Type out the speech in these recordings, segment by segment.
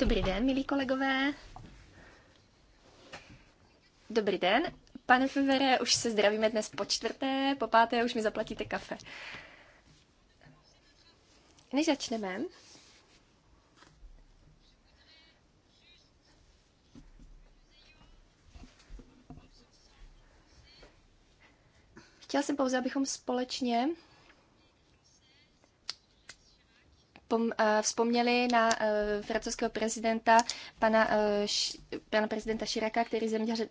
Dobrý den, milí kolegové. Dobrý den. Pane Fevere, už se zdravíme dnes po čtvrté, po páté už mi zaplatíte kafe. Než začneme, Chtěla jsem pouze, abychom společně Eh, vzpomněli na eh, francouzského prezidenta, pana, eh, pana prezidenta Širaka, který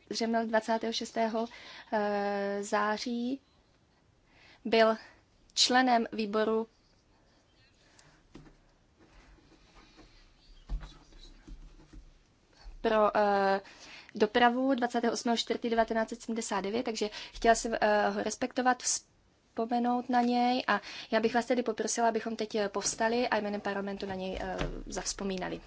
zemřel 26. září. Byl členem výboru pro uh, dopravu 28.4.1979, takže chtěla jsem uh, ho respektovat, zapomenout na něj a já bych vás tedy poprosila, abychom teď eh, povstali a jménem parlamentu na něj eh, zavzpomínali.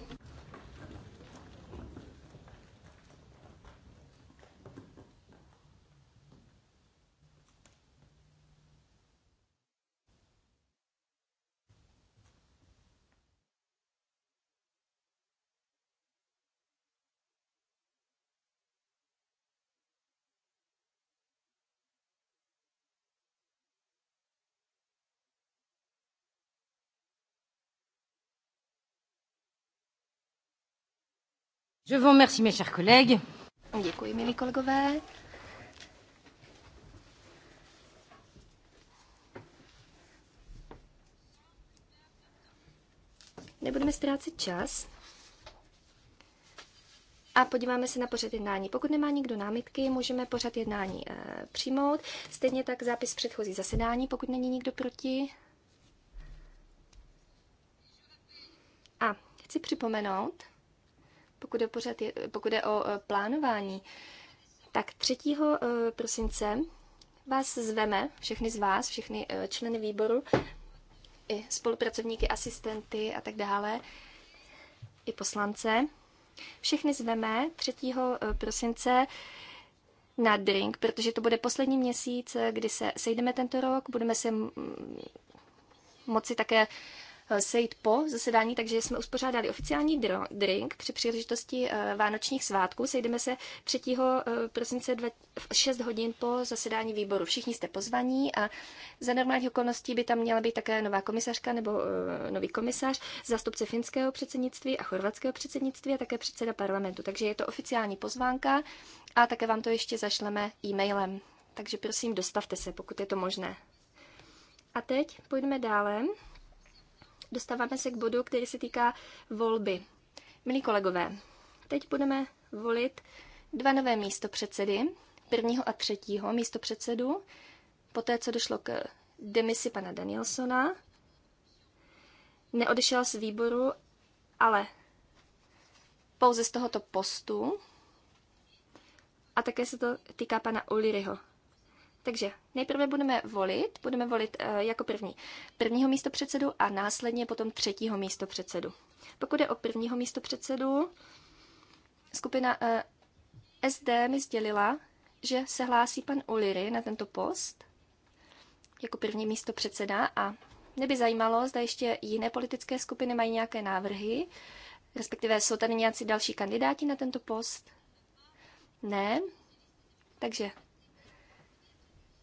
Je vous remercie, mes chers collègues. Děkuji, milí kolegové. Nebudeme ztrácet čas a podíváme se na pořad jednání. Pokud nemá nikdo námitky, můžeme pořad jednání e, přijmout. Stejně tak zápis předchozí zasedání, pokud není nikdo proti. A chci připomenout, pokud jde, pořád je, pokud je o e, plánování, tak 3. E, prosince vás zveme, všechny z vás, všechny e, členy výboru, i spolupracovníky, asistenty a tak dále, i poslance. Všechny zveme 3. prosince na drink, protože to bude poslední měsíc, kdy se sejdeme tento rok, budeme se moci také Eh, sejít po zasedání, takže jsme uspořádali oficiální drink při příležitosti eh, vánočních svátků. Sejdeme se 3. Eh, prosince 6 hodin po zasedání výboru. Všichni jste pozvaní a za normální okolností by tam měla být také nová komisařka nebo nový komisař, zástupce finského předsednictví a chorvatského předsednictví a také předseda parlamentu. Takže je to oficiální pozvánka a také vám to ještě zašleme e-mailem. Takže prosím, dostavte se, pokud je to možné. A teď půjdeme dále dostáváme se k bodu, který se týká volby. Milí kolegové, teď budeme volit dva nové místopředsedy, prvního a třetího místopředsedu, poté co došlo k demisi pana Danielsona. Neodešel z výboru, ale pouze z tohoto postu. A také se to týká pana Uliriho. Takže nejprve budeme volit, budeme volit eh, jako první prvního místo předsedu a následně potom třetího místo předsedu. Pokud je o prvního místo předsedu, skupina eh, SD mi sdělila, že se hlásí pan Uliry na tento post jako první místo předseda a mě by zajímalo, zda ještě jiné politické skupiny mají nějaké návrhy, respektive jsou tady nějací další kandidáti na tento post? Ne. Takže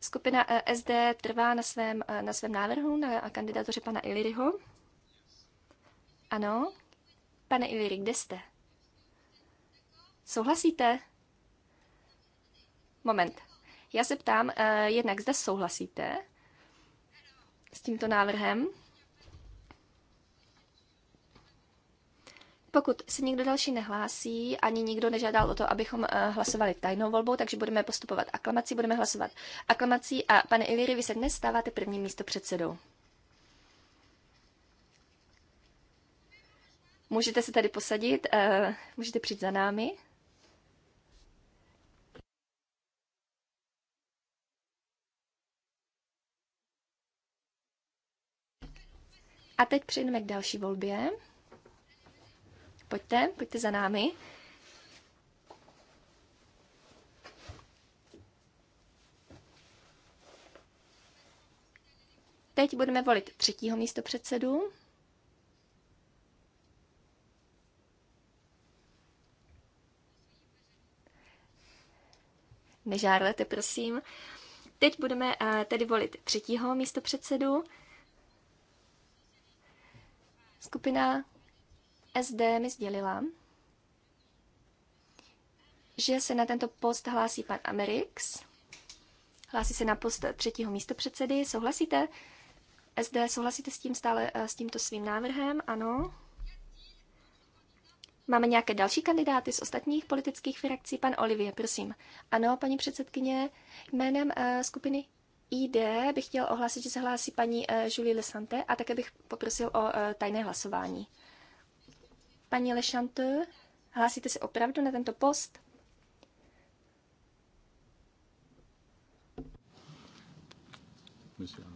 Skupina e SD trvá na svém, na svém návrhu, na kandidatuře pana Iliryho. Ano. Pane Iliry, kde jste? Souhlasíte? Moment. Já se ptám, eh, jednak zda souhlasíte s tímto návrhem? Pokud se nikdo další nehlásí, ani nikdo nežádal o to, abychom eh, hlasovali tajnou volbou, takže budeme postupovat aklamací, budeme hlasovat aklamací a pane Iliri, vy se dnes stáváte první místo předsedou. Můžete se tady posadit, eh, můžete přijít za námi. A teď přejdeme k další volbě. Pojďte, pojďte za námi. Teď budeme volit třetího místo předsedu. Nežárlete, prosím. Teď budeme eh, tedy volit třetího místo předsedu. Skupina SD mi sdělila, že se na tento post hlásí pan Amerix. Hlásí se na post třetího místopředsedy. Souhlasíte? SD, souhlasíte s tím stále, eh, s tímto svým návrhem? Ano. Máme nějaké další kandidáty z ostatních politických frakcí? Pan Olivie, prosím. Ano, paní předsedkyně, jménem eh, skupiny ID bych chtěl ohlásit, že se hlásí paní eh, Julie Lesante a také bych poprosil o tajné hlasování. Paní Lešantu, hlásíte se opravdu na tento post? Monsieur.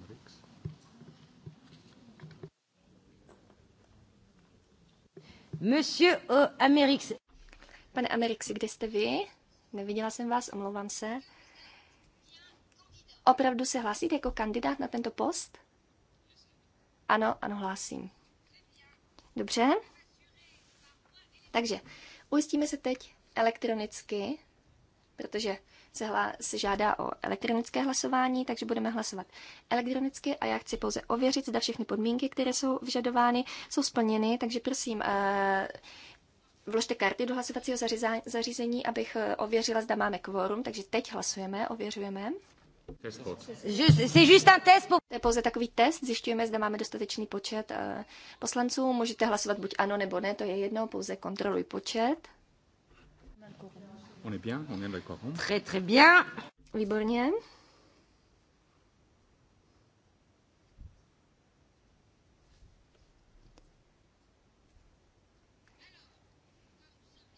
Monsieur Amerix. Pane Amerixi, kde jste vy? Neviděla jsem vás, omlouvám se. Opravdu se hlásíte jako kandidát na tento post? Ano, ano, hlásím. Dobře. Takže ujistíme se teď elektronicky, protože se, hla, se žádá o elektronické hlasování, takže budeme hlasovat elektronicky a já chci pouze ověřit, zda všechny podmínky, které jsou vyžadovány, jsou splněny, takže prosím, uh, vložte karty do hlasovacího zařízení, abych eh, ověřila, zda máme kvorum, takže teď hlasujeme, ověřujeme. To je pouze takový test, zjišťujeme, zda máme dostatečný počet eh, poslanců. Můžete hlasovat buď ano nebo ne, to je jedno, pouze kontroluj počet. On est bien, on est d'accord. Très très bien. Výborně.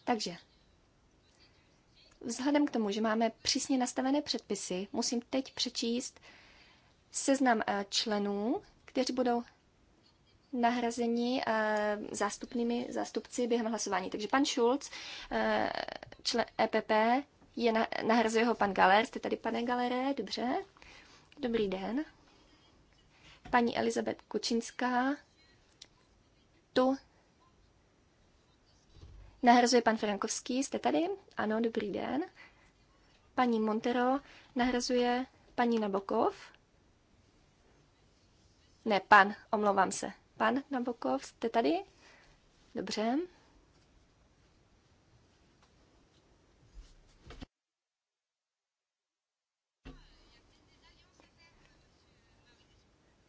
Takže Vzhledem k tomu, že máme přísně nastavené předpisy, musím teď přečíst seznam eh, členů, kteří budou nahrazeni eh, zástupnými zástupci během hlasování. Takže pan Schulz, eh, člen EPP, je na, nahrazuje ho pan Galer. Jste tady, pane Galere, dobře. Dobrý den. Paní Elizabet Kučinská, tu nahrazuje pan Frankovský. Jste tady? Ano, dobrý den. Paní Montero nahrazuje paní Nabokov. Ne, pan, omlouvám se. Pan Nabokov, jste tady? Dobře.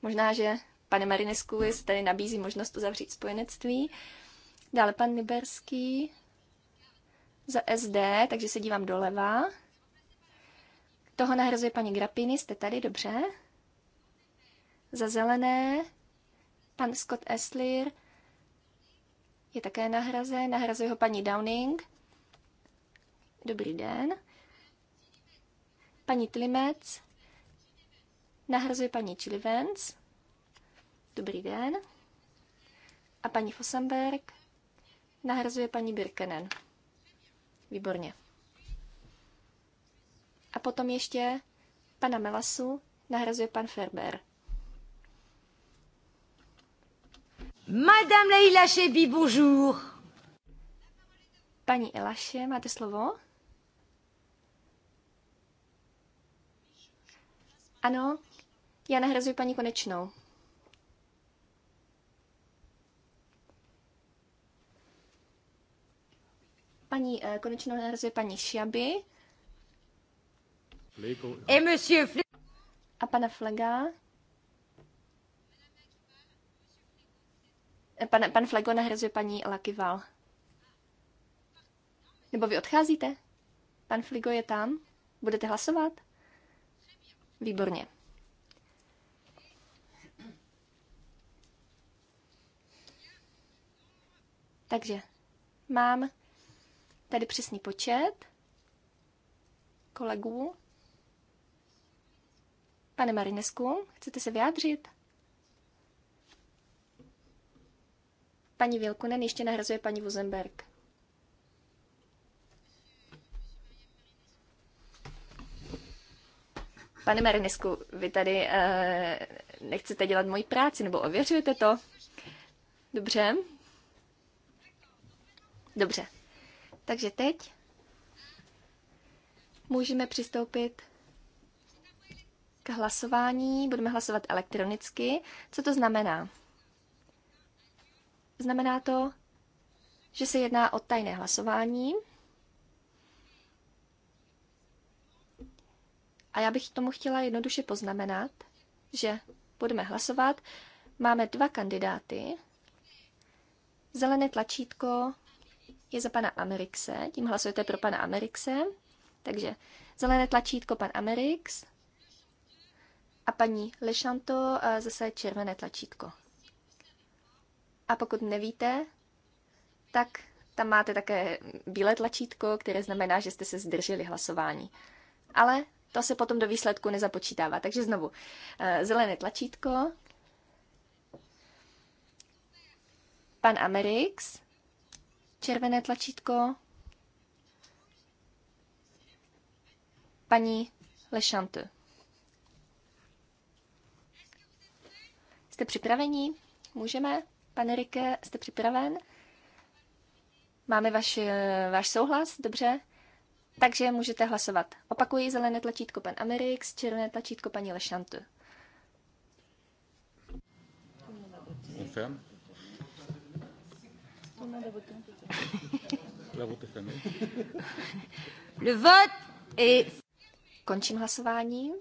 Možná, že pane Marinesku, jestli tady nabízí možnost uzavřít spojenectví. Uh, Dále pan Liberský za SD, takže se dívám doleva. Toho nahrazuje paní Grapiny, jste tady, dobře. Za zelené pan Scott Eslir je také nahrazen, nahrazuje ho paní Downing. Dobrý den. Paní Tlimec nahrazuje paní Chilivens. Dobrý den. A paní Fosenberg nahrazuje paní Birkenen. Výborně. A potom ještě pana Melasu nahrazuje pan Ferber. Madame Leila Chebi, bonjour. Paní Elaše, máte slovo? Ano, já nahrazuji paní Konečnou. paní eh, konečnou narazuje paní Šiaby. A pana Flega. Eh, pan, pan Flego nahrazuje paní Lakival. Nebo vy odcházíte? Pan Fligo je tam? Budete hlasovat? Výborně. Takže mám Tady přesný počet kolegů. Pane Marinesku, chcete se vyjádřit? Paní Vilkunen ještě nahrazuje paní Vozenberg. Pane Marinesku, vy tady uh, nechcete dělat moji práci, nebo ověřujete to? Dobře. Dobře. Takže teď můžeme přistoupit k hlasování. Budeme hlasovat elektronicky. Co to znamená? Znamená to, že se jedná o tajné hlasování. A já bych tomu chtěla jednoduše poznamenat, že budeme hlasovat. Máme dva kandidáty. Zelené tlačítko je za pana Amerikse, tím hlasujete pro pana Amerikse. Takže zelené tlačítko pan Amerix a paní Lešanto eh, zase červené tlačítko. A pokud nevíte, tak tam máte také bílé tlačítko, které znamená, že jste se zdrželi hlasování. Ale to se potom do výsledku nezapočítává. Takže znovu, eh, zelené tlačítko, pan Amerix, červené tlačítko. Paní Lechante. Jste připraveni? Můžeme? Pane Rike, jste připraven? Máme vaš, eh, váš souhlas? Dobře. Takže můžete hlasovat. Opakuji, zelené tlačítko pan Amerix, červené tlačítko paní Lešante. Confirm le vote est... Končím hlasování.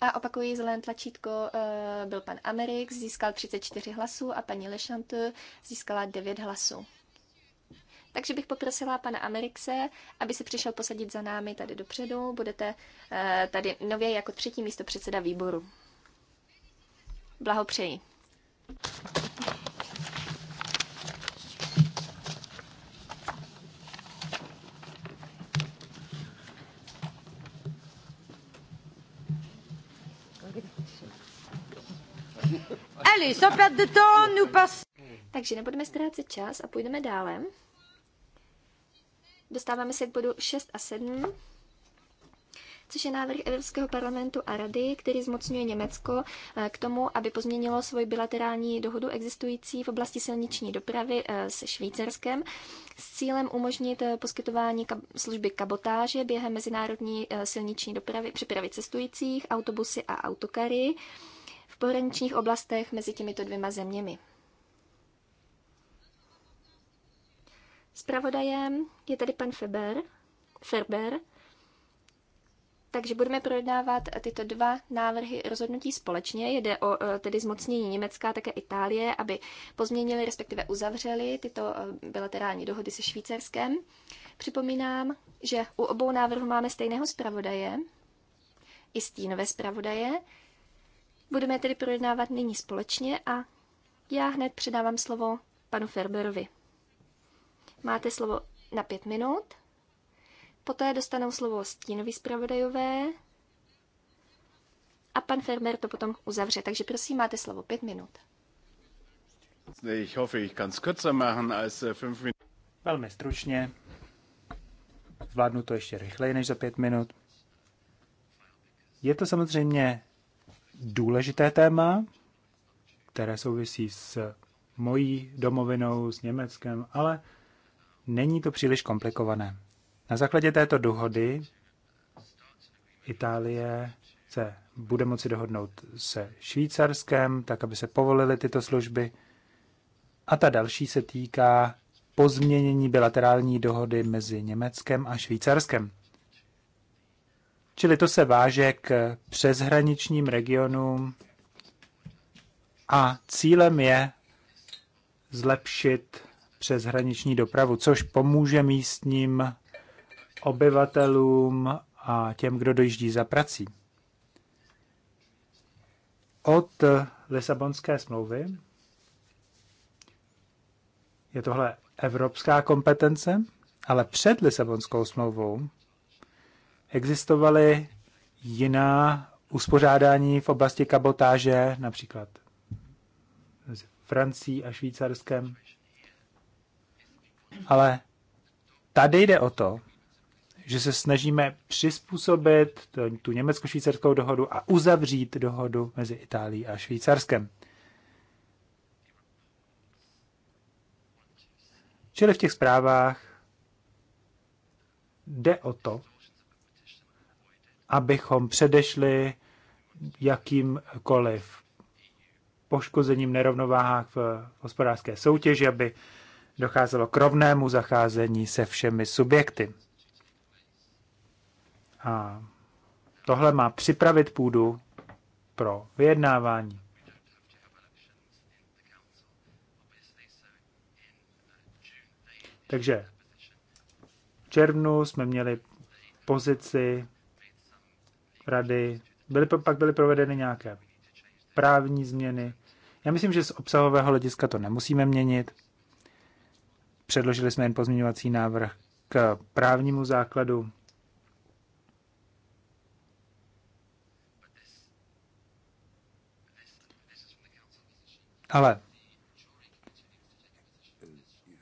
A opakuji, zelené tlačítko eh, byl pan Amerik, získal 34 hlasů a paní Lechante získala 9 hlasů. Takže bych poprosila pana Amerikse, aby se přišel posadit za námi tady dopředu. Budete eh, tady nově jako třetí místo předseda výboru. Blahopřeji. Allez, sans perdre de temps, nous passons. Takže nebudeme ztrácet čas a půjdeme dále. Dostáváme se k bodu 6 a 7 což je návrh Evropského parlamentu a Rady, který zmocňuje Německo eh, k tomu, aby pozměnilo svoji bilaterální dohodu existující v oblasti silniční dopravy eh, se Švýcarskem s cílem umožnit eh, poskytování služby kabotáže během mezinárodní silniční dopravy, přepravy cestujících, autobusy a autokary v pohraničních oblastech mezi těmito dvěma zeměmi. Spravodajem je tady pan Feber, Ferber, takže budeme projednávat tyto dva návrhy rozhodnutí společně. Jde o e, tedy zmocnění Německa a také Itálie, aby pozměnili, respektive uzavřeli tyto e, bilaterální dohody se Švýcarskem. Připomínám, že u obou návrhů máme stejného zpravodaje, i stínové zpravodaje. Budeme tedy projednávat nyní společně a já hned předávám slovo panu Ferberovi. Máte slovo na pět minut. Poté dostanou slovo stínoví zpravodajové a pan Fermer to potom uzavře. Takže prosím, máte slovo pět minut. Ich hoffe, ich kürzer machen als äh, fünf Velmi stručně. Zvládnu to ještě rychleji než za pět minut. Je to samozřejmě důležité téma, které souvisí s mojí domovinou, s Německem, ale není to příliš komplikované. Na základě této dohody Itálie se bude moci dohodnout se Švýcarskem, tak aby se povolily tyto služby. A ta další se týká pozměnění bilaterální dohody mezi Německem a Švýcarskem. Čili to se váže k přeshraničním regionům a cílem je zlepšit přeshraniční dopravu, což pomůže místním obyvatelům a těm, kdo dojíždí za prací. Od Lisabonské smlouvy je tohle evropská kompetence, ale před Lisabonskou smlouvou existovaly jiná uspořádání v oblasti kabotáže, například mezi Francií a Švýcarskem. Ale tady jde o to, že se snažíme přizpůsobit tu německo-švýcarskou dohodu a uzavřít dohodu mezi Itálií a Švýcarskem. Čili v těch zprávách jde o to, abychom předešli jakýmkoliv poškozením nerovnováhách v hospodářské soutěži, aby docházelo k rovnému zacházení se všemi subjekty. A tohle má připravit půdu pro vyjednávání. Takže v červnu jsme měli pozici rady, byly, pak byly provedeny nějaké právní změny. Já myslím, že z obsahového hlediska to nemusíme měnit. Předložili jsme jen pozměňovací návrh k právnímu základu Ale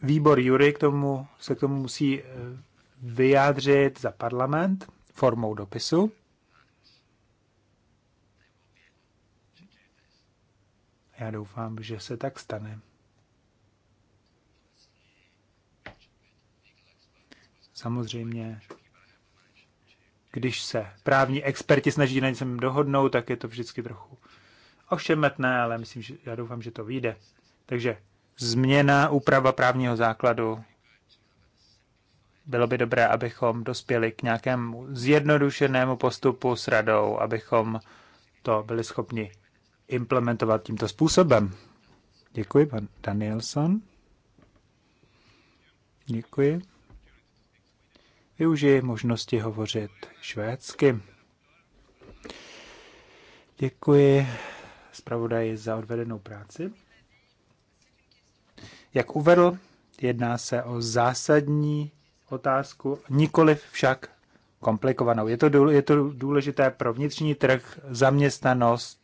výbor Jury k tomu, se k tomu musí eh, vyjádřit za parlament formou dopisu. Já doufám, že se tak stane. Samozřejmě, když se právní experti snaží na něčem dohodnout, tak je to vždycky trochu ošemetné, ale myslím, že já doufám, že to vyjde. Takže změna, úprava právního základu. Bylo by dobré, abychom dospěli k nějakému zjednodušenému postupu s radou, abychom to byli schopni implementovat tímto způsobem. Děkuji, pan Danielson. Děkuji. Využiji možnosti hovořit švédsky. Děkuji zpravodaji za odvedenou práci. Jak uvedl, jedná se o zásadní otázku, nikoli však komplikovanou. Je to, důle, je to důležité pro vnitřní trh, zaměstnanost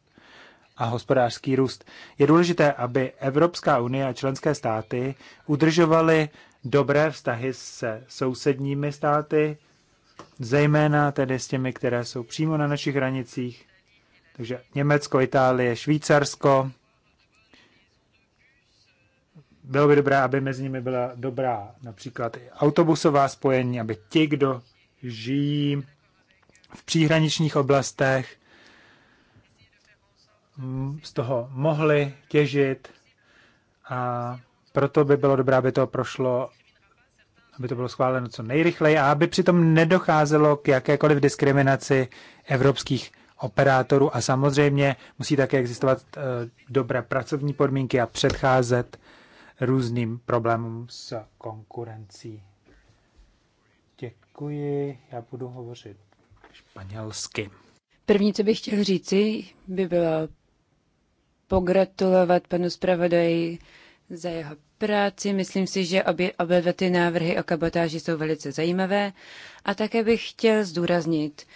a hospodářský růst. Je důležité, aby Evropská unie a členské státy udržovaly dobré vztahy se sousedními státy, zejména tedy s těmi, které jsou přímo na našich hranicích, takže Německo, Itálie, Švýcarsko. Bylo by dobré, aby mezi nimi byla dobrá například i autobusová spojení, aby ti, kdo žijí v příhraničních oblastech, z toho mohli těžit a proto by bylo dobré, aby to prošlo, aby to bylo schváleno co nejrychleji a aby přitom nedocházelo k jakékoliv diskriminaci evropských operátorů a samozřejmě musí také existovat eh, dobré pracovní podmínky a předcházet různým problémům s konkurencí. Děkuji, já budu hovořit španělsky. První, co bych chtěl říci, by bylo pogratulovat panu zpravodaji za jeho práci. Myslím si, že obě, obě ty návrhy o kabotáži jsou velice zajímavé. A také bych chtěl zdůraznit,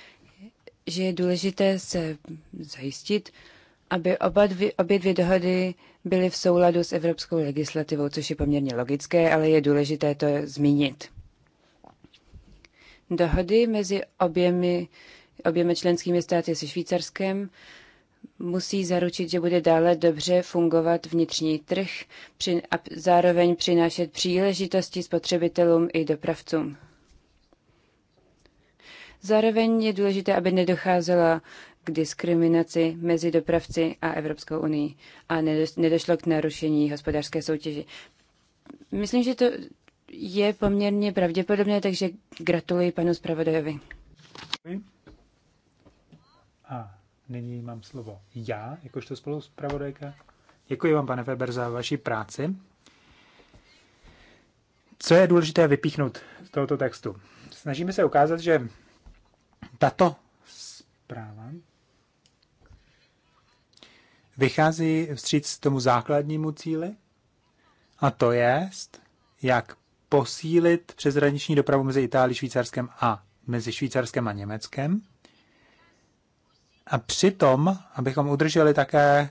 že je důležité se zajistit, aby oba dvě, obě dvě dohody byly v souladu s evropskou legislativou, což je poměrně logické, ale je důležité to zmínit. Dohody mezi oběmi, oběma členskými státy se Švýcarskem musí zaručit, že bude dále dobře fungovat vnitřní trh a zároveň přinášet příležitosti spotřebitelům i dopravcům. Zároveň je důležité, aby nedocházela k diskriminaci mezi dopravci a Evropskou unii a nedošlo k narušení hospodářské soutěži. Myslím, že to je poměrně pravděpodobné, takže gratuluji panu zpravodajovi. A nyní mám slovo já, jakožto spolu zpravodajka. Děkuji vám, pane Weber, za vaši práci. Co je důležité vypíchnout z tohoto textu? Snažíme se ukázat, že tato zpráva vychází vstříc tomu základnímu cíli, a to je, jak posílit přeshraniční dopravu mezi Itálií, Švýcarskem a mezi Švýcarskem a Německem. A přitom, abychom udrželi také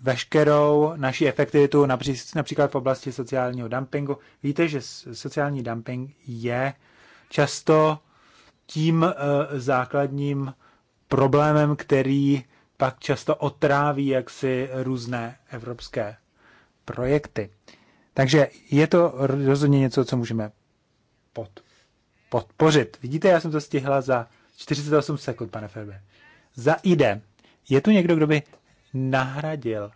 veškerou naši efektivitu, například v oblasti sociálního dumpingu. Víte, že sociální dumping je často tím eh, základním problémem, který pak často otráví jaksi různé evropské projekty. Takže je to rozhodně něco, co můžeme pod, podpořit. Vidíte, já jsem to stihla za 48 sekund, pane Ferbe. Za ide. Je tu někdo, kdo by nahradil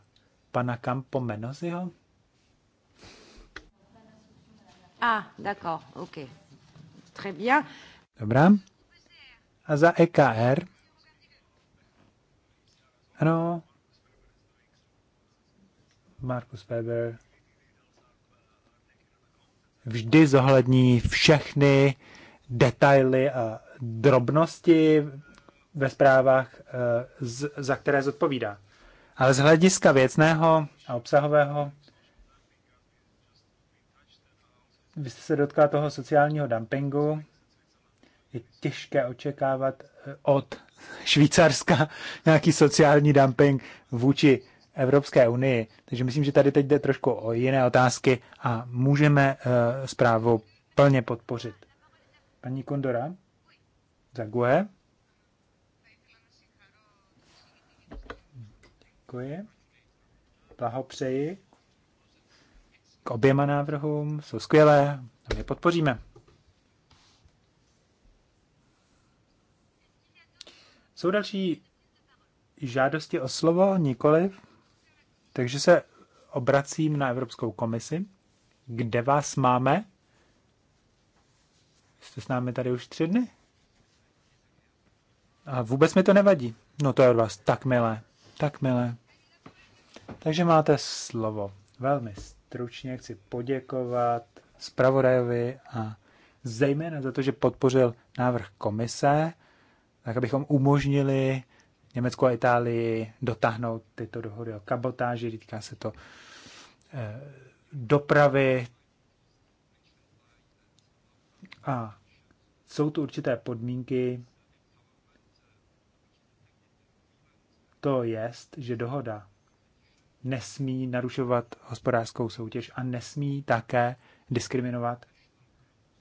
pana Campo A, Ah, d'accord, ok. Très bien. Dobrá. A za EKR? Ano. Markus Weber vždy zohlední všechny detaily a drobnosti ve zprávách, eh, za které zodpovídá. Ale z hlediska věcného a obsahového, vy jste se dotkla toho sociálního dumpingu, je těžké očekávat eh, od Švýcarska nějaký sociální dumping vůči Evropské unii. Takže myslím, že tady teď jde trošku o jiné otázky a můžeme eh, zprávu plně podpořit. Paní Kondora, Zague. Děkuji. Blahopřeji k oběma návrhům. Jsou skvělé a my podpoříme. Jsou další žádosti o slovo? Nikoliv. Takže se obracím na Evropskou komisi. Kde vás máme? Jste s námi tady už tři dny? A vůbec mi to nevadí. No to je od vás tak milé. Tak milé. Takže máte slovo. Velmi stručně chci poděkovat zpravodajovi a zejména za to, že podpořil návrh komise tak abychom umožnili Německu a Itálii dotáhnout tyto dohody o kabotáži, týká se to eh, dopravy. A jsou tu určité podmínky, to jest, že dohoda nesmí narušovat hospodářskou soutěž a nesmí také diskriminovat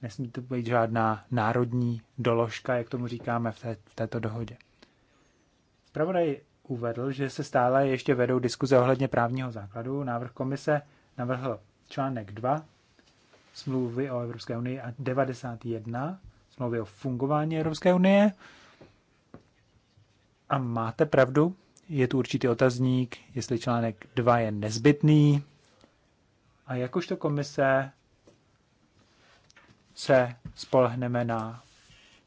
Nesmí to být žádná národní doložka, jak tomu říkáme v, té, v této dohodě. Zpravodaj uvedl, že se stále ještě vedou diskuze ohledně právního základu. Návrh komise navrhl článek 2 smlouvy o Evropské unii a 91 smlouvy o fungování Evropské unie. A máte pravdu, je tu určitý otazník, jestli článek 2 je nezbytný. A jakožto komise se spolehneme na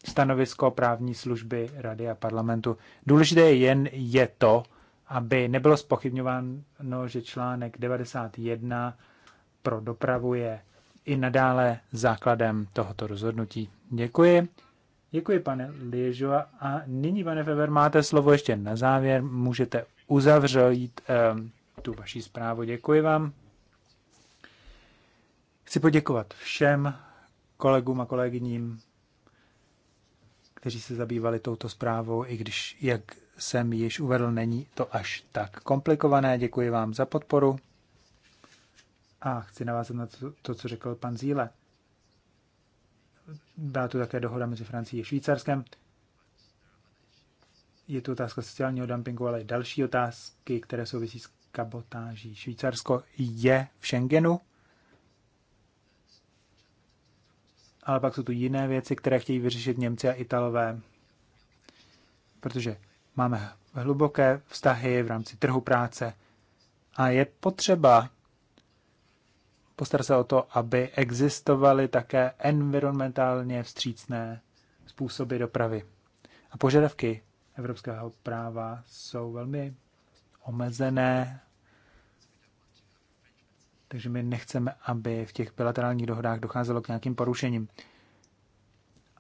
stanovisko právní služby Rady a parlamentu. Důležité jen je to, aby nebylo spochybňováno, že článek 91 pro dopravu je i nadále základem tohoto rozhodnutí. Děkuji. Děkuji, pane Liežo. A nyní, pane Feber, máte slovo ještě na závěr. Můžete uzavřít um, tu vaši zprávu. Děkuji vám. Chci poděkovat všem kolegům a kolegyním, kteří se zabývali touto zprávou, i když, jak jsem již uvedl, není to až tak komplikované. Děkuji vám za podporu a chci navázat na to, to co řekl pan Zíle. Byla tu také dohoda mezi Francií a Švýcarskem. Je tu otázka sociálního dumpingu, ale i další otázky, které souvisí s kabotáží. Švýcarsko je v Schengenu, ale pak jsou tu jiné věci, které chtějí vyřešit Němci a Italové, protože máme hluboké vztahy v rámci trhu práce a je potřeba postarat se o to, aby existovaly také environmentálně vstřícné způsoby dopravy. A požadavky evropského práva jsou velmi omezené takže my nechceme, aby v těch bilaterálních dohodách docházelo k nějakým porušením.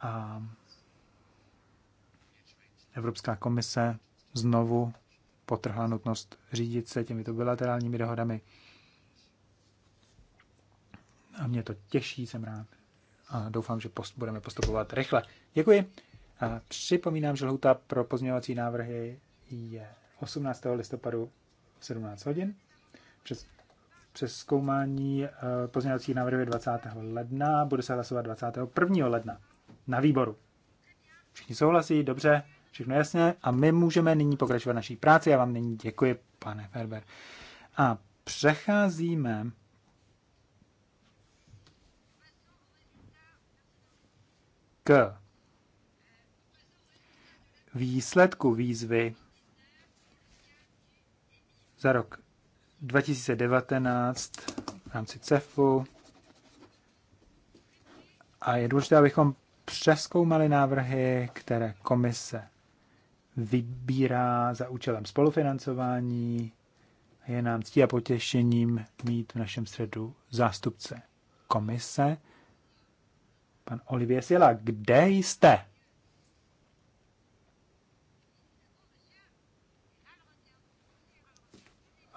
A Evropská komise znovu potrhla nutnost řídit se těmito bilaterálními dohodami. A mě to těší, jsem rád. A doufám, že post, budeme postupovat rychle. Děkuji. A připomínám, že lhuta pro pozměňovací návrhy je 18. listopadu 17 hodin. Přes Přeskoumání eh, pozměňovacích návrhů 20. ledna, bude se hlasovat 21. ledna na výboru. Všichni souhlasí, dobře, všechno jasně a my můžeme nyní pokračovat naší práci. Já vám nyní děkuji, pane Ferber. A přecházíme k výsledku výzvy za rok 2019 v rámci CEFu. A je důležité, abychom přeskoumali návrhy, které komise vybírá za účelem spolufinancování. Je nám ctí a potěšením mít v našem středu zástupce komise. Pan Olivier Siela, kde jste?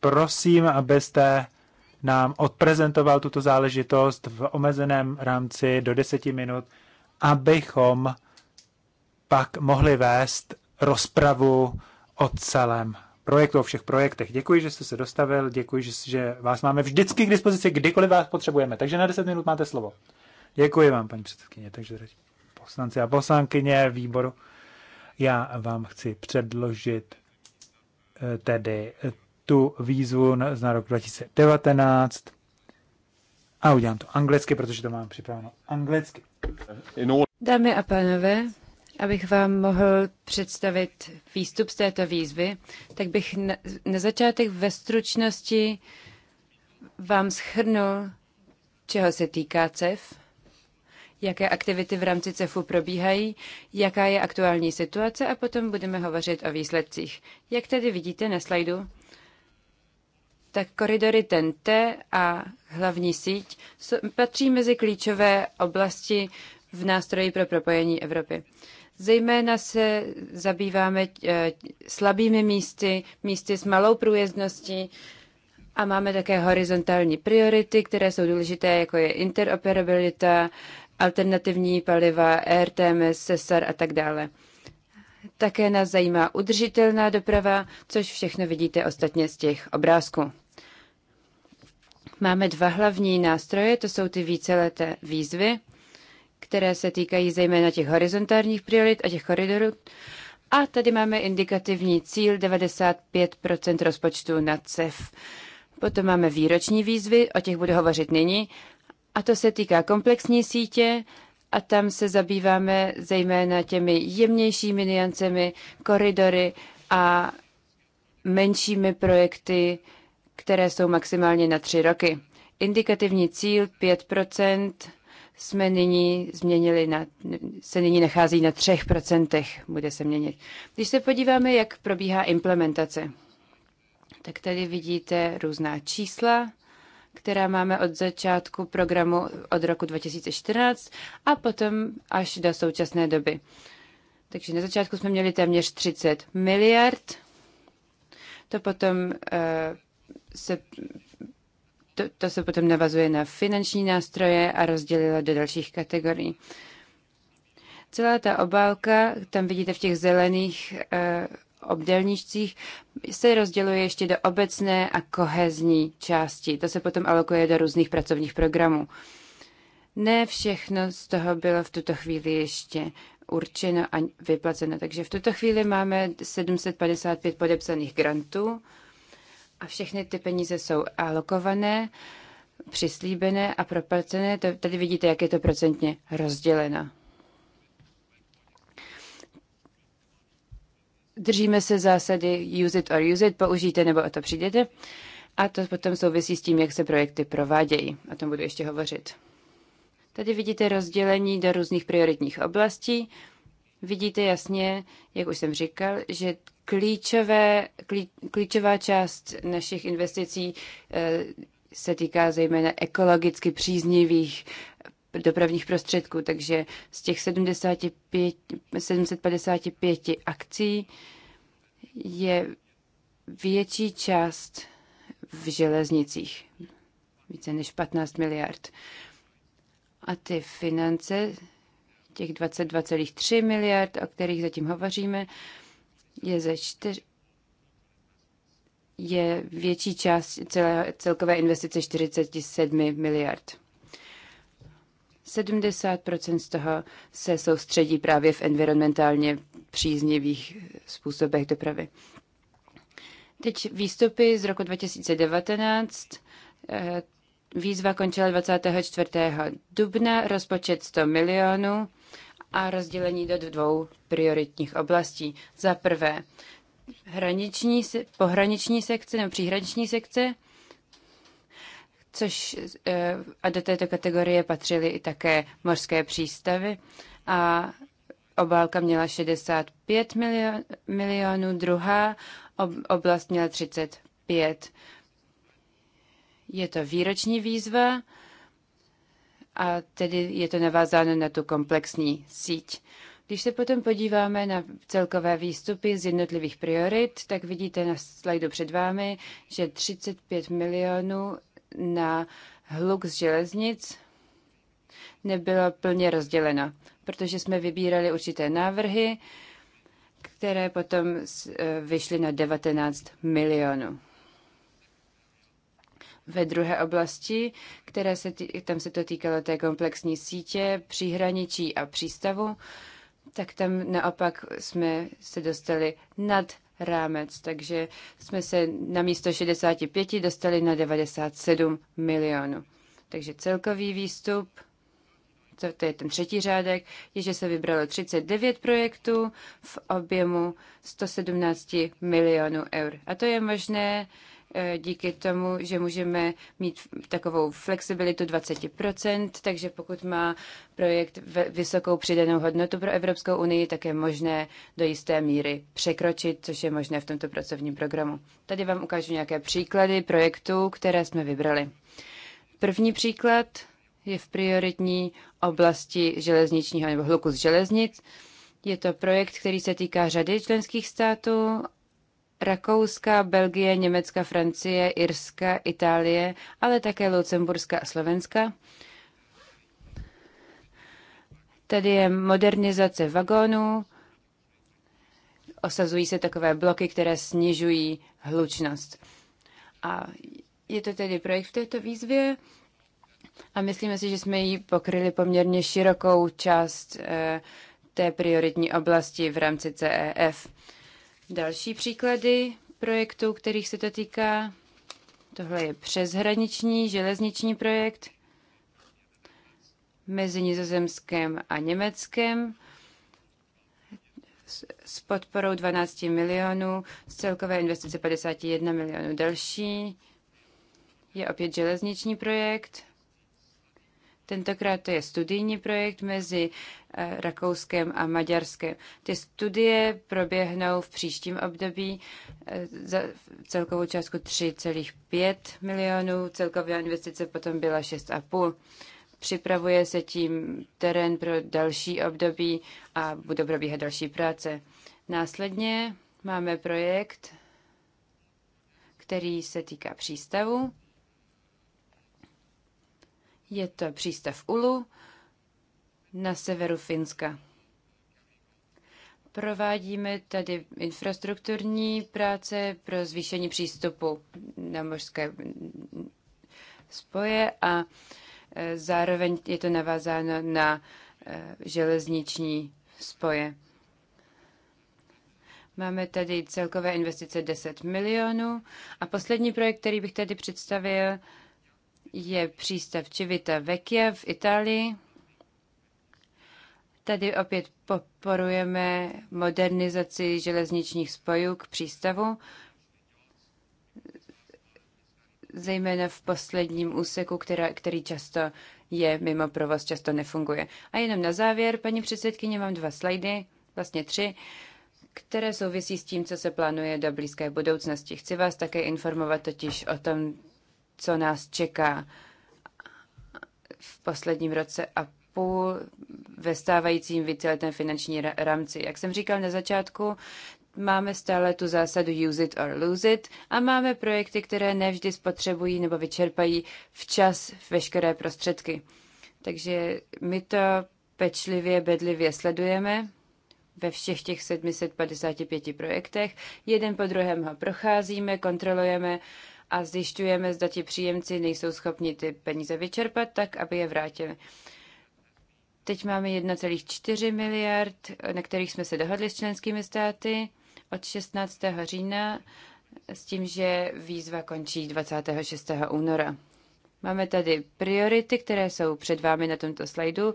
prosím, abyste nám odprezentoval tuto záležitost v omezeném rámci do deseti minut, abychom pak mohli vést rozpravu o celém projektu, o všech projektech. Děkuji, že jste se dostavil, děkuji, že, že vás máme vždycky k dispozici, kdykoliv vás potřebujeme. Takže na 10 minut máte slovo. Děkuji vám, paní předsedkyně. Takže poslanci a poslankyně výboru, já vám chci předložit eh, tedy tu výzvu na, na rok 2019 a udělám to anglicky, protože to mám připraveno anglicky. Dámy a pánové, abych vám mohl představit výstup z této výzvy, tak bych na, na začátek ve stručnosti vám schrnul, čeho se týká CEF, jaké aktivity v rámci CEFu probíhají, jaká je aktuální situace a potom budeme hovořit o výsledcích. Jak tedy vidíte na slajdu, tak koridory TNT a hlavní síť patří mezi klíčové oblasti v nástroji pro propojení Evropy. Zejména se zabýváme eh, slabými místy, místy s malou průjezdností a máme také horizontální priority, které jsou důležité, jako je interoperabilita, alternativní paliva, RTMS, SESAR a tak dále. Také nás zajímá udržitelná doprava, což všechno vidíte ostatně z těch obrázků. Máme dva hlavní nástroje, to jsou ty víceleté výzvy, které se týkají zejména těch horizontálních priorit a těch koridorů. A tady máme indikativní cíl 95 rozpočtu na CEF. Potom máme výroční výzvy, o těch budu hovořit nyní. A to se týká komplexní sítě, a tam se zabýváme zejména těmi jemnějšími niancemi, koridory a menšími projekty, které jsou maximálně na tři roky. Indikativní cíl 5% jsme nyní změnili na, se nyní nachází na 3%, bude se měnit. Když se podíváme, jak probíhá implementace, tak tady vidíte různá čísla, která máme od začátku programu od roku 2014 a potom až do současné doby. Takže na začátku jsme měli téměř 30 miliard. To potom uh, se to, to se potom navazuje na finanční nástroje a rozdělila do dalších kategorií. Celá ta obálka, tam vidíte v těch zelených uh, obdélníčcích se rozděluje ještě do obecné a kohezní části. To se potom alokuje do různých pracovních programů. Ne všechno z toho bylo v tuto chvíli ještě určeno a vyplaceno. Takže v tuto chvíli máme 755 podepsaných grantů a všechny ty peníze jsou alokované, přislíbené a proplacené. Tady vidíte, jak je to procentně rozděleno. držíme se zásady use it or use it, použijte nebo o to přijdete. A to potom souvisí s tím, jak se projekty provádějí. O tom budu ještě hovořit. Tady vidíte rozdělení do různých prioritních oblastí. Vidíte jasně, jak už jsem říkal, že klíčové, klí, klíčová část našich investicí eh, se týká zejména ekologicky příznivých dopravních prostředků. Takže z těch 75, 755 akcí je větší část v železnicích, více než 15 miliard. A ty finance, těch 22,3 miliard, o kterých zatím hovoříme, je ze čtyř, je větší část celé, celkové investice 47 miliard. 70% z toho se soustředí právě v environmentálně příznivých způsobech dopravy. Teď výstupy z roku 2019. Eh, výzva končila 24. dubna, rozpočet 100 milionů a rozdělení do dvou prioritních oblastí. Za prvé hraniční, pohraniční sekce nebo příhraniční sekce což eh, a do této kategorie patřily i také mořské přístavy a obálka měla 65 milion, milionů, druhá oblast měla 35. Je to výroční výzva a tedy je to navázáno na tu komplexní síť. Když se potom podíváme na celkové výstupy z jednotlivých priorit, tak vidíte na slajdu před vámi, že 35 milionů na hluk z železnic nebyla plně rozdělena, protože jsme vybírali určité návrhy, které potom e, vyšly na 19 milionů. Ve druhé oblasti, které se tý, tam se to týkalo té komplexní sítě, příhraničí a přístavu, tak tam naopak jsme se dostali nad rámec, takže jsme se na místo 65 dostali na 97 milionů. Takže celkový výstup, to, to je ten třetí řádek, je, že se vybralo 39 projektů v objemu 117 milionů eur. A to je možné Eh, díky tomu, že můžeme mít takovou flexibilitu 20%, takže pokud má projekt vysokou přidanou hodnotu pro Evropskou unii, tak je možné do jisté míry překročit, což je možné v tomto pracovním programu. Tady vám ukážu nějaké příklady projektů, které jsme vybrali. První příklad je v prioritní oblasti železničního nebo hluku z železnic. Je to projekt, který se týká řady členských států Rakouska, Belgie, Německa, Francie, Irska, Itálie, ale také Lucemburska a Slovenska. Tady je modernizace vagónů. Osazují se takové bloky, které snižují hlučnost. A je to tedy projekt v této výzvě a myslíme si, že jsme ji pokryli poměrně širokou část eh, té prioritní oblasti v rámci CEF. Další příklady projektů, kterých se to týká. Tohle je přeshraniční železniční projekt mezi Nizozemskem a Německem s podporou 12 milionů, z celkové investice 51 milionů. Další je opět železniční projekt Tentokrát to je studijní projekt mezi eh, Rakouskem a Maďarskem. Ty studie proběhnou v příštím období eh, za celkovou částku 3,5 milionů, celková investice potom byla 6,5 připravuje se tím terén pro další období a budou probíhat další práce. Následně máme projekt, který se týká přístavu. Je to přístav Ulu na severu Finska. Provádíme tady infrastrukturní práce pro zvýšení přístupu na mořské spoje a e, zároveň je to navázáno na e, železniční spoje. Máme tady celkové investice 10 milionů a poslední projekt, který bych tady představil, je přístav Čivita Vekia v Itálii. Tady opět podporujeme modernizaci železničních spojů k přístavu, zejména v posledním úseku, která, který často je mimo provoz, často nefunguje. A jenom na závěr, paní předsedkyně, mám dva slajdy, vlastně tři které souvisí s tím, co se plánuje do blízké budoucnosti. Chci vás také informovat totiž o tom, co nás čeká v posledním roce a půl ve stávajícím víceletém finanční rámci. Jak jsem říkal na začátku, máme stále tu zásadu use it or lose it a máme projekty, které nevždy spotřebují nebo vyčerpají včas veškeré prostředky. Takže my to pečlivě, bedlivě sledujeme ve všech těch 755 projektech. Jeden po druhém ho procházíme, kontrolujeme a zjišťujeme, zda ti příjemci nejsou schopni ty peníze vyčerpat tak, aby je vrátili. Teď máme 1,4 miliard, na kterých jsme se dohodli s členskými státy od 16. října s tím, že výzva končí 26. února. Máme tady priority, které jsou před vámi na tomto slajdu.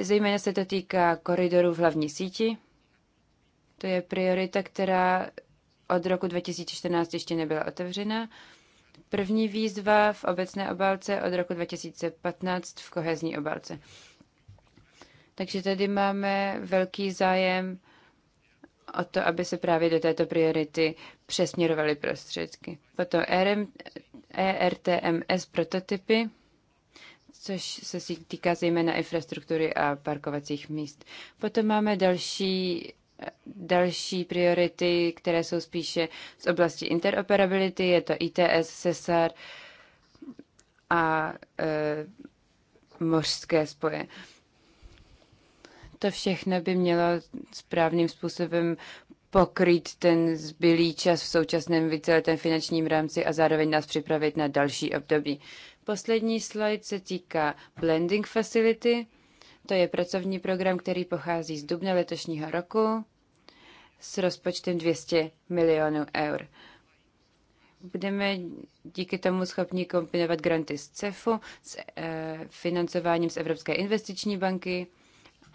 Zejména se to týká koridorů v hlavní síti. To je priorita, která od roku 2014 ještě nebyla otevřena. První výzva v obecné obálce od roku 2015 v kohezní obálce. Takže tady máme velký zájem o to, aby se právě do této priority přesměrovaly prostředky. Potom RM, ERTMS prototypy, což se týká zejména infrastruktury a parkovacích míst. Potom máme další Další priority, které jsou spíše z oblasti interoperability, je to ITS, SESAR a e, mořské spoje. To všechno by mělo správným způsobem pokryt ten zbylý čas v současném víceletém finančním rámci a zároveň nás připravit na další období. Poslední slide se týká blending facility. To je pracovní program, který pochází z dubna letošního roku s rozpočtem 200 milionů eur. Budeme díky tomu schopni kombinovat granty z CEFu s e, financováním z Evropské investiční banky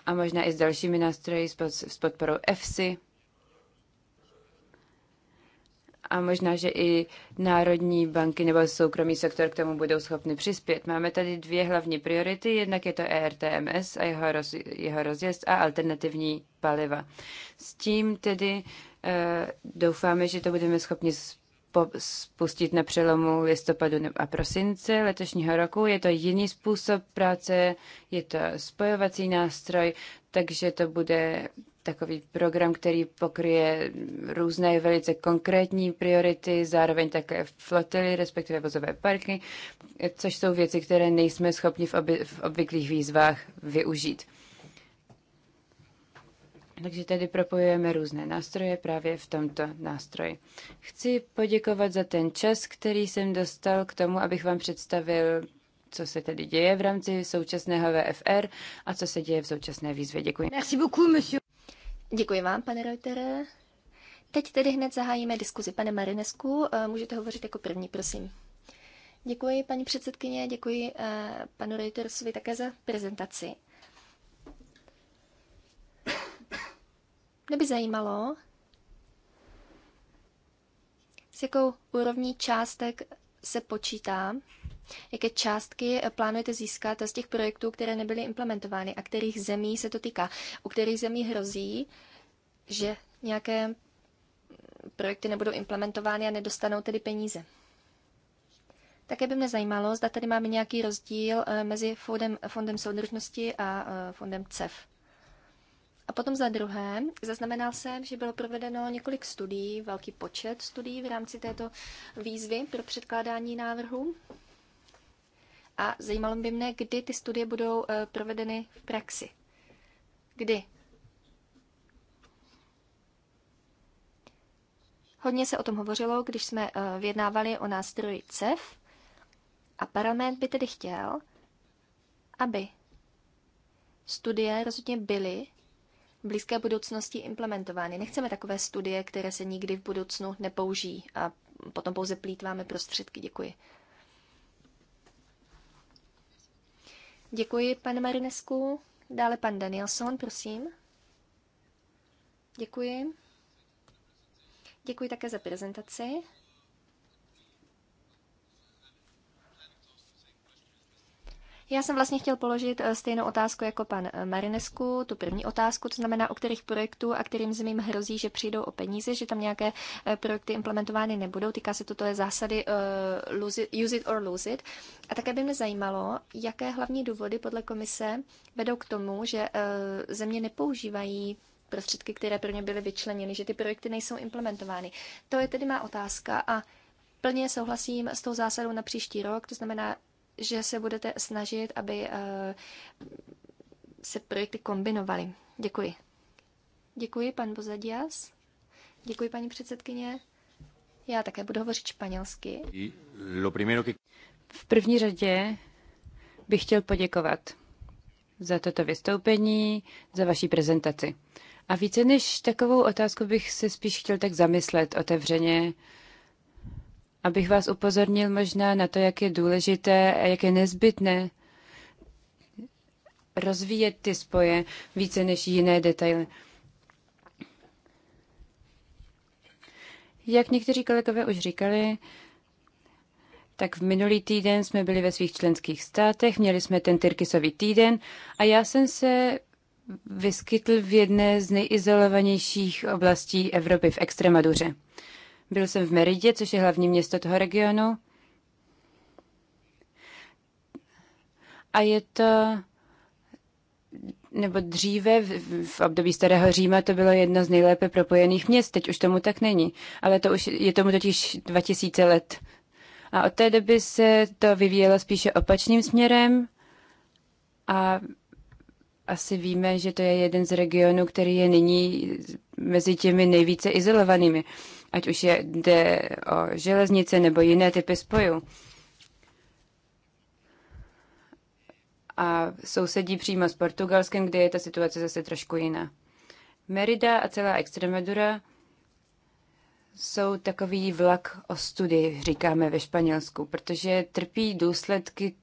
a možná i s dalšími nástroji s, s podporou EFSI a možná, že i národní banky nebo soukromý sektor k tomu budou schopny přispět. Máme tady dvě hlavní priority, jednak je to ERTMS a jeho, roz, jeho rozjezd a alternativní paliva. S tím tedy eh, doufáme, že to budeme schopni spustit na přelomu listopadu a prosince letošního roku. Je to jiný způsob práce, je to spojovací nástroj, takže to bude takový program, který pokryje různé velice konkrétní priority, zároveň také flotily, respektive vozové parky, což jsou věci, které nejsme schopni v, oby, v obvyklých výzvách využít. Takže tady propojujeme různé nástroje právě v tomto nástroji. Chci poděkovat za ten čas, který jsem dostal k tomu, abych vám představil, co se tedy děje v rámci současného VFR a co se děje v současné výzvě. Děkuji. Merci beaucoup, monsieur. Děkuji vám, pane Reutere. Teď tedy hned zahájíme diskuzi. Pane Marinesku, eh, můžete hovořit jako první, prosím. Děkuji, paní předsedkyně, děkuji eh, panu Reutersovi také za prezentaci. Mě by zajímalo, s jakou úrovní částek se počítá, jaké částky plánujete získat z těch projektů, které nebyly implementovány a kterých zemí se to týká. U kterých zemí hrozí, že nějaké projekty nebudou implementovány a nedostanou tedy peníze. Také by mě zajímalo, zda tady máme nějaký rozdíl eh, mezi Fondem, fondem soudržnosti a eh, Fondem CEF. A potom za druhé, zaznamenal jsem, že bylo provedeno několik studií, velký počet studií v rámci této výzvy pro předkládání návrhů. A zajímalo by mne, kdy ty studie budou eh, provedeny v praxi. Kdy? Hodně se o tom hovořilo, když jsme eh, vyjednávali o nástroji CEF a parlament by tedy chtěl, aby studie rozhodně byly v blízké budoucnosti implementovány. Nechceme takové studie, které se nikdy v budoucnu nepoužijí a potom pouze plítváme prostředky. Děkuji. Děkuji, pane Marinesku. Dále pan Danielson, prosím. Děkuji. Děkuji také za prezentaci. Já jsem vlastně chtěl položit eh, stejnou otázku jako pan eh, Marinesku, tu první otázku, to znamená, o kterých projektů a kterým zemím hrozí, že přijdou o peníze, že tam nějaké eh, projekty implementovány nebudou. Týká se to zásady uh, lose it, use it or lose it. A také by mě zajímalo, jaké hlavní důvody podle komise vedou k tomu, že uh, země nepoužívají prostředky, které pro ně byly vyčleněny, že ty projekty nejsou implementovány. To je tedy má otázka a plně souhlasím s tou zásadou na příští rok, to znamená že se budete snažit, aby eh, se projekty kombinovaly. Děkuji. Děkuji, pan Bozadias. Děkuji, paní předsedkyně. Já také budu hovořit španělsky. V první řadě bych chtěl poděkovat za toto vystoupení, za vaší prezentaci. A více než takovou otázku bych se spíš chtěl tak zamyslet otevřeně abych vás upozornil možná na to, jak je důležité a jak je nezbytné rozvíjet ty spoje více než jiné detaily. Jak někteří kolegové už říkali, tak v minulý týden jsme byli ve svých členských státech, měli jsme ten Tyrkisový týden a já jsem se vyskytl v jedné z nejizolovanějších oblastí Evropy v Extremaduře. Byl jsem v Meridě, což je hlavní město toho regionu. A je to, nebo dříve v, v období Starého Říma to bylo jedno z nejlépe propojených měst, teď už tomu tak není, ale to už je tomu totiž 2000 let. A od té doby se to vyvíjelo spíše opačným směrem a asi víme, že to je jeden z regionů, který je nyní mezi těmi nejvíce izolovanými. Uh, ať už je, jde o železnice nebo jiné typy spojů. A sousedí přímo s Portugalskem, kde je ta situace zase trošku jiná. Merida a celá Extremadura jsou takový vlak o studii, říkáme ve Španělsku, protože trpí důsledky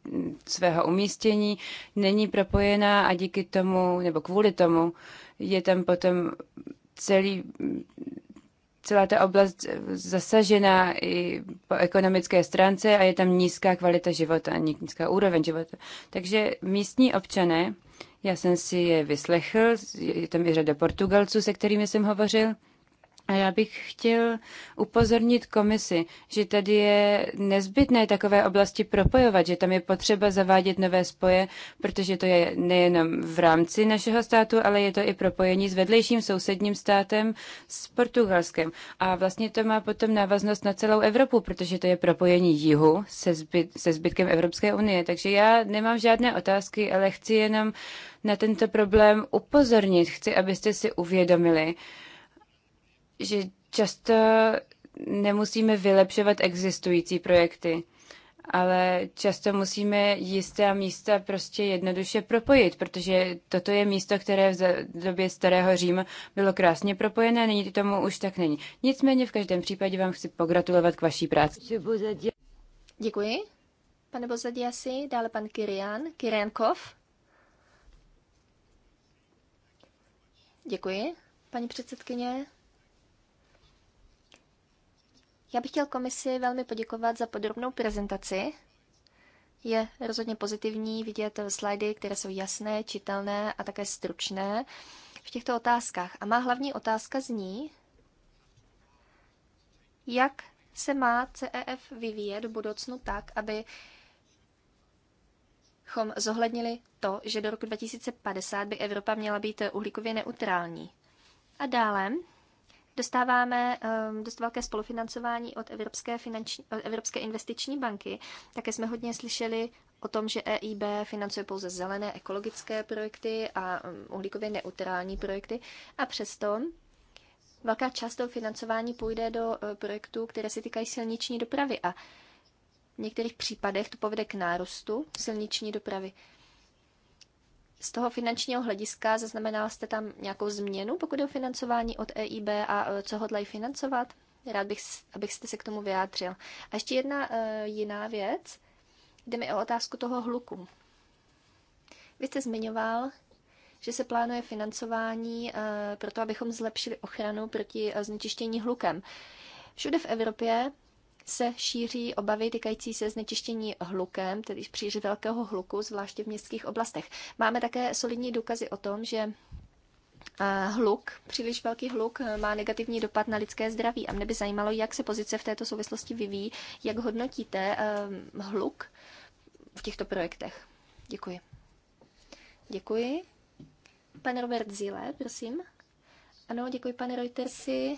svého umístění, není propojená a díky tomu, nebo kvůli tomu, je tam potom celý celá ta oblast zasažená i po ekonomické stránce a je tam nízká kvalita života, nízká úroveň života. Takže místní občané, já jsem si je vyslechl, je tam i řada Portugalců, se kterými jsem hovořil, a já bych chtěl upozornit komisi, že tady je nezbytné takové oblasti propojovat, že tam je potřeba zavádět nové spoje, protože to je nejenom v rámci našeho státu, ale je to i propojení s vedlejším sousedním státem s Portugalskem. A vlastně to má potom návaznost na celou Evropu, protože to je propojení jihu se, zbyt, se zbytkem Evropské unie. Takže já nemám žádné otázky, ale chci jenom na tento problém upozornit. Chci, abyste si uvědomili, že často nemusíme vylepšovat existující projekty, ale často musíme jisté místa prostě jednoduše propojit, protože toto je místo, které v době starého Říma bylo krásně propojené, nyní tomu už tak není. Nicméně v každém případě vám chci pogratulovat k vaší práci. Děkuji. Pane Bozadiasi, dále pan Kirian, Kiriankov. Děkuji, paní předsedkyně. Já bych chtěl komisi velmi poděkovat za podrobnou prezentaci. Je rozhodně pozitivní vidět slajdy, které jsou jasné, čitelné a také stručné v těchto otázkách. A má hlavní otázka zní, jak se má CEF vyvíjet v budoucnu tak, aby chom zohlednili to, že do roku 2050 by Evropa měla být uhlíkově neutrální. A dále dostáváme ehm, dost velké spolufinancování od Evropské, finanční, od Evropské investiční banky. Také jsme hodně slyšeli o tom, že EIB financuje pouze zelené ekologické projekty a ehm, uhlíkově neutrální projekty a přesto velká část toho financování půjde do eh, projektů, které se týkají silniční dopravy a v některých případech to povede k nárůstu silniční dopravy. Z toho finančního hlediska zaznamenala jste tam nějakou změnu, pokud je o financování od EIB a e, co hodlají financovat? Rád bych, abyste se k tomu vyjádřil. A ještě jedna uh, jiná věc. Jde mi o otázku toho hluku. Vy jste zmiňoval, že se plánuje financování uh, e, pro to, abychom zlepšili ochranu proti uh, znečištění hlukem. Všude v Evropě se šíří obavy týkající se znečištění hlukem, tedy příliš velkého hluku, zvláště v městských oblastech. Máme také solidní důkazy o tom, že eh, hluk, příliš velký hluk eh, má negativní dopad na lidské zdraví a mne by zajímalo, jak se pozice v této souvislosti vyvíjí, jak hodnotíte eh, hluk v těchto projektech. Děkuji. Děkuji. Pan Robert Zile, prosím. Ano, děkuji, pane Reutersi.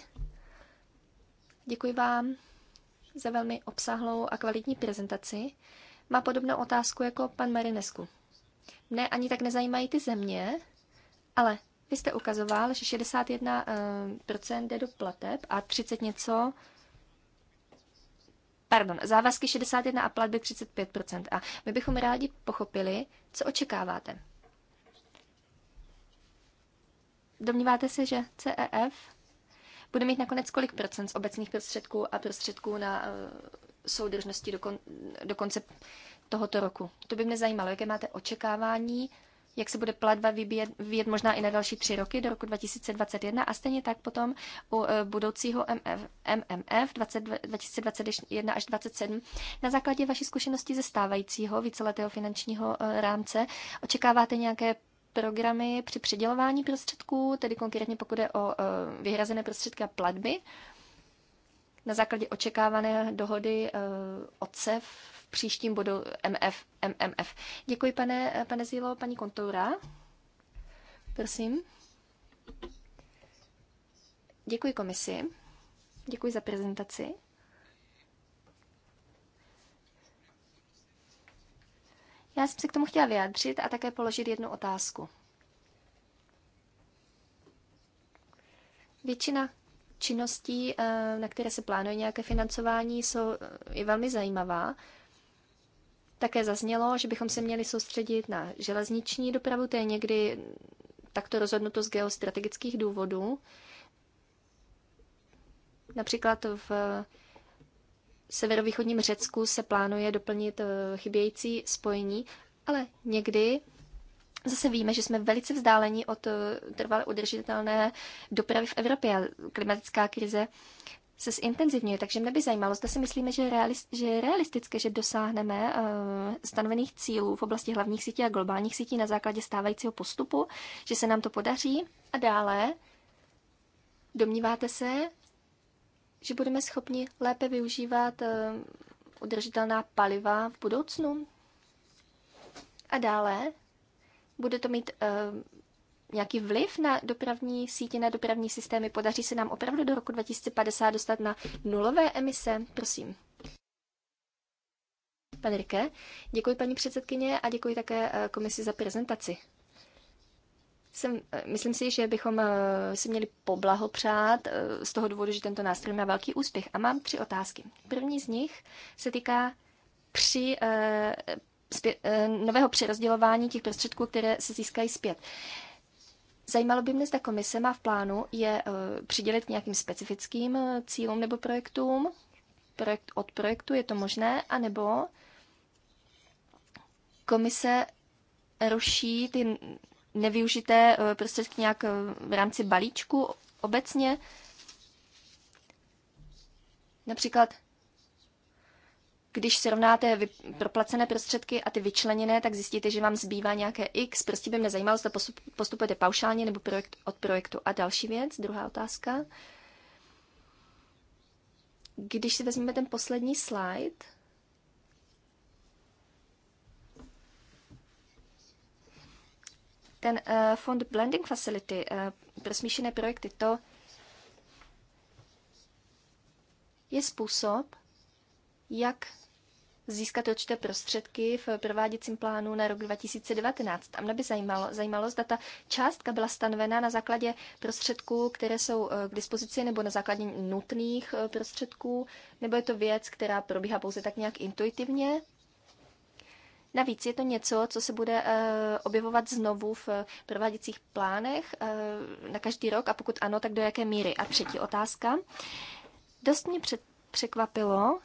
Děkuji vám za velmi obsáhlou a kvalitní prezentaci. Má podobnou otázku jako pan Marinesku. Mne ani tak nezajímají ty země, ale vy jste ukazoval, že 61% eh, jde do plateb a 30 něco pardon, závazky 61 a platby 35%. A my bychom rádi pochopili, co očekáváte. Domníváte se, že CEF bude mít nakonec kolik procent z obecných prostředků a prostředků na eh, soudržnosti do, kon, do konce tohoto roku. To by mě zajímalo, jaké máte očekávání, jak se bude platba vyvíjet, vyvíjet možná i na další tři roky do roku 2021 a stejně tak potom u eh, budoucího MF, MMF 20, 2021 až 2027. Na základě vaší zkušenosti ze stávajícího víceletého finančního eh, rámce očekáváte nějaké programy při předělování prostředků, tedy konkrétně pokud je o e, vyhrazené prostředky a platby, na základě očekávané dohody e, OCEF v příštím bodu MF, MMF. Děkuji, pane, e, pane Zílo, paní Kontoura. Prosím. Děkuji komisi. Děkuji za prezentaci. Já jsem se k tomu chtěla vyjádřit a také položit jednu otázku. Většina činností, eh, na které se plánuje nějaké financování, jsou, eh, je velmi zajímavá. Také zaznělo, že bychom se měli soustředit na železniční dopravu, to je někdy takto rozhodnuto z geostrategických důvodů. Například v severovýchodním Řecku se plánuje doplnit eh, chybějící spojení, ale někdy zase víme, že jsme velice vzdálení od eh, trvale udržitelné dopravy v Evropě a klimatická krize se zintenzivňuje, takže mě by zajímalo, zda si myslíme, že, realis, že je realistické, že dosáhneme uh, stanovených cílů v oblasti hlavních sítí a globálních sítí na základě stávajícího postupu, že se nám to podaří a dále. Domníváte se, že budeme schopni lépe využívat eh, udržitelná paliva v budoucnu. A dále bude to mít eh, nějaký vliv na dopravní sítě, na dopravní systémy? Podaří se nám opravdu do roku 2050 dostat na nulové emise? Prosím. Pane Rike, děkuji paní předsedkyně a děkuji také eh, komisi za prezentaci jsem, eh, myslím si, že bychom eh, si měli poblahopřát eh, z toho důvodu, že tento nástroj má velký úspěch. A mám tři otázky. První z nich se týká při nového přerozdělování těch prostředků, které se získají zpět. Zajímalo by mě, zda komise má v plánu je přidělit k nějakým specifickým cílům nebo projektům, projekt od projektu, je to možné, anebo komise ruší ty nevyužité eh, prostředky nějak eh, v rámci balíčku obecně. Například, když srovnáte proplacené prostředky a ty vyčleněné, tak zjistíte, že vám zbývá nějaké X. Prostě by mě zajímalo, zda postupujete paušálně nebo projekt od projektu. A další věc, druhá otázka. Když si vezmeme ten poslední slide, Ten eh, fond Blending Facility eh, pro smíšené projekty, to je způsob, jak získat určité prostředky v prováděcím plánu na rok 2019. A mne by zajímalo, zajímalo, zda ta částka byla stanovena na základě prostředků, které jsou eh, k dispozici, nebo na základě nutných prostředků, nebo je to věc, která probíhá pouze tak nějak intuitivně. Navíc je to něco, co se bude eh, objevovat znovu v eh, prováděcích plánech eh, na každý rok a pokud ano, tak do jaké míry? A třetí otázka. Dost mě překvapilo,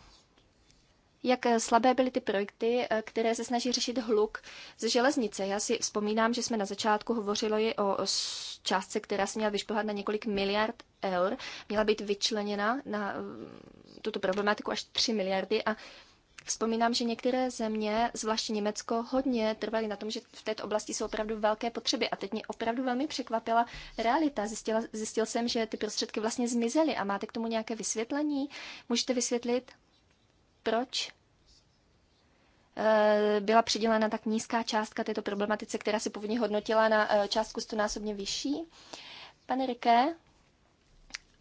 jak slabé byly ty projekty, které se snaží řešit hluk ze železnice. Já si vzpomínám, že jsme na začátku hovořili o částce, která se měla vyšplhat na několik miliard eur. Měla být vyčleněna na tuto problematiku až 3 miliardy a Vzpomínám, že některé země, zvláště Německo, hodně trvaly na tom, že v této oblasti jsou opravdu velké potřeby. A teď mě opravdu velmi překvapila realita. Zjistila, zjistil jsem, že ty prostředky vlastně zmizely. A máte k tomu nějaké vysvětlení? Můžete vysvětlit, proč eh, byla přidělena tak nízká částka této problematice, která se původně hodnotila na eh, částku stonásobně vyšší? Pane Riké,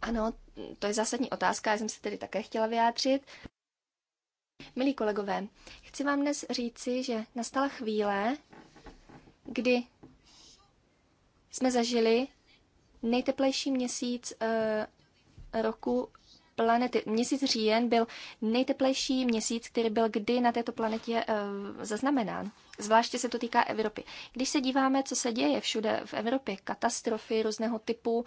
ano, to je zásadní otázka, já jsem se tedy také chtěla vyjádřit. Milí kolegové, chci vám dnes říci, že nastala chvíle, kdy jsme zažili nejteplejší měsíc uh, roku planety. Měsíc říjen byl nejteplejší měsíc, který byl kdy na této planetě uh, zaznamenán. Zvláště se to týká Evropy. Když se díváme, co se děje všude v Evropě, katastrofy různého typu,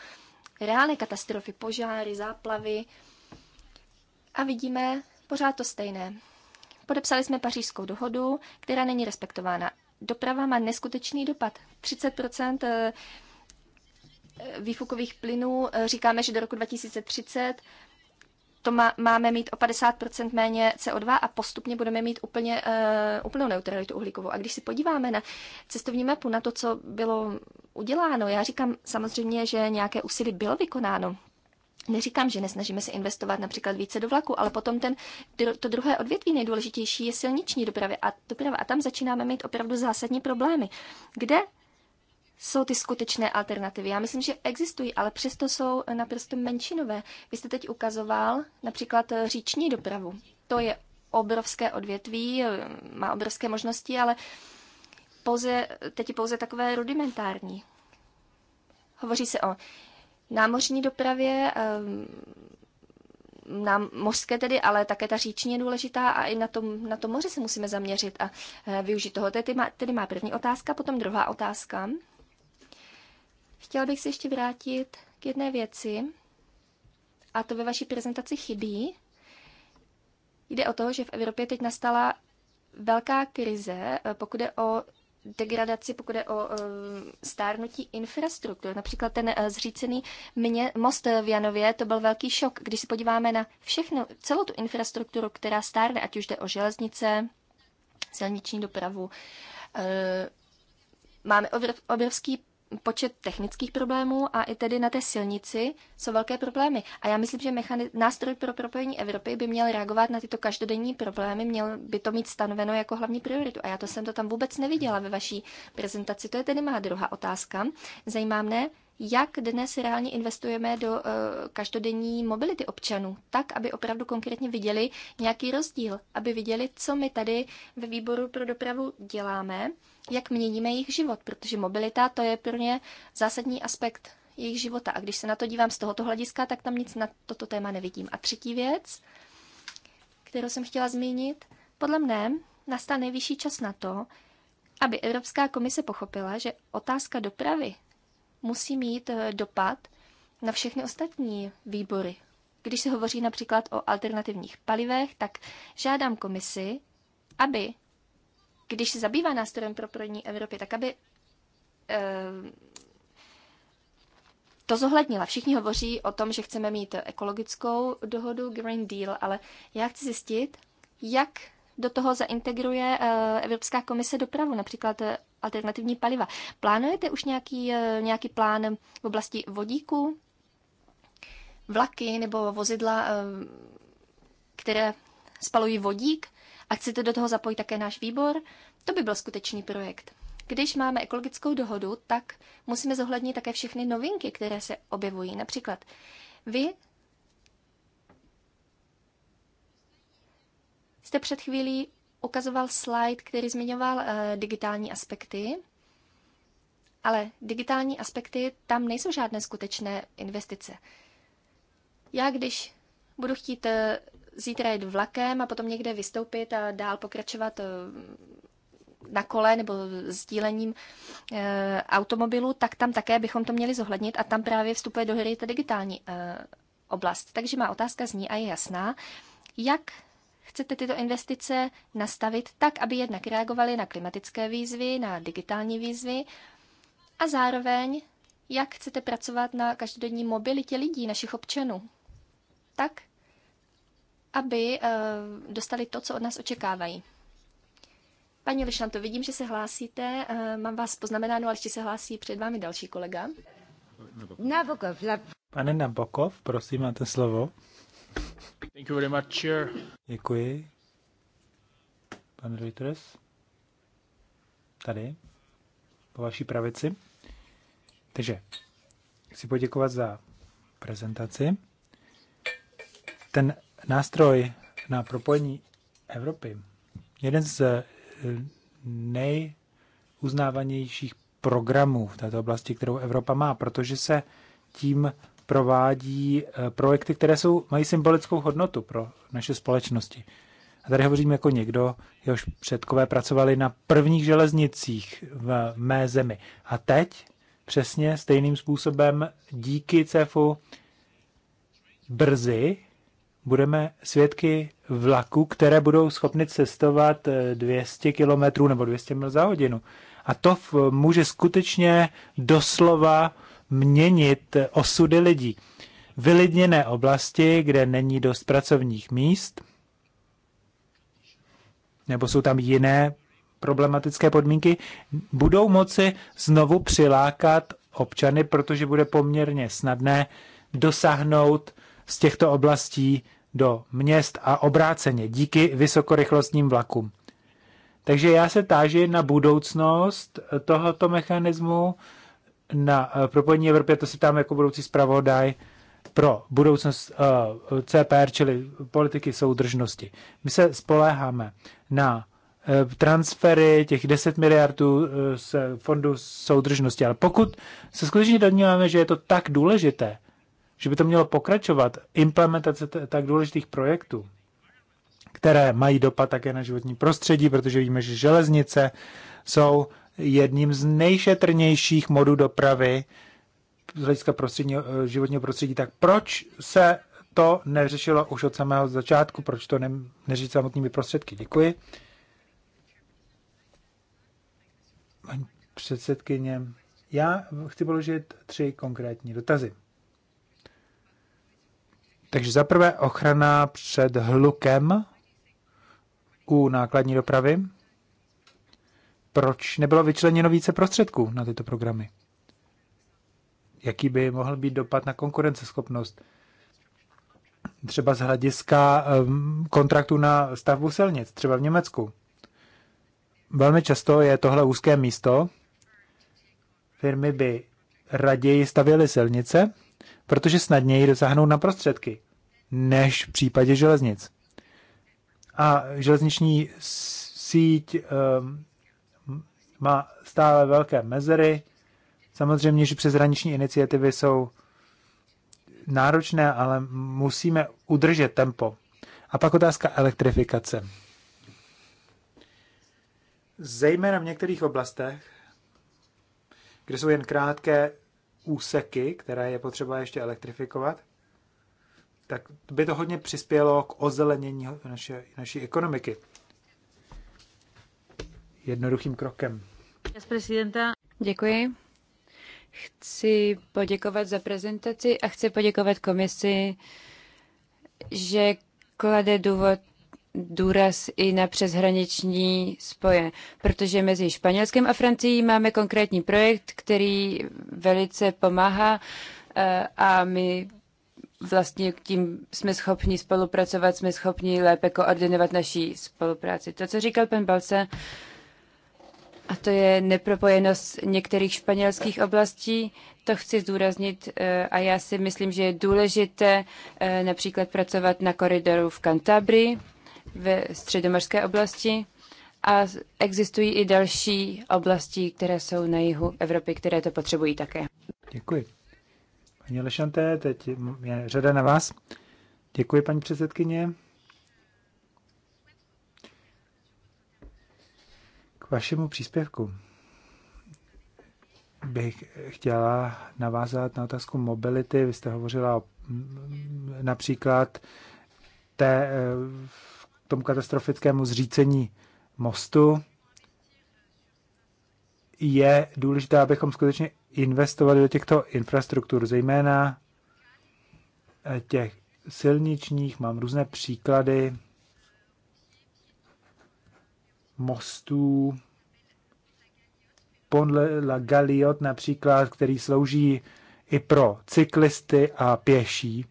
reálné katastrofy, požáry, záplavy, a vidíme, Pořád to stejné. Podepsali jsme pařížskou dohodu, která není respektována. Doprava má neskutečný dopad. 30 eh, eh, výfukových plynů eh, říkáme, že do roku 2030 to má, máme mít o 50% méně CO2 a postupně budeme mít úplně, uh, úplnou neutralitu uhlíkovou. A když si podíváme na cestovní mapu, na to, co bylo uděláno, já říkám samozřejmě, že nějaké úsilí bylo vykonáno. Neříkám, že nesnažíme se investovat například více do vlaku, ale potom ten, to druhé odvětví nejdůležitější je silniční dopravy a doprava. A tam začínáme mít opravdu zásadní problémy. Kde jsou ty skutečné alternativy? Já myslím, že existují, ale přesto jsou naprosto menšinové. Vy jste teď ukazoval například říční dopravu. To je obrovské odvětví, má obrovské možnosti, ale pouze, teď je pouze takové rudimentární. Hovoří se o námořní dopravě, ehm, na mořské tedy, ale také ta říční je důležitá a i na, tom, na tom moře se musíme zaměřit a eh, využít toho. To je tedy má, tedy má první otázka, potom druhá otázka. Chtěla bych se ještě vrátit k jedné věci, a to ve vaší prezentaci chybí. Jde o to, že v Evropě teď nastala velká krize, eh, pokud je o degradaci, pokud je o eh, stárnutí infrastruktur. Například ten eh, zřícený mě, most v Janově, to byl velký šok. Když se podíváme na všechno, celou tu infrastrukturu, která stárne, ať už jde o železnice, silniční dopravu, eh, máme obrovský počet technických problémů a i tedy na té silnici jsou velké problémy. A já myslím, že mechani- nástroj pro propojení Evropy by měl reagovat na tyto každodenní problémy, měl by to mít stanoveno jako hlavní prioritu. A já to jsem to tam vůbec neviděla ve vaší prezentaci. To je tedy má druhá otázka. Zajímá mne, jak dnes reálně investujeme do eh, každodenní mobility občanů, tak, aby opravdu konkrétně viděli nějaký rozdíl, aby viděli, co my tady ve výboru pro dopravu děláme, jak měníme jejich život, protože mobilita to je pro ně zásadní aspekt jejich života. A když se na to dívám z tohoto hlediska, tak tam nic na toto téma nevidím. A třetí věc, kterou jsem chtěla zmínit, podle mne nastal nejvyšší čas na to, aby Evropská komise pochopila, že otázka dopravy musí mít eh, dopad na všechny ostatní výbory. Když se hovoří například o alternativních palivech, tak žádám komisi, aby, když se zabývá nástrojem pro prodní Evropy, tak aby eh, to zohlednila. Všichni hovoří o tom, že chceme mít ekologickou dohodu Green Deal, ale já chci zjistit, jak do toho zaintegruje eh, Evropská komise dopravu, například alternativní paliva. Plánujete už nějaký, eh, nějaký plán v oblasti vodíku, vlaky nebo vozidla, eh, které spalují vodík a chcete do toho zapojit také náš výbor? To by byl skutečný projekt. Když máme ekologickou dohodu, tak musíme zohlednit také všechny novinky, které se objevují. Například vy jste před chvílí ukazoval slide, který zmiňoval eh, digitální aspekty. Ale digitální aspekty, tam nejsou žádné skutečné investice. Já když budu chtít eh, zítra jít vlakem a potom někde vystoupit a dál pokračovat eh, na kole nebo sdílením uh, automobilu, tak tam také bychom to měli zohlednit a tam právě vstupuje do hry ta digitální uh, oblast. Takže má otázka zní a je jasná, jak chcete tyto investice nastavit tak, aby jednak reagovaly na klimatické výzvy, na digitální výzvy a zároveň, jak chcete pracovat na každodenní mobilitě lidí, našich občanů. Tak, aby eh, dostali to, co od nás očekávají. Paní Lišanto, vidím, že se hlásíte. Eh, mám vás poznamenáno, ale ještě se hlásí před vámi další kolega. Nabokov. Pane Nabokov, prosím, máte slovo. Thank you very much, Chair. Děkuji. Pan Reuters? Tady, po vaší pravici. Takže chci poděkovat za prezentaci. Ten nástroj na propojení Evropy, jeden z eh, nejuznávanějších programů v této oblasti, kterou Evropa má, protože se tím provádí eh, projekty, které jsou, mají symbolickou hodnotu pro naše společnosti. A tady hovořím jako někdo, jehož předkové pracovali na prvních železnicích v mé zemi. A teď přesně stejným způsobem díky CEFu brzy budeme svědky vlaku, které budou schopny cestovat 200 eh, km nebo 200 mil za hodinu. A to může skutečně doslova měnit osudy lidí. Vylidněné oblasti, kde není dost pracovních míst, nebo jsou tam jiné problematické podmínky, budou moci znovu přilákat občany, protože bude poměrně snadné dosáhnout z těchto oblastí do měst a obráceně díky vysokorychlostním vlakům. Takže já se táži na budoucnost tohoto mechanismu, na eh, propojení Evropy to se tam jako budoucí zpravodaj pro budoucnost uh, eh, CPR, čili politiky soudržnosti. My se spoléháme na eh, transfery těch 10 miliardů z fondu soudržnosti. Ale pokud se skutečně domníváme, že je to tak důležité, že by to mělo pokračovat, implementace tak důležitých projektů, které mají dopad také na životní prostředí, protože víme, že železnice jsou jedním z nejšetrnějších modů dopravy z hlediska eh, životního prostředí. Tak proč se to neřešilo už od samého začátku? Proč to ne, neřešit samotnými prostředky? Děkuji. Paní předsedkyně, já chci položit tři konkrétní dotazy. Takže za prvé ochrana před hlukem u nákladní dopravy proč nebylo vyčleněno více prostředků na tyto programy? Jaký by mohl být dopad na konkurenceschopnost? Třeba z hlediska ehm, kontraktu na stavbu silnic, třeba v Německu. Velmi často je tohle úzké místo. Firmy by raději stavěly silnice, protože snadněji dosáhnou na prostředky, než v případě železnic. A železniční síť ehm, má stále velké mezery. Samozřejmě, že přeshraniční iniciativy jsou náročné, ale musíme udržet tempo. A pak otázka elektrifikace. Zejména v některých oblastech, kde jsou jen krátké úseky, které je potřeba ještě elektrifikovat, tak by to hodně přispělo k ozelenění naše, naší ekonomiky jednoduchým krokem. Děkuji. Chci poděkovat za prezentaci a chci poděkovat komisi, že klade důvod důraz i na přeshraniční spoje, protože mezi Španělskem a Francií máme konkrétní projekt, který velice pomáhá eh, a my vlastně tím jsme schopni spolupracovat, jsme schopni lépe koordinovat naší spolupráci. To, co říkal pan Balce a to je nepropojenost některých španělských oblastí. To chci zdůraznit eh, a já si myslím, že je důležité eh, například pracovat na koridoru v Kantabri ve středomorské oblasti a existují i další oblasti, které jsou na jihu Evropy, které to potřebují také. Děkuji. Paní Lešanté, teď je řada na vás. Děkuji, paní předsedkyně. vašemu příspěvku bych chtěla navázat na otázku mobility. Vy jste hovořila mm, například té, eh, tom katastrofickému zřícení mostu. Je důležité, abychom skutečně investovali do těchto infrastruktur, zejména eh, těch silničních. Mám různé příklady mostů, podle La Galiot například, který slouží i pro cyklisty a pěší.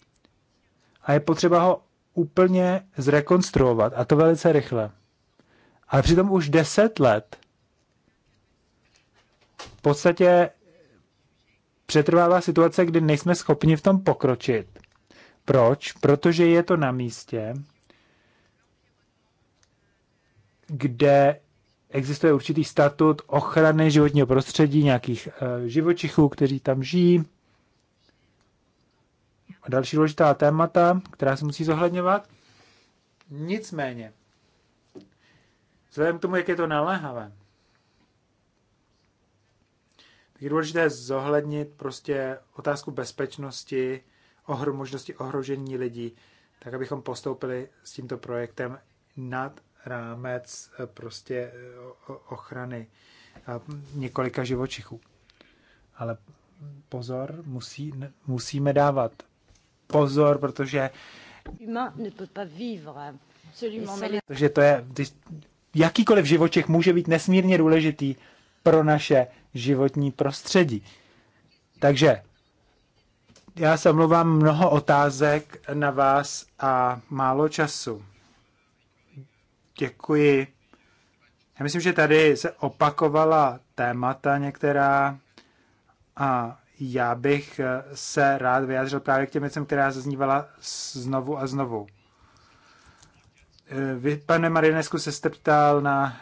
A je potřeba ho úplně zrekonstruovat, a to velice rychle. Ale přitom už deset let v podstatě přetrvává situace, kdy nejsme schopni v tom pokročit. Proč? Protože je to na místě, kde existuje určitý statut ochrany životního prostředí nějakých eh, živočichů, kteří tam žijí. A další důležitá témata, která se musí zohledňovat. Nicméně, vzhledem k tomu, jak je to naléhavé, tak je důležité zohlednit prostě otázku bezpečnosti, ohr, možnosti ohrožení lidí, tak abychom postoupili s tímto projektem nad rámec eh, prostě eh, ochrany několika živočichů. Ale pozor, musí, musíme dávat pozor, protože protože to je, jakýkoliv živočich může být nesmírně důležitý pro naše životní prostředí. Takže já se omlouvám mnoho otázek na vás a málo času. Děkuji. Já myslím, že tady se opakovala témata některá a já bych se rád vyjádřil právě k těm věcem, která zaznívala znovu a znovu. Vy, pane Marinesku, se jste ptal na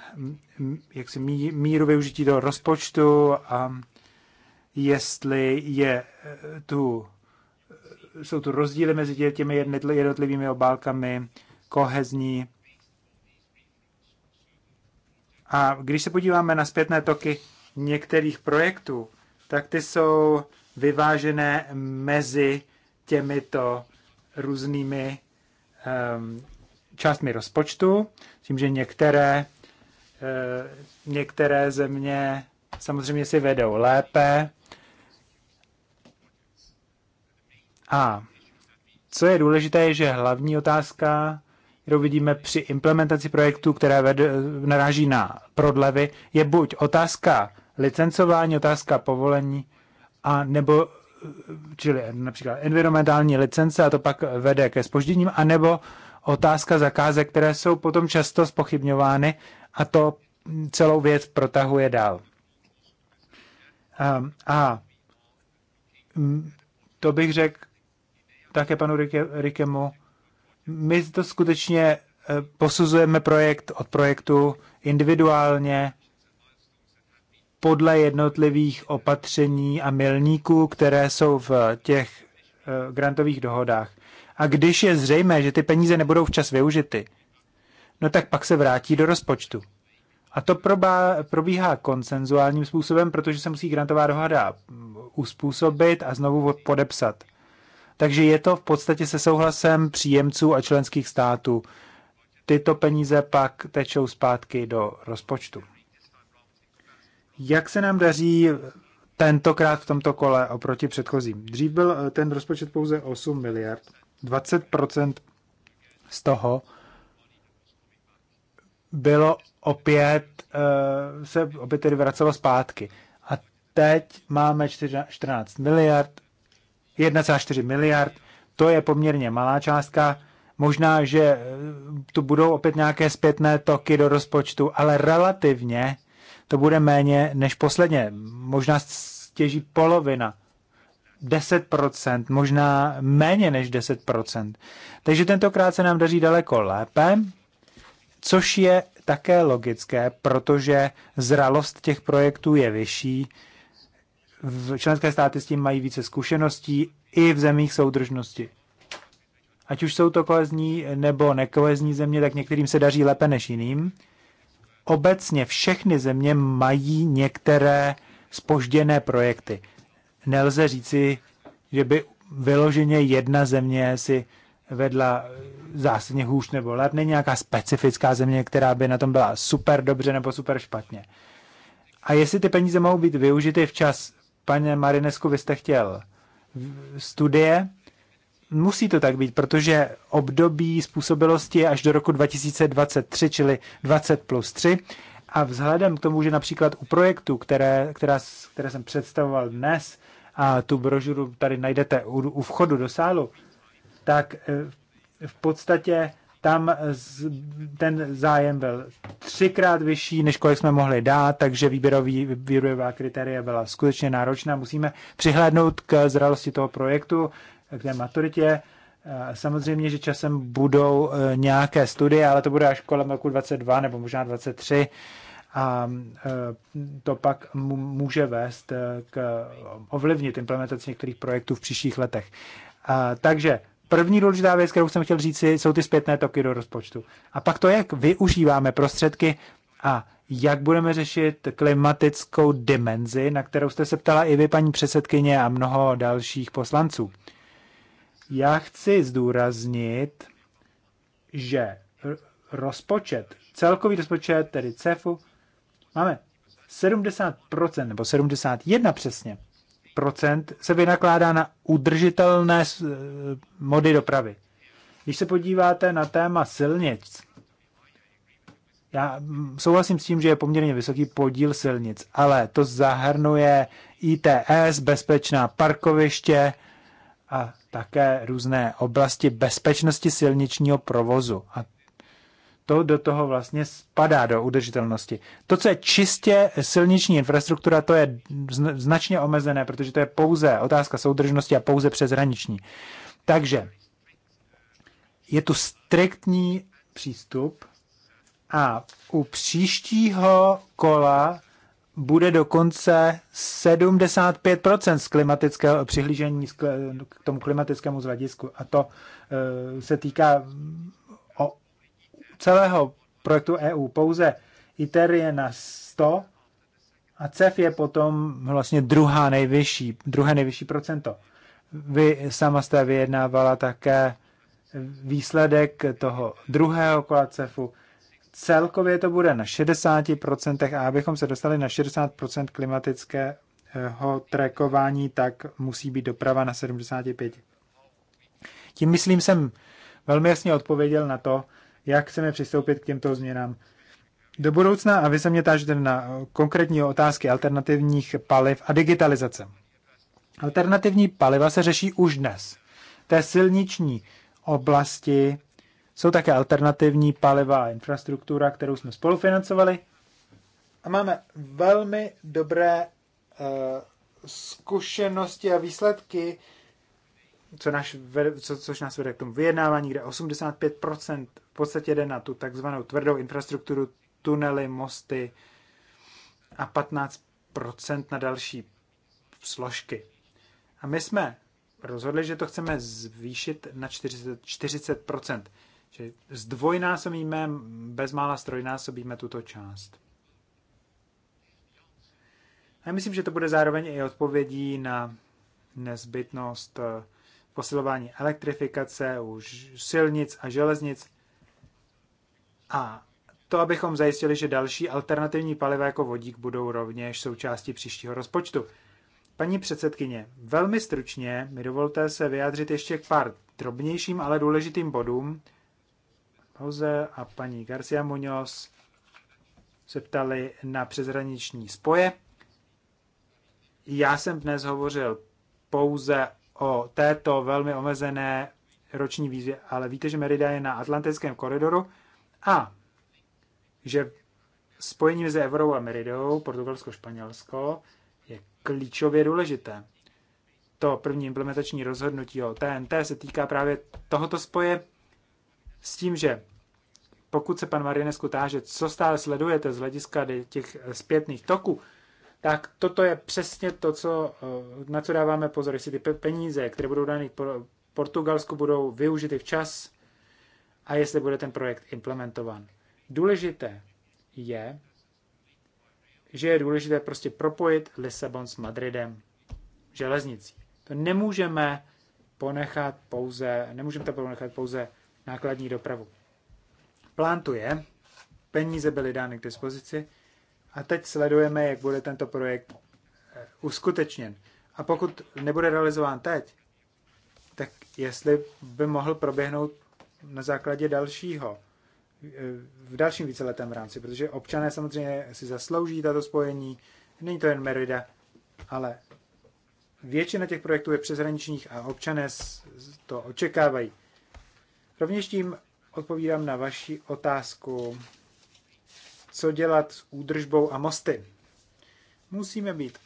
jak si, míru využití do rozpočtu a jestli je eh, tu, jsou tu rozdíly mezi těmi jednotlivými obálkami kohezní a když se podíváme na zpětné toky některých projektů, tak ty jsou vyvážené mezi těmito různými um, částmi rozpočtu, tím, že některé, uh, některé země samozřejmě si vedou lépe. A co je důležité, je, že hlavní otázka kterou vidíme při implementaci projektu, které ved, naráží na prodlevy, je buď otázka licencování, otázka povolení, a nebo čili například environmentální licence a to pak vede ke spožděním, anebo otázka zakázek, které jsou potom často spochybňovány a to celou věc protahuje dál. Ehm, a, a mm, to bych řekl také panu Rikemu, my to skutečně eh, posuzujeme projekt od projektu individuálně podle jednotlivých opatření a milníků, které jsou v těch eh, grantových dohodách. A když je zřejmé, že ty peníze nebudou včas využity, no tak pak se vrátí do rozpočtu. A to probá, probíhá konsenzuálním způsobem, protože se musí grantová dohoda mm, uspůsobit a znovu podepsat. Takže je to v podstatě se souhlasem příjemců a členských států. Tyto peníze pak tečou zpátky do rozpočtu. Jak se nám daří tentokrát v tomto kole oproti předchozím? Dřív byl eh, ten rozpočet pouze 8 miliard. 20% z toho bylo opět, eh, se opět tedy vracelo zpátky. A teď máme 14 miliard 1,4 miliard, to je poměrně malá částka. Možná, že eh, tu budou opět nějaké zpětné toky do rozpočtu, ale relativně to bude méně než posledně. Možná stěží polovina. 10%, možná méně než 10%. Takže tentokrát se nám daří daleko lépe, což je také logické, protože zralost těch projektů je vyšší v členské státy s tím mají více zkušeností i v zemích soudržnosti. Ať už jsou to kohezní nebo nekohezní země, tak některým se daří lépe než jiným. Obecně všechny země mají některé spožděné projekty. Nelze říci, že by vyloženě jedna země si vedla zásadně hůř nebo lépe. Není nějaká specifická země, která by na tom byla super dobře nebo super špatně. A jestli ty peníze mohou být využity včas Pane Marinesku, vy jste chtěl studie. Musí to tak být, protože období způsobilosti je až do roku 2023, čili 20 plus 3. A vzhledem k tomu, že například u projektu, které, která, které jsem představoval dnes, a tu brožuru tady najdete u, u vchodu do sálu, tak eh, v podstatě tam ten zájem byl třikrát vyšší, než kolik jsme mohli dát, takže výběrový, výběrová kritéria byla skutečně náročná. Musíme přihlédnout k zralosti toho projektu, k té maturitě. Samozřejmě, že časem budou e, nějaké studie, ale to bude až kolem roku 22 nebo možná 23 a e, to pak může vést e, k ovlivnit implementaci některých projektů v příštích letech. Takže První důležitá věc, kterou jsem chtěl říct, jsou ty zpětné toky do rozpočtu. A pak to, jak využíváme prostředky a jak budeme řešit klimatickou dimenzi, na kterou jste se ptala i vy, paní předsedkyně, a mnoho dalších poslanců. Já chci zdůraznit, že rozpočet, celkový rozpočet, tedy CEFu, máme 70% nebo 71 přesně se vynakládá na udržitelné eh, mody dopravy. Když se podíváte na téma silnic, já mm, souhlasím s tím, že je poměrně vysoký podíl silnic, ale to zahrnuje ITS, bezpečná parkoviště a také různé oblasti bezpečnosti silničního provozu. A to do toho vlastně spadá do udržitelnosti. To, co je čistě silniční infrastruktura, to je značně omezené, protože to je pouze otázka soudržnosti a pouze přeshraniční. Takže je tu striktní přístup a u příštího kola bude dokonce 75% z klimatického přihlížení k tomu klimatickému zhledisku. A to eh, se týká celého projektu EU. Pouze ITER je na 100 a CEF je potom vlastně druhá nejvyšší, druhé nejvyšší procento. Vy sama jste vyjednávala také výsledek toho druhého kola CEFu. Celkově to bude na 60% a abychom se dostali na 60% klimatického trekování, tak musí být doprava na 75%. Tím myslím jsem velmi jasně odpověděl na to, jak chceme přistoupit k těmto změnám do budoucna. A vy se mě tážete na konkrétní otázky alternativních paliv a digitalizace. Alternativní paliva se řeší už dnes. Té silniční oblasti jsou také alternativní paliva a infrastruktura, kterou jsme spolufinancovali. A máme velmi dobré uh, zkušenosti a výsledky co naš, co, což nás vede k tomu vyjednávání, kde 85% v podstatě jde na tu takzvanou tvrdou infrastrukturu, tunely, mosty a 15% na další složky. A my jsme rozhodli, že to chceme zvýšit na 40, 40%. Že zdvojnásobíme, bezmála strojnásobíme tuto část. A myslím, že to bude zároveň i odpovědí na nezbytnost eh, posilování elektrifikace u silnic a železnic a to, abychom zajistili, že další alternativní paliva jako vodík budou rovněž součástí příštího rozpočtu. Paní předsedkyně, velmi stručně mi dovolte se vyjádřit ještě k pár drobnějším, ale důležitým bodům. Pauze a paní Garcia Muñoz se ptali na přezraniční spoje. Já jsem dnes hovořil pouze o této velmi omezené roční výzvě, ale víte, že Merida je na Atlantickém koridoru a že spojení mezi Evrou a Meridou, Portugalsko-Španělsko, je klíčově důležité. To první implementační rozhodnutí o TNT se týká právě tohoto spoje s tím, že pokud se pan Marinesku táže, co stále sledujete z hlediska těch zpětných toků, tak toto je přesně to, co, eh, na co dáváme pozor. Jestli ty peníze, které budou dány Portugalsku, budou využity včas a jestli bude ten projekt implementovan. Důležité je, že je důležité prostě propojit Lisabon s Madridem železnicí. To nemůžeme ponechat pouze, nemůžeme to ponechat pouze nákladní dopravu. Plán tu je, peníze byly dány k dispozici, a teď sledujeme, jak bude tento projekt uskutečněn. A pokud nebude realizován teď, tak jestli by mohl proběhnout na základě dalšího, v dalším víceletém rámci, protože občané samozřejmě si zaslouží tato spojení, není to jen Merida, ale většina těch projektů je přeshraničních a občané to očekávají. Rovněž tím odpovídám na vaši otázku co dělat s údržbou a mosty. Musíme být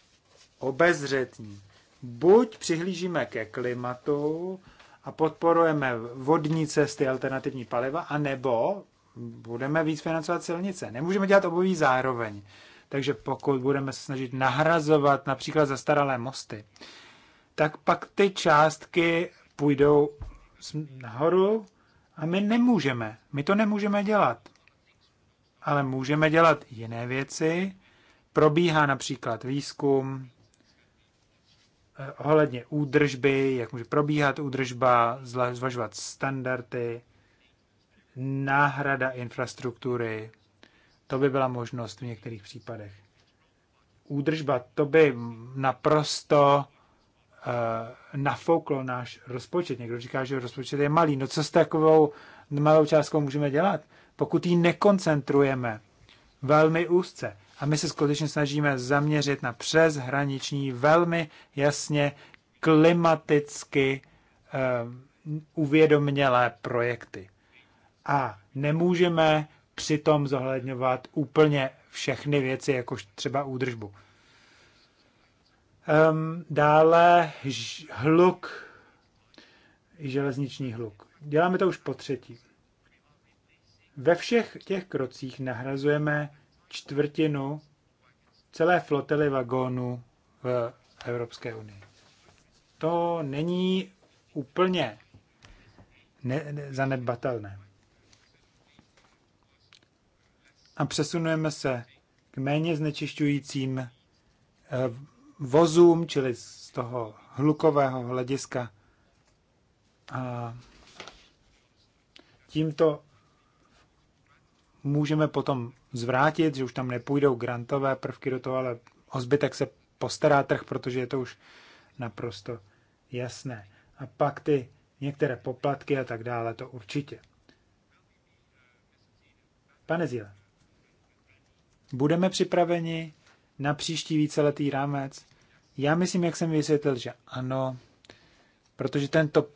obezřetní. Buď přihlížíme ke klimatu a podporujeme vodní cesty, alternativní paliva, anebo budeme víc financovat silnice. Nemůžeme dělat obojí zároveň. Takže pokud budeme se snažit nahrazovat například zastaralé mosty, tak pak ty částky půjdou nahoru a my nemůžeme. My to nemůžeme dělat ale můžeme dělat jiné věci. Probíhá například výzkum eh, ohledně údržby, jak může probíhat údržba, zvažovat standardy, náhrada infrastruktury. To by byla možnost v některých případech. Údržba, to by naprosto uh, nafouklo náš rozpočet. Někdo říká, že rozpočet je malý. No co s takovou malou částkou můžeme dělat? pokud ji nekoncentrujeme velmi úzce. A my se skutečně snažíme zaměřit na přeshraniční, velmi jasně klimaticky uh, uvědomělé projekty. A nemůžeme přitom zohledňovat úplně všechny věci, jako třeba údržbu. Um, dále hluk, železniční hluk. Děláme to už po třetí. Ve všech těch krocích nahrazujeme čtvrtinu celé flotily vagónů v Evropské unii. To není úplně ne, ne, zanedbatelné. A přesunujeme se k méně znečišťujícím eh, vozům, čili z toho hlukového hlediska. A tímto můžeme potom zvrátit, že už tam nepůjdou grantové prvky do toho, ale o zbytek se postará trh, protože je to už naprosto jasné. A pak ty některé poplatky a tak dále, to určitě. Pane Zíle, budeme připraveni na příští víceletý rámec? Já myslím, jak jsem vysvětlil, že ano, protože tento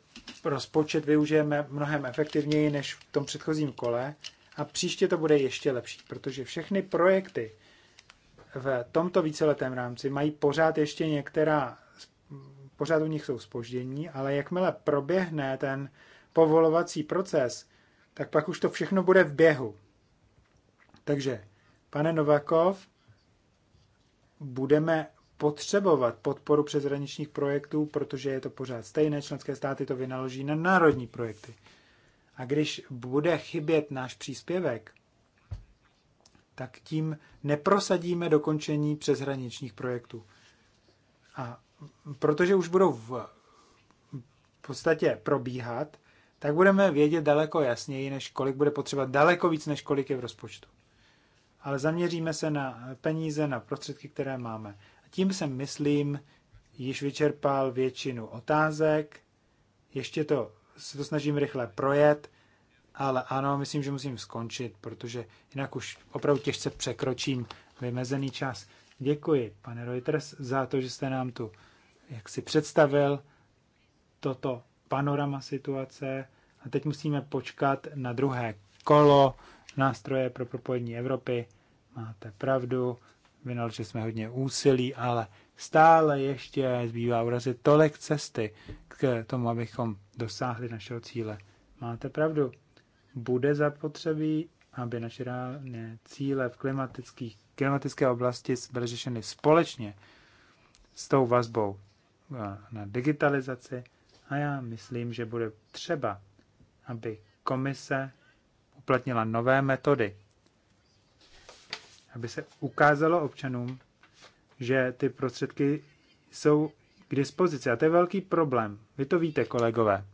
rozpočet využijeme mnohem efektivněji než v tom předchozím kole a příště to bude ještě lepší, protože všechny projekty v tomto víceletém rámci mají pořád ještě některá, pořád u nich jsou spoždění, ale jakmile proběhne ten povolovací proces, tak pak už to všechno bude v běhu. Takže, pane Novakov, budeme potřebovat podporu přeshraničních projektů, protože je to pořád stejné, členské státy to vynaloží na národní projekty. A když bude chybět náš příspěvek, tak tím neprosadíme dokončení přeshraničních projektů. A protože už budou v podstatě probíhat, tak budeme vědět daleko jasněji, než kolik bude potřeba, daleko víc, než kolik je v rozpočtu. Ale zaměříme se na peníze, na prostředky, které máme. A tím jsem, myslím, již vyčerpal většinu otázek. Ještě to se to snažím rychle projet, ale ano, myslím, že musím skončit, protože jinak už opravdu těžce překročím vymezený čas. Děkuji, pane Reuters, za to, že jste nám tu jak si představil toto panorama situace a teď musíme počkat na druhé kolo nástroje pro propojení Evropy. Máte pravdu, vynaložili jsme hodně úsilí, ale stále ještě zbývá urazit tolik cesty k tomu, abychom dosáhli našeho cíle. Máte pravdu, bude zapotřebí, aby naše reálné cíle v klimatických, klimatické oblasti byly řešeny společně s tou vazbou eh, na digitalizaci a já myslím, že bude třeba, aby komise uplatnila nové metody, aby se ukázalo občanům, že ty prostředky jsou k dispozici. A to je velký problém. Vy to víte, kolegové,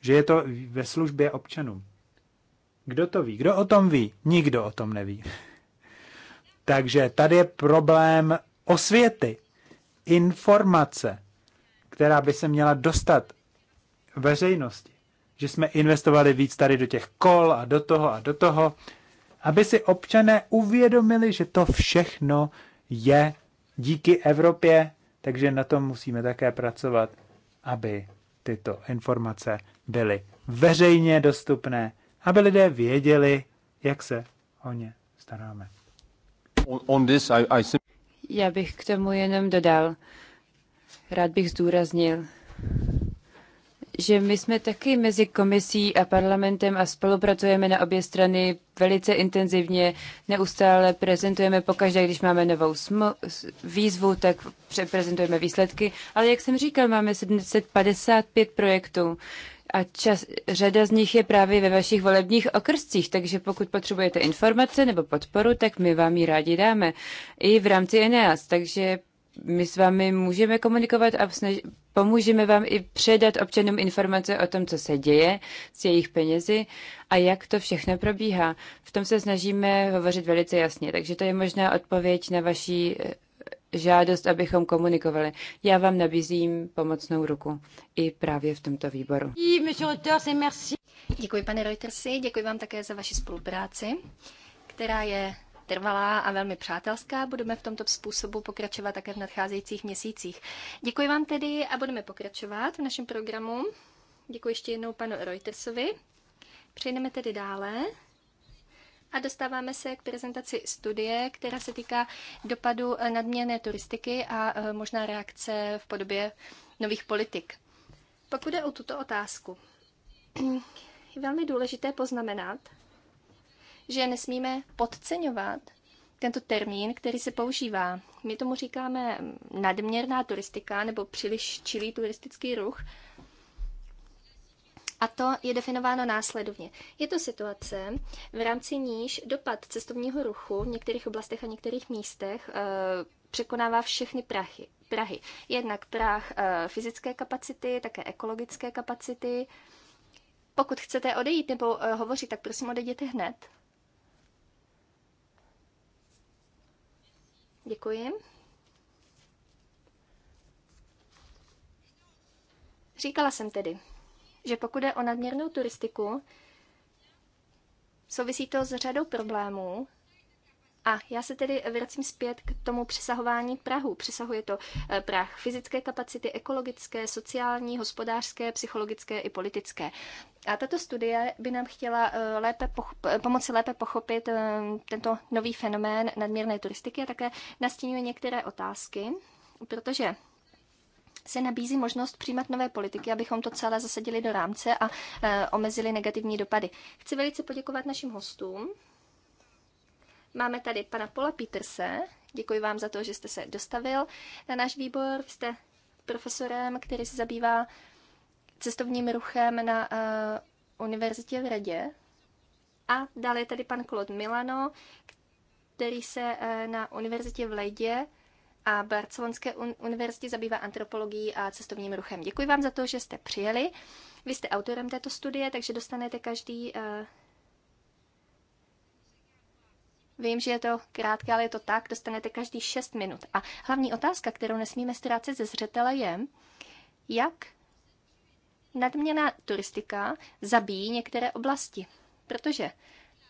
že je to ve službě občanům. Kdo to ví? Kdo o tom ví? Nikdo o tom neví. Takže tady je problém osvěty, informace, která by se měla dostat veřejnosti. Že jsme investovali víc tady do těch kol a do toho a do toho, aby si občané uvědomili, že to všechno je díky Evropě, takže na tom musíme také pracovat, aby tyto informace byly veřejně dostupné, aby lidé věděli, jak se o ně staráme. Já bych k tomu jenom dodal. Rád bych zdůraznil, že my jsme taky mezi komisí a parlamentem a spolupracujeme na obě strany velice intenzivně, neustále prezentujeme pokaždé, když máme novou výzvu, tak prezentujeme výsledky, ale jak jsem říkal, máme 755 projektů a čas, řada z nich je právě ve vašich volebních okrscích, takže pokud potřebujete informace nebo podporu, tak my vám ji rádi dáme i v rámci ENEAS, takže my s vámi můžeme komunikovat a snaž, Pomůžeme vám i předat občanům informace o tom, co se děje s jejich penězi a jak to všechno probíhá. V tom se snažíme hovořit velice jasně, takže to je možná odpověď na vaší eh, žádost, abychom komunikovali. Já vám nabízím pomocnou ruku i právě v tomto výboru. Děkuji, pane Reutersi, děkuji vám také za vaši spolupráci, která je trvalá a velmi přátelská. Budeme v tomto způsobu pokračovat také v nadcházejících měsících. Děkuji vám tedy a budeme pokračovat v našem programu. Děkuji ještě jednou panu Reutersovi. Přejdeme tedy dále a dostáváme se k prezentaci studie, která se týká dopadu eh, nadměrné turistiky a eh, možná reakce v podobě nových politik. Pokud je o tuto otázku, je velmi důležité poznamenat, že nesmíme podceňovat tento termín, který se používá. My tomu říkáme nadměrná turistika nebo příliš čilý turistický ruch. A to je definováno následovně. Je to situace, v rámci níž dopad cestovního ruchu v některých oblastech a některých místech e, překonává všechny prachy, Prahy. Jednak Prah e, eh, fyzické kapacity, také ekologické kapacity. Pokud chcete odejít nebo e, hovořit, tak prosím odejděte hned. Děkuji. Říkala jsem tedy, že pokud je o nadměrnou turistiku, souvisí to s řadou problémů, a já se tedy vracím zpět k tomu přesahování Prahu. Přesahuje to eh, Prah fyzické kapacity, ekologické, sociální, hospodářské, psychologické i politické. A tato studie by nám chtěla eh, lépe eh, pomoci lépe pochopit tento nový fenomén nadměrné turistiky a také nastínuje některé otázky, protože se nabízí možnost přijímat nové politiky, abychom to celé zasadili do rámce a omezili negativní dopady. Chci velice poděkovat našim hostům Máme tady pana Paula Peterse. Děkuji vám za to, že jste se dostavil na náš výbor. Jste profesorem, který se zabývá cestovním ruchem na uh, univerzitě v Radě. A dále je tady pan Claude Milano, který se uh, na univerzitě v Lejdě a Barcelonské un- univerzitě zabývá antropologií a cestovním ruchem. Děkuji vám za to, že jste přijeli. Vy jste autorem této studie, takže dostanete každý uh, Vím, že je to krátké, ale je to tak, dostanete každý 6 minut. A hlavní otázka, kterou nesmíme ztrácet ze zřetele, je, jak nadměrná turistika zabíjí některé oblasti. Protože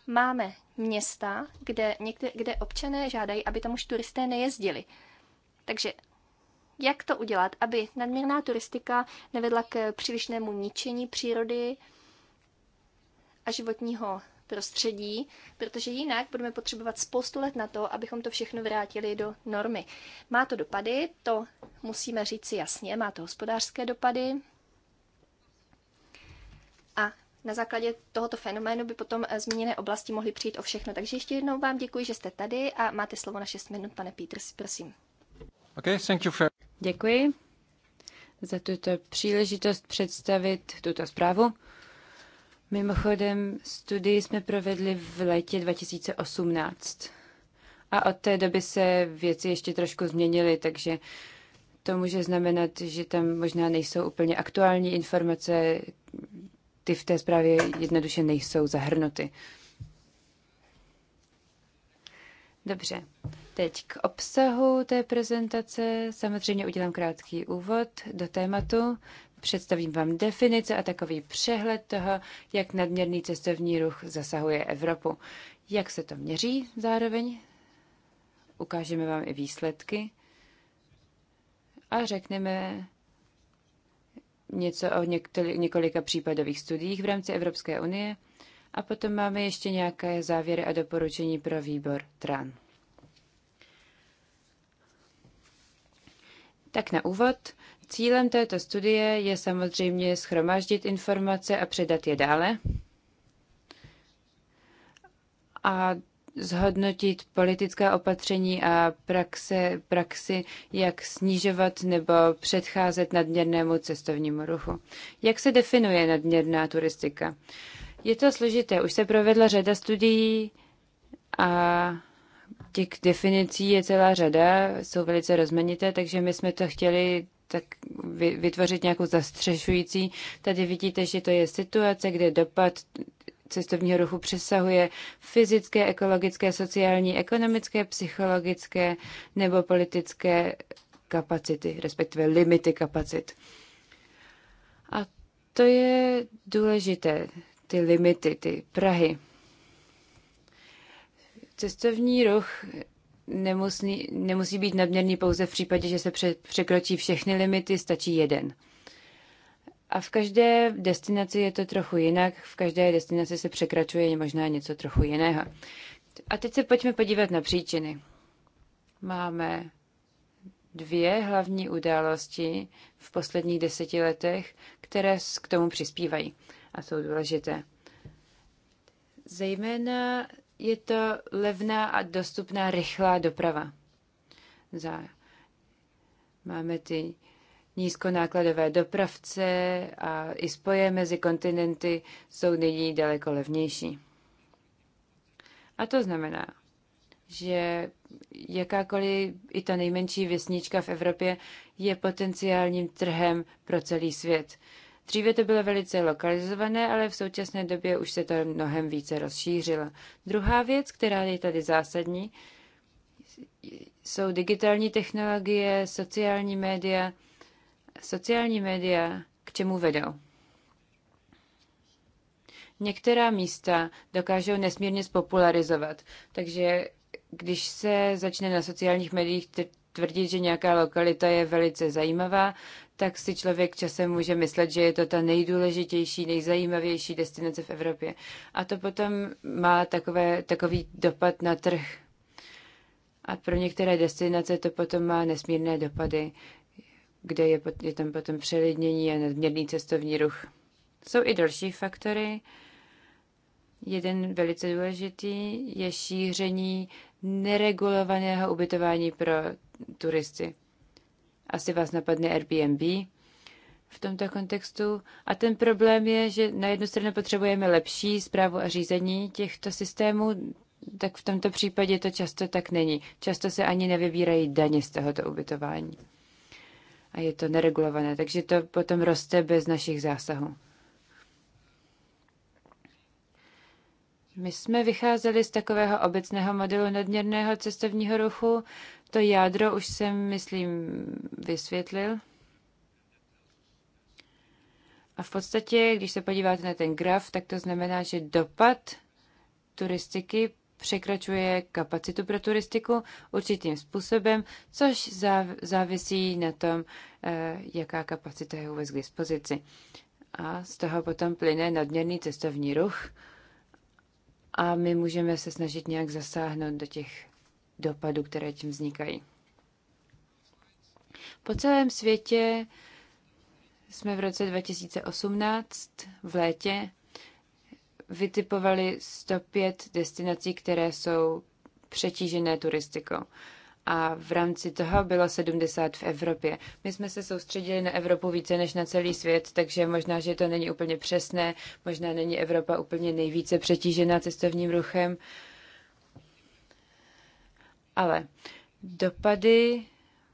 máme města, kde, některé, kde občané žádají, aby tam už turisté nejezdili. Takže jak to udělat, aby nadměrná turistika nevedla k přílišnému ničení přírody a životního prostředí, protože jinak budeme potřebovat spoustu let na to, abychom to všechno vrátili do normy. Má to dopady, to musíme říct si jasně, má to hospodářské dopady. A na základě tohoto fenoménu by potom eh, zmíněné oblasti mohly přijít o všechno. Takže ještě jednou vám děkuji, že jste tady a máte slovo na 6 minut, pane Peters, prosím. Okay, thank you for... Děkuji za tuto příležitost představit tuto zprávu. Mimochodem, studii jsme provedli v létě 2018. A od té doby se věci ještě trošku změnily, takže to může znamenat, že tam možná nejsou úplně aktuální informace, ty v té zprávě jednoduše nejsou zahrnuty. Dobře, teď k obsahu té prezentace. Samozřejmě udělám krátký úvod do tématu. Představím vám definice a takový přehled toho, jak nadměrný cestovní ruch zasahuje Evropu. Jak se to měří zároveň? Ukážeme vám i výsledky a řekneme něco o několika případových studiích v rámci Evropské unie a potom máme ještě nějaké závěry a doporučení pro výbor TRAN. Tak na úvod Cílem této studie je samozřejmě schromáždit informace a předat je dále a zhodnotit politická opatření a praxe, praxi, jak snižovat nebo předcházet nadměrnému cestovnímu ruchu. Jak se definuje nadměrná turistika? Je to složité. Už se provedla řada studií a těch definicí je celá řada, jsou velice rozmanité, takže my jsme to chtěli tak vytvořit nějakou zastřešující. Tady vidíte, že to je situace, kde dopad cestovního ruchu přesahuje fyzické, ekologické, sociální, ekonomické, psychologické nebo politické kapacity, respektive limity kapacit. A to je důležité, ty limity, ty Prahy. Cestovní ruch nemusí, nemusí být nadměrný pouze v případě, že se překročí všechny limity, stačí jeden. A v každé destinaci je to trochu jinak, v každé destinaci se překračuje možná něco trochu jiného. A teď se pojďme podívat na příčiny. Máme dvě hlavní události v posledních deseti letech, které k tomu přispívají a jsou důležité. Zejména je to levná a dostupná rychlá doprava. Za máme ty nízkonákladové dopravce a i spoje mezi kontinenty jsou nyní daleko levnější. A to znamená, že jakákoliv i ta nejmenší vesnička v Evropě je potenciálním trhem pro celý svět. Dříve to bylo velice lokalizované, ale v současné době už se to mnohem více rozšířilo. Druhá věc, která je tady zásadní, jsou digitální technologie, sociální média. Sociální média k čemu vedou? Některá místa dokážou nesmírně spopularizovat, takže když se začne na sociálních médiích tvrdit, že nějaká lokalita je velice zajímavá, tak si člověk časem může myslet, že je to ta nejdůležitější, nejzajímavější destinace v Evropě. A to potom má takové, takový dopad na trh. A pro některé destinace to potom má nesmírné dopady, kde je, je tam potom přelidnění a nadměrný cestovní ruch. Jsou i další faktory. Jeden velice důležitý je šíření neregulovaného ubytování pro turisty asi vás napadne Airbnb v tomto kontextu. A ten problém je, že na jednu stranu potřebujeme lepší zprávu a řízení těchto systémů, tak v tomto případě to často tak není. Často se ani nevybírají daně z tohoto ubytování. A je to neregulované, takže to potom roste bez našich zásahů. My jsme vycházeli z takového obecného modelu nadměrného cestovního ruchu, to jádro už jsem, myslím, vysvětlil. A v podstatě, když se podíváte na ten graf, tak to znamená, že dopad turistiky překračuje kapacitu pro turistiku určitým způsobem, což závisí na tom, eh, jaká kapacita je vůbec k dispozici. A z toho potom plyne nadměrný cestovní ruch a my můžeme se snažit nějak zasáhnout do těch dopadů, které tím vznikají. Po celém světě jsme v roce 2018 v létě vytipovali 105 destinací, které jsou přetížené turistikou. A v rámci toho bylo 70 v Evropě. My jsme se soustředili na Evropu více než na celý svět, takže možná, že to není úplně přesné, možná není Evropa úplně nejvíce přetížená cestovním ruchem, ale dopady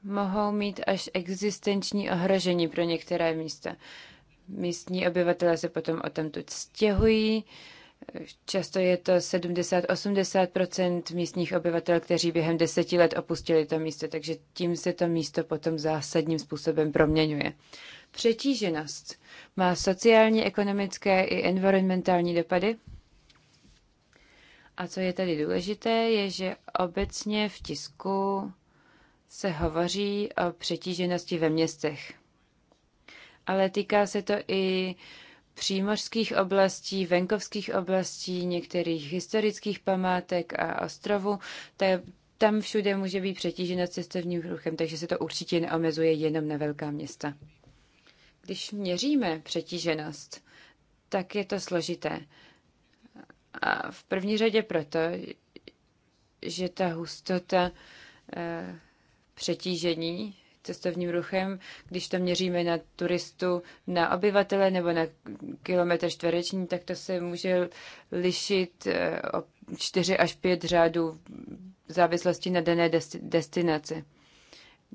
mohou mít až existenční ohrožení pro některé místa. Místní obyvatelé se potom o tamtud stěhují. Často je to 70-80 místních obyvatel, kteří během deseti let opustili to místo, takže tím se to místo potom zásadním způsobem proměňuje. Přetíženost má sociální, ekonomické i environmentální dopady. A co je tady důležité, je, že obecně v tisku se hovoří o přetíženosti ve městech. Ale týká se to i přímořských oblastí, venkovských oblastí, některých historických památek a ostrovů. Tam všude může být přetíženost cestovním ruchem, takže se to určitě neomezuje jenom na velká města. Když měříme přetíženost, tak je to složité a v první řadě proto, že ta hustota e, přetížení cestovním ruchem, když to měříme na turistu, na obyvatele nebo na kilometr čtvereční, tak to se může lišit e, o 4 až 5 řádů v závislosti na dané destinaci.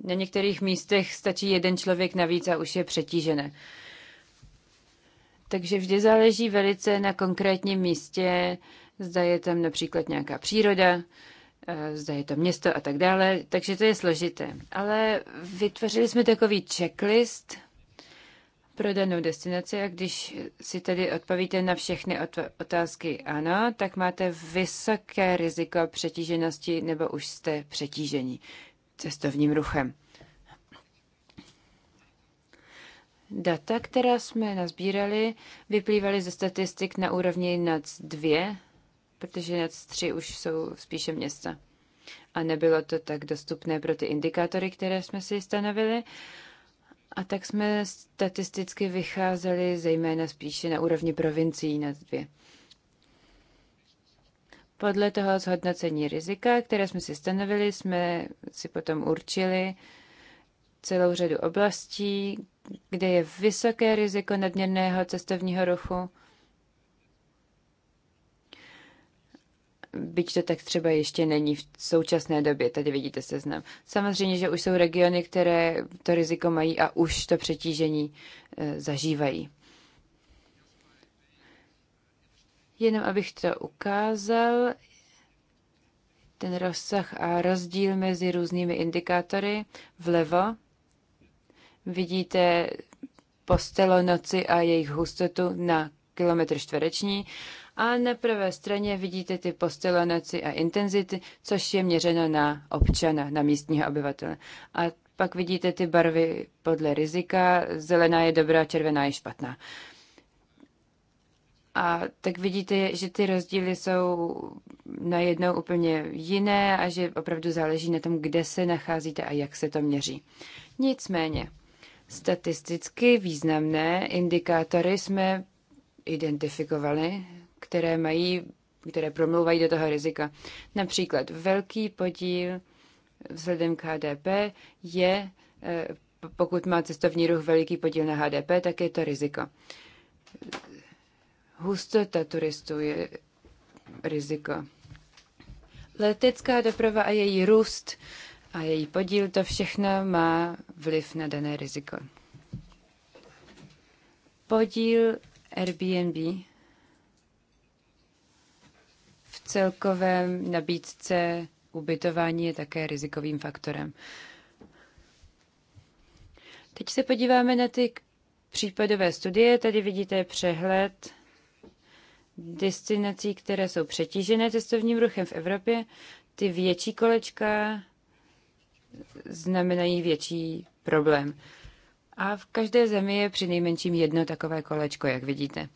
Na některých místech stačí jeden člověk navíc a už je přetížené. Takže vždy záleží velice na konkrétním místě, zda je tam například nějaká příroda, eh, zda je to město a tak dále, takže to je složité. Ale vytvořili jsme takový checklist pro danou destinaci a když si tedy odpovíte na všechny otázky ano, tak máte vysoké riziko přetíženosti nebo už jste přetížení cestovním ruchem. Data, která jsme nazbírali, vyplývaly ze statistik na úrovni NAC 2, protože NAC 3 už jsou spíše města. A nebylo to tak dostupné pro ty indikátory, které jsme si stanovili. A tak jsme statisticky vycházeli zejména spíše na úrovni provincií NAC 2. Podle toho zhodnocení rizika, které jsme si stanovili, jsme si potom určili celou řadu oblastí, kde je vysoké riziko nadměrného cestovního ruchu. byť to tak třeba ještě není v současné době, tady vidíte seznam. Samozřejmě, že už jsou regiony, které to riziko mají a už to přetížení eh, zažívají. Jenom abych to ukázal, ten rozsah a rozdíl mezi různými indikátory vlevo Vidíte postelo noci a jejich hustotu na kilometr čtvereční a na pravé straně vidíte ty noci a intenzity, což je měřeno na občana, na místního obyvatele. A pak vidíte ty barvy podle rizika, zelená je dobrá, červená je špatná. A tak vidíte, že ty rozdíly jsou najednou úplně jiné a že opravdu záleží na tom, kde se nacházíte a jak se to měří. Nicméně, Statisticky významné indikátory jsme identifikovali, které mají, které promlouvají do toho rizika. Například velký podíl vzhledem k HDP je, eh, pokud má cestovní ruch veliký podíl na HDP, tak je to riziko. Hustota turistů je riziko. Letecká doprava a její růst a její podíl, to všechno má vliv na dané riziko. Podíl Airbnb v celkovém nabídce ubytování je také rizikovým faktorem. Teď se podíváme na ty případové studie. Tady vidíte přehled destinací, které jsou přetížené cestovním ruchem v Evropě. Ty větší kolečka znamenají větší problém. A v každé zemi je při nejmenším jedno takové kolečko, jak vidíte.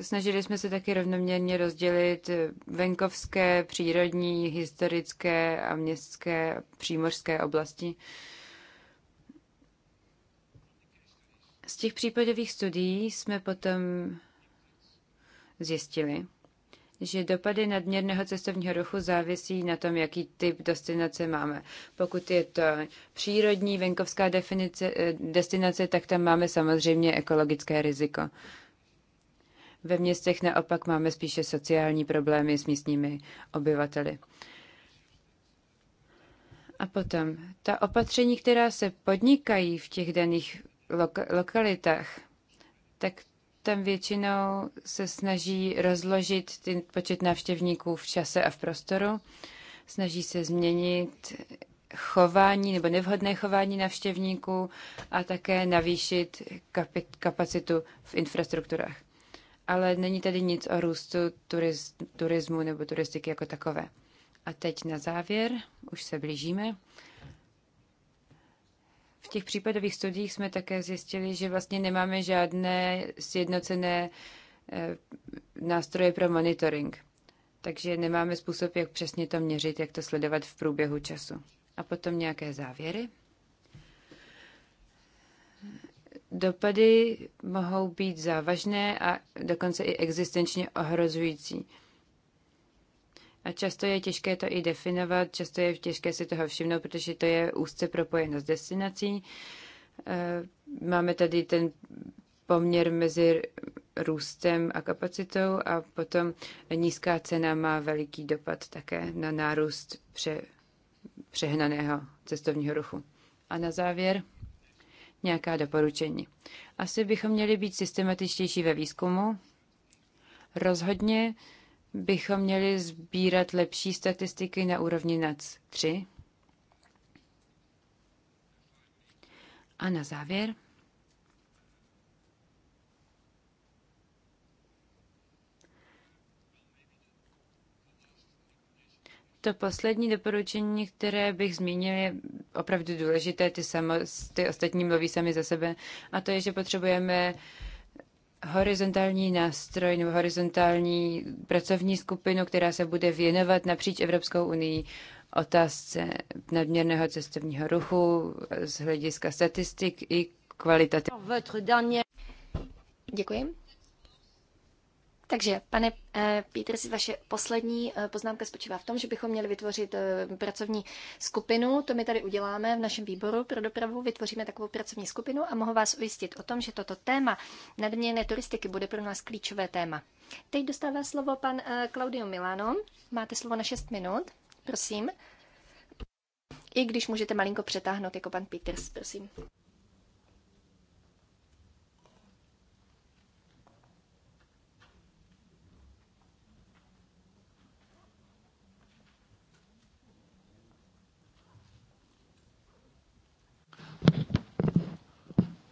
Snažili jsme se taky rovnoměrně rozdělit venkovské, přírodní, historické a městské přímořské oblasti. Z těch případových studií jsme potom zjistili, že dopady nadměrného cestovního ruchu závisí na tom, jaký typ destinace máme. Pokud je to přírodní venkovská definice, eh, destinace, tak tam máme samozřejmě ekologické riziko. Ve městech naopak máme spíše sociální problémy s místními obyvateli. A potom ta opatření, která se podnikají v těch daných lokalitách, tak tam většinou se snaží rozložit ten počet návštěvníků v čase a v prostoru. Snaží se změnit chování nebo nevhodné chování návštěvníků a také navýšit kapacitu v infrastrukturách. Ale není tady nic o růstu turiz, turismu nebo turistiky jako takové. A teď na závěr, už se blížíme, v těch případových studiích jsme také zjistili, že vlastně nemáme žádné sjednocené eh, nástroje pro monitoring. Takže nemáme způsob, jak přesně to měřit, jak to sledovat v průběhu času. A potom nějaké závěry. Dopady mohou být závažné a dokonce i existenčně ohrozující. A často je těžké to i definovat, často je těžké si toho všimnout, protože to je úzce propojeno s destinací. Eh, máme tady ten poměr mezi růstem a kapacitou a potom nízká cena má veliký dopad také na nárůst pře, přehnaného cestovního ruchu. A na závěr nějaká doporučení. Asi bychom měli být systematičtější ve výzkumu. Rozhodně bychom měli sbírat lepší statistiky na úrovni NAC 3. A na závěr. To poslední doporučení, které bych zmínil, je opravdu důležité. Ty, samo, ty ostatní mluví sami za sebe. A to je, že potřebujeme uh, horizontální nástroj nebo horizontální pracovní skupinu, která se bude věnovat napříč Evropskou unii otázce nadměrného cestovního ruchu z hlediska statistik i kvalitativní. Děkuji. Takže, pane eh, Pítr, si vaše poslední eh, poznámka spočívá v tom, že bychom měli vytvořit eh, pracovní skupinu. To my tady uděláme v našem výboru pro dopravu. Vytvoříme takovou pracovní skupinu a mohu vás ujistit o tom, že toto téma nadměrné turistiky bude pro nás klíčové téma. Teď dostává slovo pan Claudio Milano. Máte slovo na 6 minut. Prosím. I když můžete malinko přetáhnout jako pan Peters, prosím.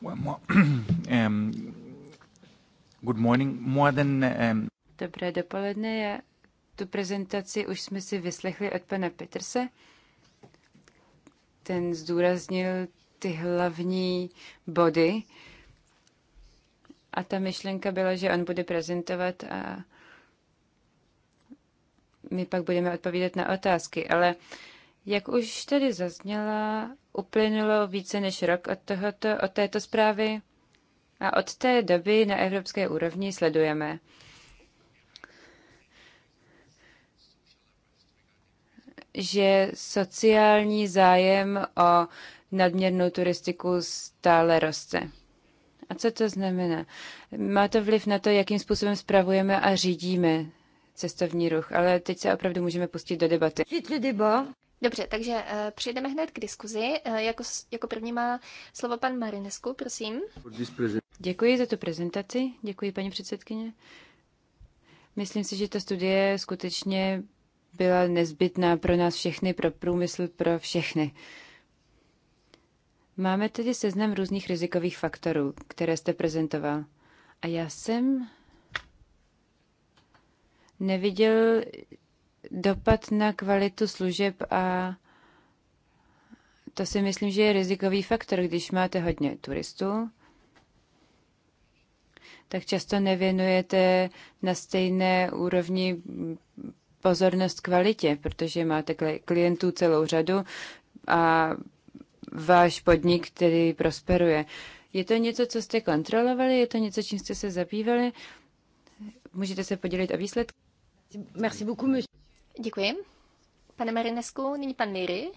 Dobré dopoledne. Já tu prezentaci už jsme si vyslechli od pana Petrse. Ten zdůraznil ty hlavní body. A ta myšlenka byla, že on bude prezentovat a my pak budeme odpovídat na otázky. Ale uh, jak už tedy zazněla, uplynulo více než rok od, tohoto, od této zprávy a od té doby na evropské úrovni sledujeme. že sociální zájem o nadměrnou turistiku stále roste. A co to znamená? Má to vliv na to, jakým způsobem spravujeme a řídíme cestovní ruch, ale teď se opravdu můžeme pustit do debaty. Dobře, takže eh, přejdeme hned k diskuzi. Eh, jako, jako první má slovo pan Marinesku, prosím. Děkuji za tu prezentaci, děkuji paní předsedkyně. Myslím si, že ta studie skutečně byla nezbytná pro nás všechny, pro průmysl, pro všechny. Máme tedy seznam různých rizikových faktorů, které jste prezentoval. A já jsem neviděl dopad na kvalitu služeb a to si myslím, že je rizikový faktor, když máte hodně turistů, tak často nevěnujete na stejné úrovni pozornost kvalitě, protože máte klientů celou řadu a váš podnik, který prosperuje. Je to něco, co jste kontrolovali? Je to něco, čím jste se zabývali? Můžete se podělit o výsledky? Merci beaucoup, monsieur. Děkuji. Pane Marinesku, nyní pan Nýry.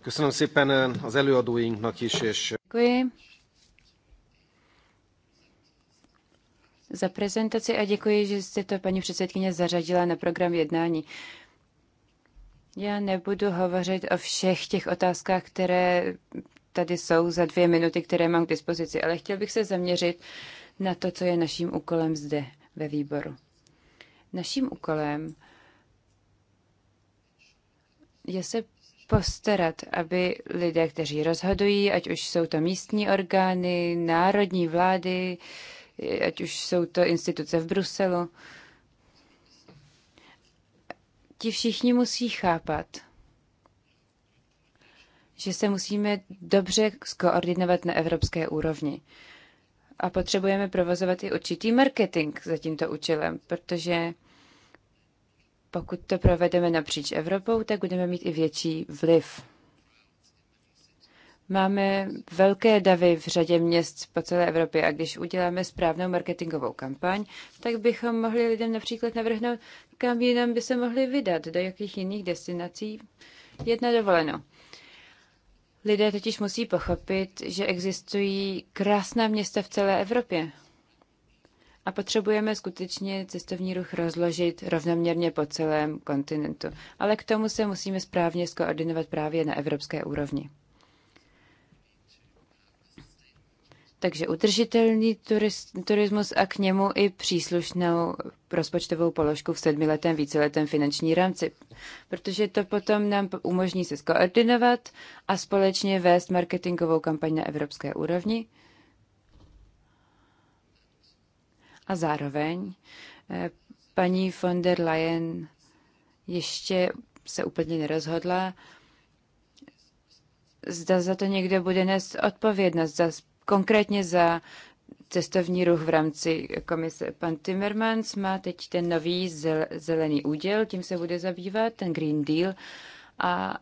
Köszönöm szépen eh, az előadóinknak is, és... Eh, děkuji. za prezentaci a děkuji, že jste to paní předsedkyně zařadila na program jednání. Já nebudu hovořit o všech těch otázkách, které tady jsou za dvě minuty, které mám k dispozici, ale chtěl bych se zaměřit na to, co je naším úkolem zde ve výboru. Naším úkolem je se postarat, aby lidé, kteří rozhodují, ať už jsou to místní orgány, národní vlády, ať už jsou to instituce v Bruselu, ti všichni musí chápat, že se musíme dobře skoordinovat na evropské úrovni. A potřebujeme provozovat i určitý marketing za tímto účelem, protože pokud to provedeme napříč Evropou, tak budeme mít i větší vliv. Máme velké davy v řadě měst po celé Evropě a když uděláme správnou marketingovou kampaň, tak bychom mohli lidem například navrhnout, kam jinam by se mohli vydat, do jakých jiných destinací Jedna dovoleno. Lidé totiž musí pochopit, že existují krásná města v celé Evropě. A potřebujeme skutečně cestovní ruch rozložit rovnoměrně po celém kontinentu. Ale k tomu se musíme správně skoordinovat právě na evropské úrovni. Takže udržitelný turismus a k němu i příslušnou rozpočtovou položku v sedmiletém víceletém finanční rámci, protože to potom nám umožní se skoordinovat a společně vést marketingovou kampaň na evropské úrovni A zároveň eh, paní von der Leyen ještě se úplně nerozhodla, zda za to někdo bude nést odpovědnost, za, konkrétně za cestovní ruch v rámci komise. Pan Timmermans má teď ten nový zelený úděl, tím se bude zabývat, ten Green Deal. A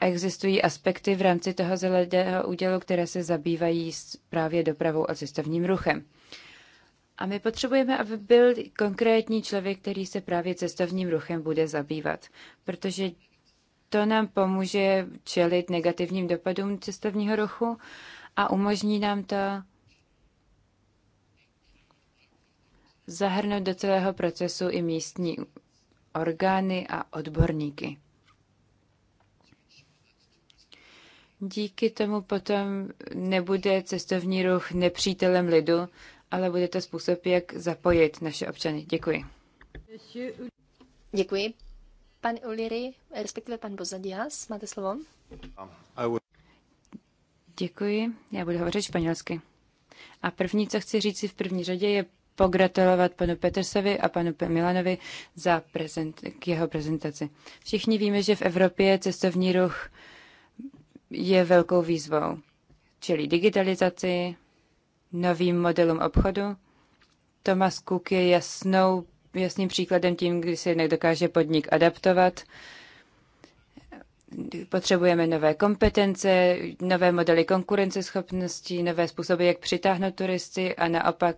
existují aspekty v rámci toho zeleného údělu, které se zabývají právě dopravou a cestovním ruchem. A my potřebujeme, aby byl konkrétní člověk, který se právě cestovním ruchem bude zabývat, protože to nám pomůže čelit negativním dopadům cestovního ruchu a umožní nám to zahrnout do celého procesu i místní orgány a odborníky. Díky tomu potom nebude cestovní ruch nepřítelem lidu, ale bude to způsob, jak zapojit naše občany. Děkuji. Děkuji. Pan Uliry, respektive pan Bozadias, máte slovo? Děkuji, já budu hovořit španělsky. A první, co chci říct si v první řadě, je pogratulovat panu Petersovi a panu Milanovi za prezent, k jeho prezentaci. Všichni víme, že v Evropě cestovní ruch je velkou výzvou. Čili digitalizaci, novým modelům obchodu. Thomas Cook je jasnou, jasným příkladem tím, kdy se nedokáže podnik adaptovat. Potřebujeme nové kompetence, nové modely konkurenceschopnosti, nové způsoby, jak přitáhnout turisty a naopak,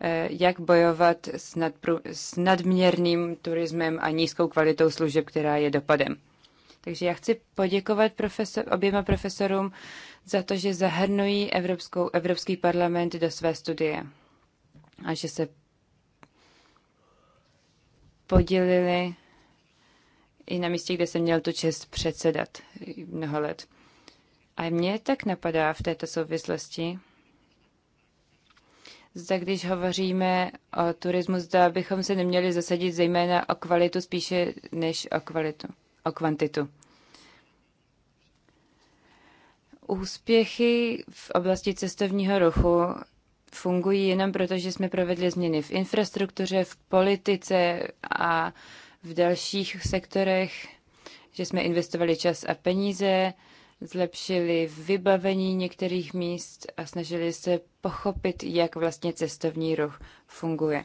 eh, jak bojovat s, nadpru, s nadměrným turismem a nízkou kvalitou služeb, která je dopadem. Takže já chci poděkovat profesor, oběma profesorům za to, že zahrnují Evropskou, Evropský parlament do své studie a že se podělili i na místě, kde jsem měl tu čest předsedat mnoho let. A mě tak napadá v této souvislosti, zda když hovoříme o turismu, zda bychom se neměli zasadit zejména o kvalitu spíše než o kvalitu o kvantitu. Úspěchy v oblasti cestovního ruchu fungují jenom proto, že jsme provedli změny v infrastruktuře, v politice a v dalších sektorech, že jsme investovali čas a peníze, zlepšili vybavení některých míst a snažili se pochopit, jak vlastně cestovní ruch funguje.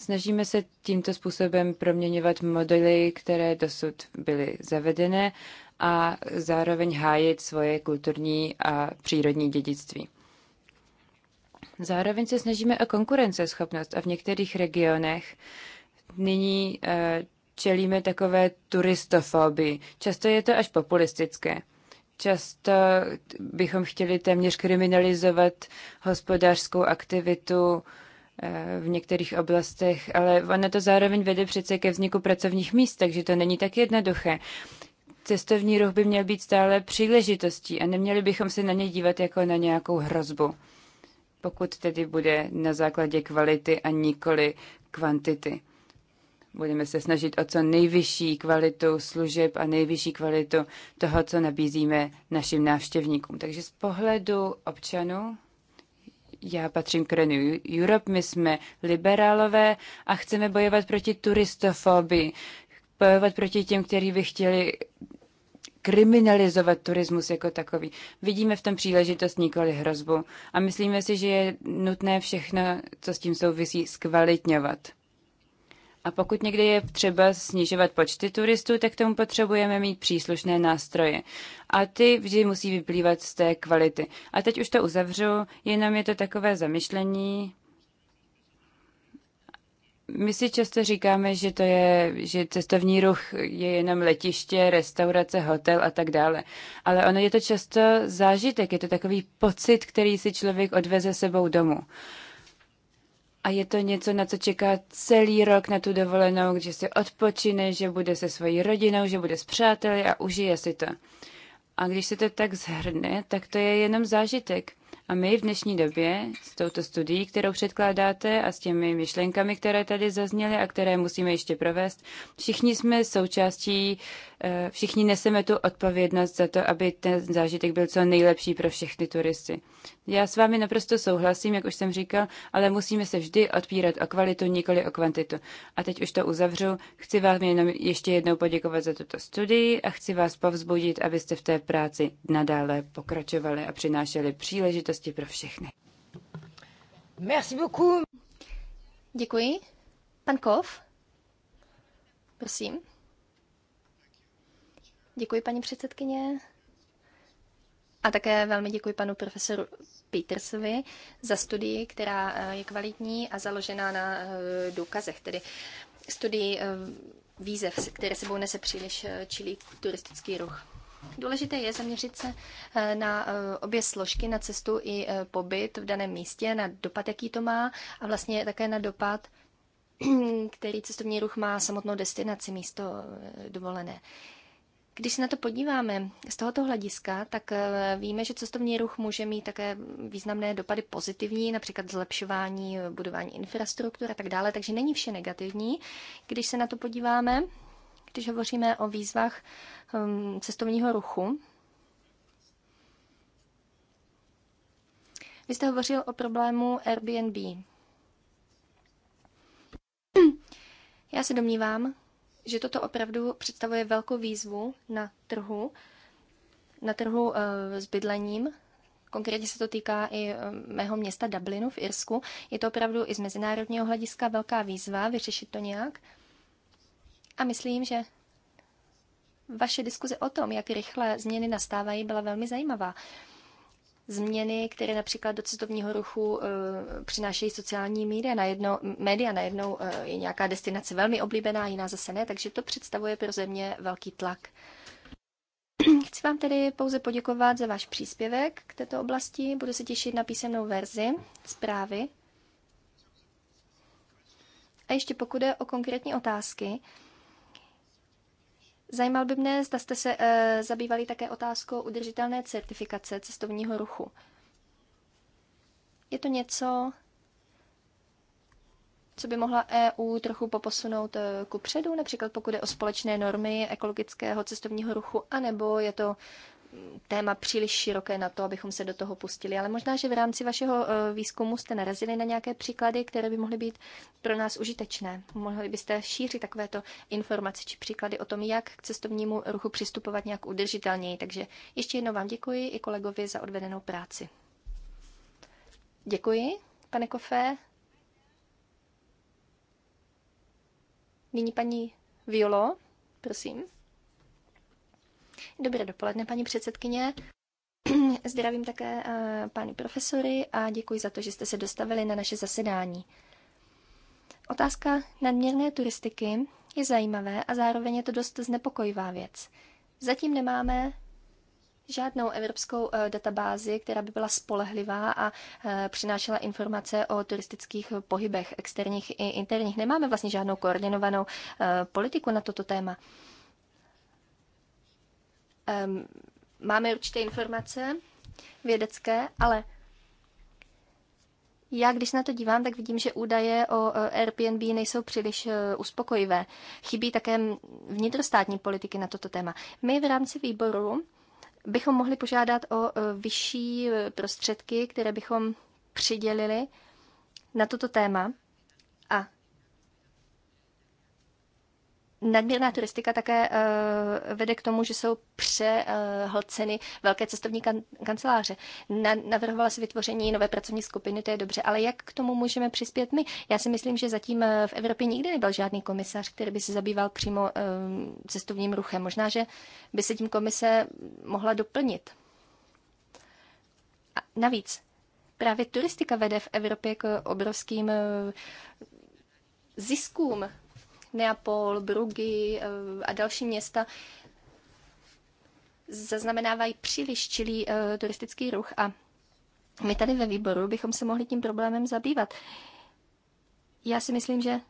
Snažíme se tímto způsobem proměňovat modely, které dosud byly zavedené a zároveň hájit svoje kulturní a přírodní dědictví. Zároveň se snažíme o konkurenceschopnost a v některých regionech nyní eh, čelíme takové turistofobii. Často je to až populistické. Často bychom chtěli téměř kriminalizovat hospodářskou aktivitu v některých oblastech, ale ono to zároveň vede přece ke vzniku pracovních míst, takže to není tak jednoduché. Cestovní ruch by měl být stále příležitostí a neměli bychom se na ně dívat jako na nějakou hrozbu, pokud tedy bude na základě kvality a nikoli kvantity. Budeme se snažit o co nejvyšší kvalitu služeb a nejvyšší kvalitu toho, co nabízíme našim návštěvníkům. Takže z pohledu občanů já patřím k Renew Europe, my jsme liberálové a chceme bojovat proti turistofobii, bojovat proti těm, kteří by chtěli kriminalizovat turismus jako takový. Vidíme v tom příležitost nikoli hrozbu a myslíme si, že je nutné všechno, co s tím souvisí, zkvalitňovat. A pokud někdy je třeba snižovat počty turistů, tak tomu potřebujeme mít příslušné nástroje. A ty vždy musí vyplývat z té kvality. A teď už to uzavřu, jenom je to takové zamyšlení. My si často říkáme, že to je, že cestovní ruch je jenom letiště, restaurace, hotel a tak dále. Ale ono je to často zážitek, je to takový pocit, který si člověk odveze sebou domů. A je to něco, na co čeká celý rok na tu dovolenou, že si odpočine, že bude se svojí rodinou, že bude s přáteli a užije si to. A když se to tak zhrne, tak to je jenom zážitek. A my v dnešní době s touto studií, kterou předkládáte a s těmi myšlenkami, které tady zazněly a které musíme ještě provést, všichni jsme součástí, eh, všichni neseme tu odpovědnost za to, aby ten zážitek byl co nejlepší pro všechny turisty. Já s vámi naprosto souhlasím, jak už jsem říkal, ale musíme se vždy odpírat o kvalitu, nikoli o kvantitu. A teď už to uzavřu. Chci vám jenom ještě jednou poděkovat za tuto studii a chci vás povzbudit, abyste v té práci nadále pokračovali a přinášeli příležitost příležitosti pro všechny. Merci beaucoup. Děkuji. Pan Kov? Prosím. Děkuji, paní předsedkyně. A také velmi děkuji panu profesoru Petersovi za studii, která eh, je kvalitní a založená na eh, důkazech, tedy studii eh, výzev, které sebou nese příliš čilý turistický ruch. Důležité je zaměřit se eh, na eh, obě složky, na cestu i eh, pobyt v daném místě, na dopad, jaký to má a vlastně také na dopad, který cestovní ruch má samotnou destinaci místo dovolené. Když se na to podíváme z tohoto hlediska, tak víme, že cestovní ruch může mít také významné dopady pozitivní, například zlepšování, budování infrastruktury a tak dále, takže není vše negativní. Když se na to podíváme, když hovoříme o výzvách Ehm, cestovního ruchu. Vy jste hovořil o problému Airbnb. Já se domnívám, že toto opravdu představuje velkou výzvu na trhu, na trhu eh, s bydlením. Konkrétně se to týká i eh, mého města Dublinu v Irsku. Je to opravdu i z mezinárodního hlediska velká výzva vyřešit to nějak. A myslím, že vaše diskuze o tom, jak rychle změny nastávají, byla velmi zajímavá. Změny, které například do cestovního ruchu e, přinášejí sociální média, najednou, média najednou e, eh, je nějaká destinace velmi oblíbená, jiná zase ne, takže to představuje pro země velký tlak. Chci vám tedy pouze poděkovat za váš příspěvek k této oblasti. Budu se těšit na písemnou verzi zprávy. A ještě pokud je o konkrétní otázky, Zajímal by mě, zda jste se uh, zabývali také otázkou udržitelné certifikace cestovního ruchu. Je to něco, co by mohla EU trochu poposunout eh, ku předu, například pokud je o společné normy ekologického cestovního ruchu, anebo je to téma příliš široké na to, abychom se do toho pustili, ale možná, že v rámci vašeho eh, výzkumu jste narazili na nějaké příklady, které by mohly být pro nás užitečné. Mohli byste šířit takovéto informace či příklady o tom, jak k cestovnímu ruchu přistupovat nějak udržitelněji. Takže ještě jednou vám děkuji i kolegovi za odvedenou práci. Děkuji, pane Kofé. Nyní paní Violo, prosím. Dobré dopoledne, paní předsedkyně. Zdravím také eh, pány profesory a děkuji za to, že jste se dostavili na naše zasedání. Otázka nadměrné turistiky je zajímavé a zároveň je to dost znepokojivá věc. Zatím nemáme žádnou evropskou eh, databázi, která by byla spolehlivá a eh, přinášela informace o turistických pohybech externích i interních. Nemáme vlastně žádnou koordinovanou politiku na toto téma um, máme určité informace vědecké, ale já, když na to dívám, tak vidím, že údaje o e, Airbnb nejsou příliš e, uspokojivé. Chybí také vnitrostátní politiky na toto téma. My v rámci výboru bychom mohli požádat o e, vyšší prostředky, které bychom přidělili na toto téma. A Nadměrná turistika také eh, vede k tomu, že jsou přehlceny velké cestovní kan- kanceláře. Na- navrhovala se vytvoření nové pracovní skupiny, to je dobře, ale jak k tomu můžeme přispět my? Já si myslím, že zatím eh, v Evropě nikdy nebyl žádný komisař, který by se zabýval přímo eh, cestovním ruchem. Možná, že by se tím komise mohla doplnit. A navíc, právě turistika vede v Evropě k obrovským ziskům Neapol, Brugy eh, a další města zaznamenávají příliš čilý eh, turistický ruch a my tady ve výboru bychom se mohli tím problémem zabývat. Já si myslím, že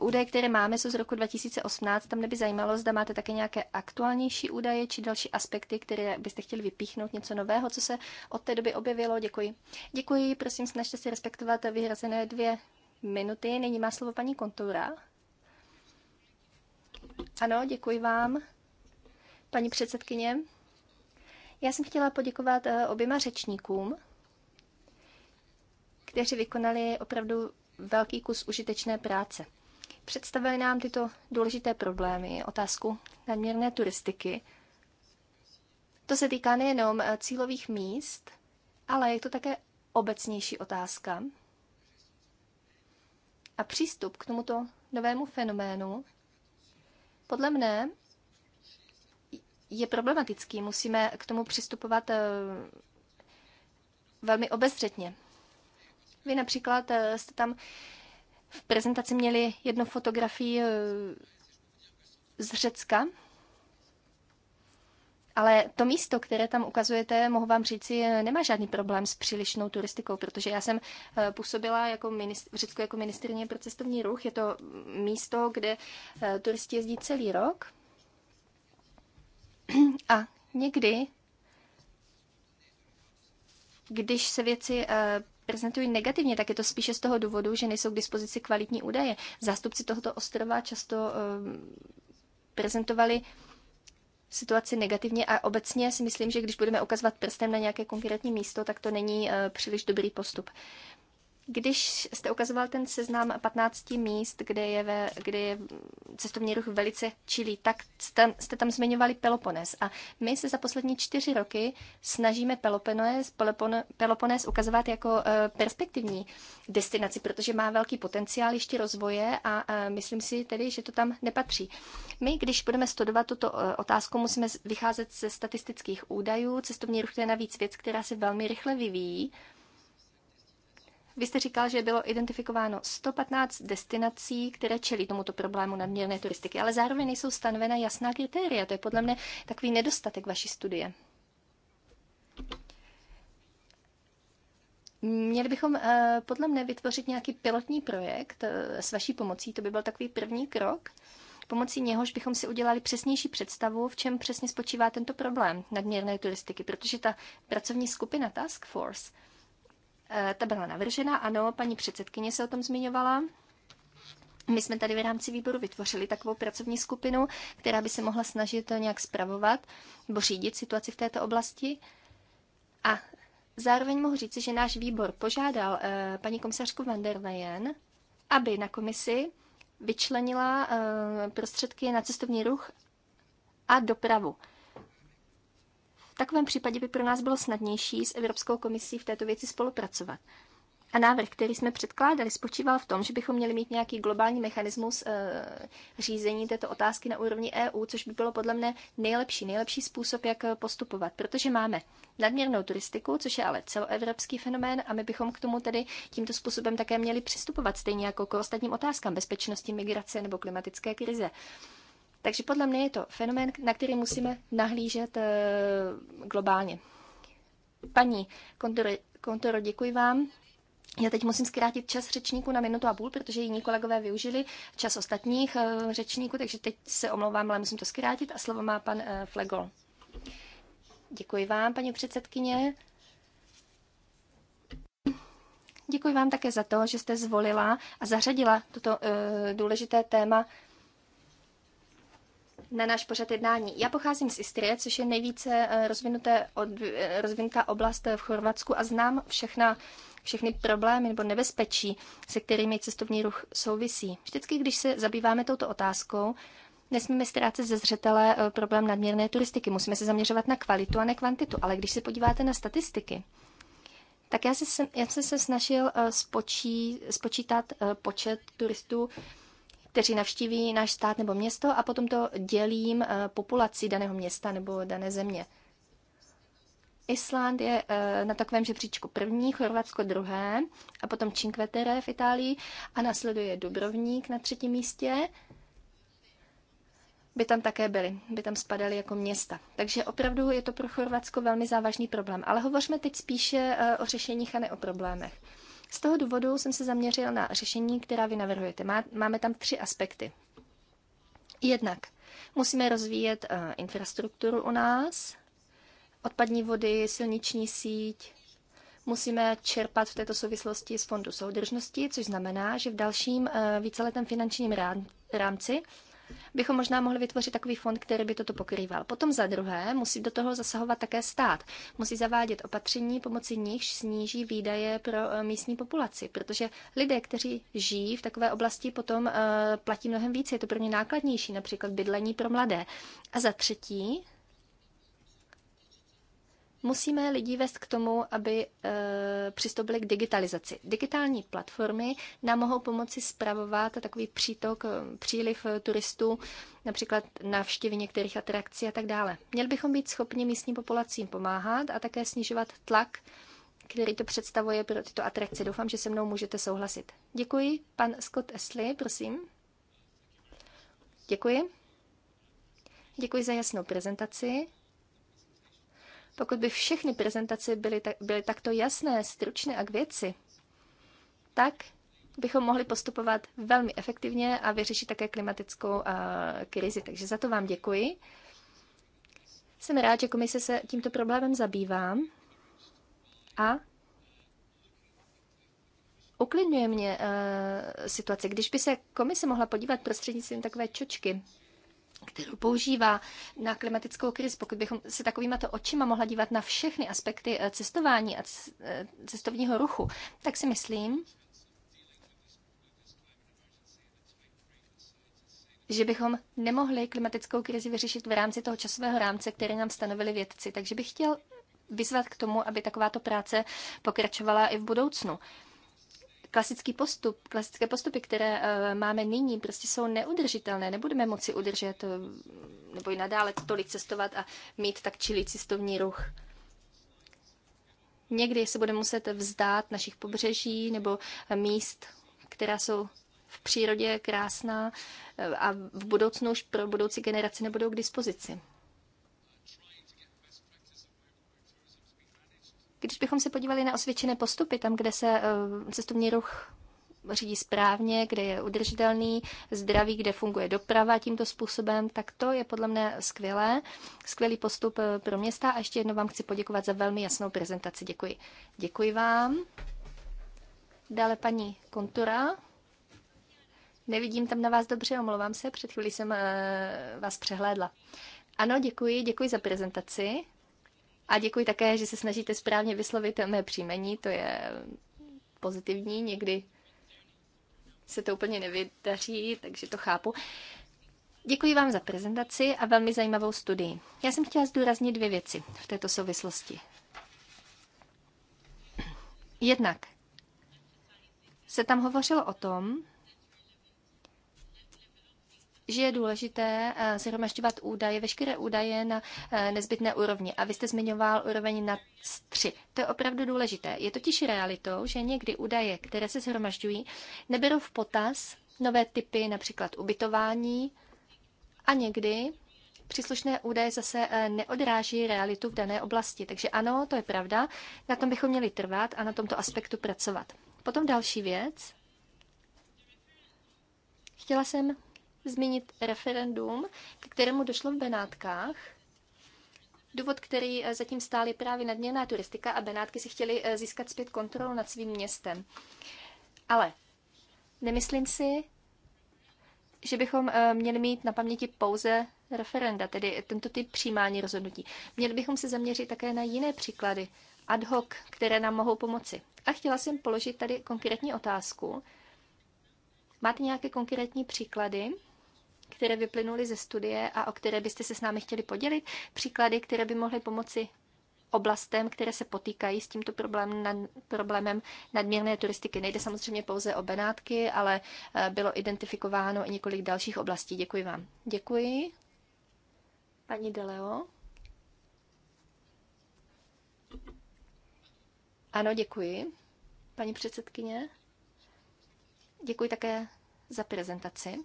údaje, které máme, jsou z roku 2018. Tam neby zajímalo, zda máte také nějaké aktuálnější údaje či další aspekty, které byste chtěli vypíchnout, něco nového, co se od té doby objevilo. Děkuji. Děkuji, prosím, snažte se respektovat vyhrazené dvě minuty. Nyní má slovo paní Kontura. Ano, děkuji vám, paní předsedkyně. Já jsem chtěla poděkovat eh, oběma řečníkům, kteří vykonali opravdu velký kus užitečné práce. Představili nám tyto důležité problémy, otázku nadměrné turistiky. To se týká nejenom eh, cílových míst, ale je to také obecnější otázka, a přístup k tomuto novému fenoménu podle mne je problematický. Musíme k tomu přistupovat eh, velmi obezřetně. Vy například eh, jste tam v prezentaci měli jednu fotografii eh, z Řecka, ale to místo, které tam ukazujete, mohu vám říci, nemá žádný problém s přílišnou turistikou, protože já jsem eh, působila jako ministr, v Řecku jako ministrině pro cestovní ruch. Je to místo, kde eh, turisti jezdí celý rok. A někdy, když se věci eh, prezentují negativně, tak je to spíše z toho důvodu, že nejsou k dispozici kvalitní údaje. Zástupci tohoto ostrova často prezentovali situaci negativně a obecně si myslím, že když budeme ukazovat prstem na nějaké konkrétní místo, tak to není eh, příliš dobrý postup. Když jste ukazoval ten seznam 15 míst, kde je, ve, kde je cestovní ruch velice čilý, tak jste, jste tam zmiňovali Pelopones. A my se za poslední čtyři roky snažíme Pelopones, Pelopon, Pelopones ukazovat jako eh, perspektivní destinaci, protože má velký potenciál ještě rozvoje a eh, myslím si tedy, že to tam nepatří. My, když budeme studovat tuto eh, otázku, musíme vycházet ze statistických údajů. Cestovní ruch to je navíc věc, která se velmi rychle vyvíjí. Vy jste říkal, že bylo identifikováno 115 destinací, které čelí tomuto problému nadměrné turistiky, ale zároveň nejsou stanovena jasná kritéria. To je podle mě takový nedostatek vaší studie. Měli bychom eh, podle mě vytvořit nějaký pilotní projekt eh, s vaší pomocí, to by byl takový první krok, pomocí něhož bychom si udělali přesnější představu, v čem přesně spočívá tento problém nadměrné turistiky, protože ta pracovní skupina Task Force – Eh, ta byla navržena, ano, paní předsedkyně se o tom zmiňovala. My jsme tady v rámci výboru vytvořili takovou pracovní skupinu, která by se mohla snažit to nějak spravovat nebo řídit situaci v této oblasti. A zároveň mohu říci, že náš výbor požádal eh, paní komisařku van der Leyen, aby na komisi vyčlenila eh, prostředky na cestovní ruch a dopravu takovém případě by pro nás bylo snadnější s Evropskou komisí v této věci spolupracovat. A návrh, který jsme předkládali, spočíval v tom, že bychom měli mít nějaký globální mechanismus e, řízení této otázky na úrovni EU, což by bylo podle mne nejlepší, nejlepší způsob, jak eh, postupovat, protože máme nadměrnou turistiku, což je ale celoevropský fenomén a my bychom k tomu tedy tímto způsobem také měli přistupovat, stejně jako k ostatním otázkám bezpečnosti, migrace nebo klimatické krize. Takže podle mě je to fenomén, na který musíme nahlížet eh, globálně. Paní Kontoro, Kontoro děkuji vám. Já teď musím zkrátit čas řečníku na minutu a půl, protože jiní kolegové využili čas ostatních eh, řečníků, takže teď se omlouvám, ale musím to zkrátit a slovo má pan eh, Flegol. Děkuji vám, paní předsedkyně. Děkuji vám také za to, že jste zvolila a zařadila toto e, důležité téma na náš pořad jednání. Já pocházím z Istrie, což je nejvíce eh, rozvinuté od, eh, rozvinutá oblast eh, v Chorvatsku a znám všechna, všechny problémy nebo nebezpečí, se kterými cestovní ruch souvisí. Vždycky, když se zabýváme touto otázkou, nesmíme ztrácet ze zřetele problém nadměrné turistiky. Musíme se zaměřovat na kvalitu a ne kvantitu. Ale když se podíváte na statistiky, tak já, se, já jsem se snažil spočí, spočítat počet turistů kteří navštíví náš stát nebo město a potom to dělím eh, populaci daného města nebo dané země. Island je eh, na takovém žebříčku první, Chorvatsko druhé a potom Cinque Terre v Itálii a následuje Dubrovník na třetím místě. By tam také byly, by tam spadaly jako města. Takže opravdu je to pro Chorvatsko velmi závažný problém. Ale hovořme teď spíše eh, o řešeních a ne o problémech. Z toho důvodu jsem se zaměřil na řešení, která vy navrhujete. máme tam tři aspekty. Jednak musíme rozvíjet eh, infrastrukturu u nás, odpadní vody, silniční síť. Musíme čerpat v této souvislosti z Fondu soudržnosti, což znamená, že v dalším eh, víceletém finančním rámci bychom možná mohli vytvořit takový fond, který by toto pokrýval. Potom za druhé musí do toho zasahovat také stát. Musí zavádět opatření, pomocí nichž sníží výdaje pro eh, místní populaci, protože lidé, kteří žijí v takové oblasti, potom eh, platí mnohem více. Je to pro ně nákladnější, například bydlení pro mladé. A za třetí, Musíme lidi vést k tomu, aby e, přistoupili k digitalizaci. Digitální platformy nám mohou pomoci spravovat takový přítok, eh, příliv eh, turistů, například návštěvy některých atrakcí a tak dále. Měli bychom být schopni místním populacím pomáhat a také snižovat tlak, který to představuje pro tyto atrakce. Doufám, že se mnou můžete souhlasit. Děkuji. Pan Scott Esley, prosím. Děkuji. Děkuji za jasnou prezentaci. Pokud by všechny prezentace byly, tak, byly takto jasné, stručné a k věci, tak bychom mohli postupovat velmi efektivně a vyřešit také klimatickou uh, krizi. Takže za to vám děkuji. Jsem rád, že komise se tímto problémem zabývá a uklidňuje mě uh, situace. Když by se komise mohla podívat prostřednictvím takové čočky kterou používá na klimatickou krizi, pokud bychom se takovýma to očima mohla dívat na všechny aspekty eh, cestování a eh, cestovního ruchu, tak si myslím, že bychom nemohli klimatickou krizi vyřešit v rámci toho časového rámce, který nám stanovili vědci. Takže bych chtěl vyzvat k tomu, aby takováto práce pokračovala i v budoucnu klasický postup, klasické postupy, které eh, máme nyní, prostě jsou neudržitelné. Nebudeme moci udržet eh, nebo i nadále tolik cestovat a mít tak čilý cestovní ruch. Někdy se budeme muset vzdát našich pobřeží nebo míst, která jsou v přírodě krásná eh, a v budoucnu už pro budoucí generaci nebudou k dispozici. Když bychom se podívali na osvědčené postupy, tam, kde se eh, cestovní ruch řídí správně, kde je udržitelný, zdravý, kde funguje doprava tímto způsobem, tak to je podle mě skvělé. Skvělý postup eh, pro města a ještě jednou vám chci poděkovat za velmi jasnou prezentaci. Děkuji. Děkuji vám. Dále paní Kontura. Nevidím tam na vás dobře, omlouvám se, před chvílí jsem eh, vás přehlédla. Ano, děkuji, děkuji za prezentaci. A děkuji také, že se snažíte správně vyslovit mé příjmení, to je pozitivní, někdy se to úplně nevydaří, takže to chápu. Děkuji vám za prezentaci a velmi zajímavou studii. Já jsem chtěla zdůraznit dvě věci v této souvislosti. Jednak se tam hovořilo o tom, že je důležité zhromažďovat eh, údaje, veškeré údaje na eh, nezbytné úrovni. A vy jste zmiňoval úroveň na 3. To je opravdu důležité. Je totiž realitou, že někdy údaje, které se zhromažďují, neberou v potaz nové typy, například ubytování, a někdy příslušné údaje zase eh, neodráží realitu v dané oblasti. Takže ano, to je pravda, na tom bychom měli trvat a na tomto aspektu pracovat. Potom další věc. Chtěla jsem zmínit referendum, k kterému došlo v Benátkách. Důvod, který eh, zatím stál, je právě nadměrná turistika a Benátky si chtěli eh, získat zpět kontrolu nad svým městem. Ale nemyslím si, že bychom eh, měli mít na paměti pouze referenda, tedy tento typ přijímání rozhodnutí. Měli bychom se zaměřit také na jiné příklady ad hoc, které nám mohou pomoci. A chtěla jsem položit tady konkrétní otázku. Máte nějaké konkrétní příklady které vyplynuly ze studie a o které byste se s námi chtěli podělit, příklady, které by mohly pomoci oblastem, které se potýkají s tímto problém, nad, problémem nadměrné turistiky. Nejde samozřejmě pouze o Benátky, ale eh, bylo identifikováno i několik dalších oblastí. Děkuji vám. Děkuji. Paní Deleo. Ano, děkuji. Paní předsedkyně. Děkuji také za prezentaci.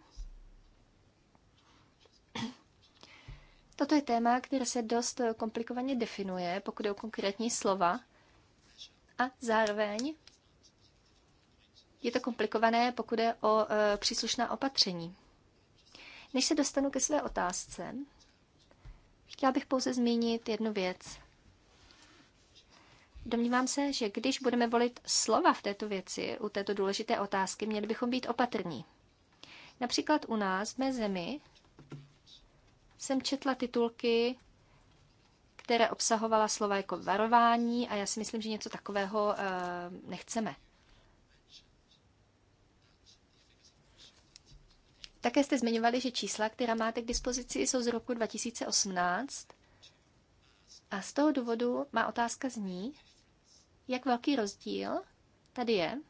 Toto je téma, které se dost eh, komplikovaně definuje, pokud je o konkrétní slova. A zároveň je to komplikované, pokud je o e, příslušná opatření. Než se dostanu ke své otázce, chtěla bych pouze zmínit jednu věc. Domnívám se, že když budeme volit slova v této věci, u této důležité otázky, měli bychom být opatrní. Například u nás, v mé zemi, jsem četla titulky, které obsahovala slova jako varování a já si myslím, že něco takového eh, nechceme. Také jste zmiňovali, že čísla, která máte k dispozici, jsou z roku 2018. A z toho důvodu má otázka zní, jak velký rozdíl tady je,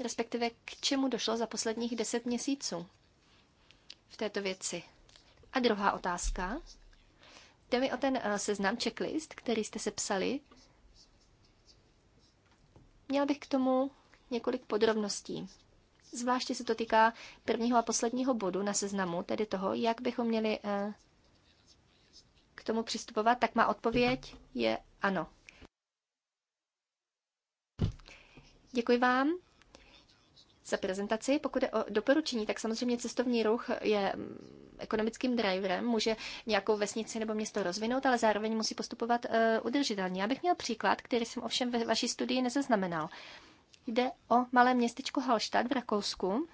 respektive k čemu došlo za posledních deset měsíců v této věci. A druhá otázka. Jde mi o ten eh, seznam checklist, který jste se psali. Měl bych k tomu několik podrobností. Zvláště se to týká prvního a posledního bodu na seznamu, tedy toho, jak bychom měli eh, k tomu přistupovat, tak má odpověď je ano. Děkuji vám za prezentaci. Pokud je o doporučení, tak samozřejmě cestovní ruch je mm, ekonomickým driverem, může nějakou vesnici nebo město rozvinout, ale zároveň musí postupovat e, udržitelně. Já bych měl příklad, který jsem ovšem ve vaší studii nezaznamenal. Jde o malé městečko Halštát v Rakousku,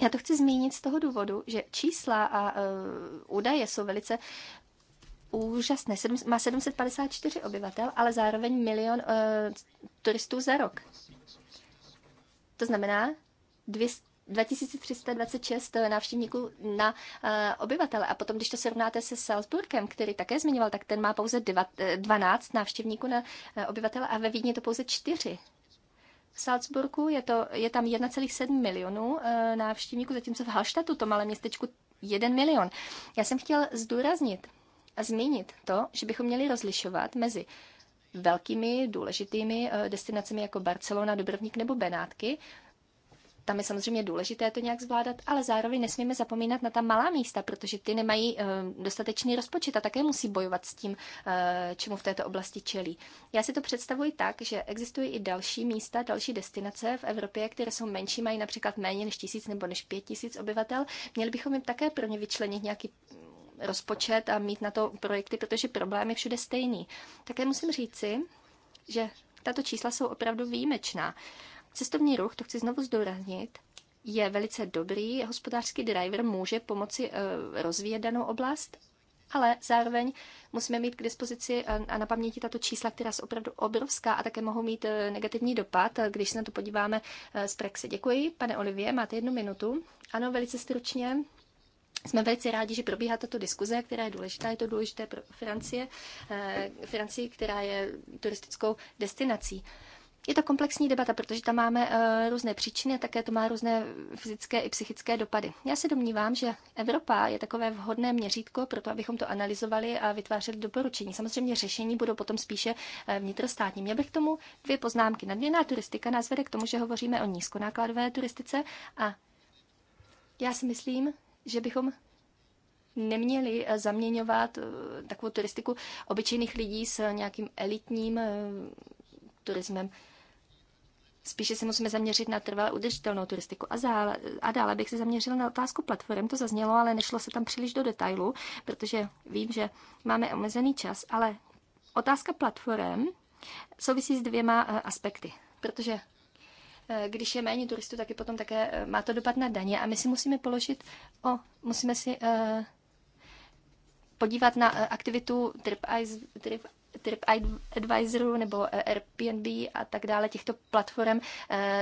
já to chci zmínit z toho důvodu, že čísla a uh, údaje jsou velice úžasné. Sedm, má 754 obyvatel, ale zároveň milion uh, turistů za rok. To znamená 200, 2326 návštěvníků na uh, obyvatele. A potom, když to srovnáte se Salzburgem, který také zmiňoval, tak ten má pouze dva, 12 eh, návštěvníků na uh, obyvatele a ve Vídni je to pouze 4. V Salzburgu je, to, je tam 1,7 milionů uh, návštěvníků, zatímco v Hallstattu, to malé městečku, 1 milion. Já jsem chtěl zdůraznit a zmínit to, že bychom měli rozlišovat mezi uh, velkými důležitými eh, destinacemi jako Barcelona, Dubrovník nebo Benátky. Tam je samozřejmě důležité to nějak zvládat, ale zároveň nesmíme zapomínat na ta malá místa, protože ty nemají eh, dostatečný rozpočet a také musí bojovat s tím, eh, čemu v této oblasti čelí. Já si to představuji tak, že existují i další místa, další destinace v Evropě, které jsou menší, mají například méně než tisíc nebo než pět tisíc obyvatel. Měli bychom jim také pro ně vyčlenit nějaký rozpočet a mít na to projekty, protože problém je všude stejný. Také musím říci, že tato čísla jsou opravdu výjimečná. Cestovní ruch, to chci znovu zdůraznit, je velice dobrý. Hospodářský driver může pomoci eh, rozvíjet danou oblast, ale zároveň musíme mít k dispozici eh, a na paměti tato čísla, která jsou opravdu obrovská a také mohou mít eh, negativní dopad, když se na to podíváme z praxe. Děkuji, pane Olivie, máte jednu minutu. Ano, velice stručně jsme velice rádi, že probíhá tato diskuze, která je důležitá. Je to důležité pro Francie, eh, Francii, která je turistickou destinací. Je to komplexní debata, protože tam máme eh, různé příčiny a také to má různé fyzické i psychické dopady. Já se domnívám, že Evropa je takové vhodné měřítko pro to, abychom to analyzovali a vytvářeli doporučení. Samozřejmě řešení budou potom spíše eh, vnitrostátní. Měl bych k tomu dvě poznámky. Nadměrná turistika nás vede k tomu, že hovoříme o nízkonákladové turistice a já si myslím, že bychom neměli eh, zaměňovat eh, takovou turistiku obyčejných lidí s nějakým elitním eh, turismem. Spíše se musíme zaměřit na trvalé udržitelnou turistiku. A, zále, a dále bych se zaměřil na otázku platform. To zaznělo, ale nešlo se tam příliš do detailu, protože vím, že máme omezený čas, ale otázka platform souvisí s dvěma aspekty. Protože Eh, když je méně turistů, tak je potom také eh, má to dopad na daně. A my si musíme položit o, musíme si uh, podívat na aktivitu TripAdvisoru Trip, Trip Advisoru nebo Airbnb a tak dále, těchto platform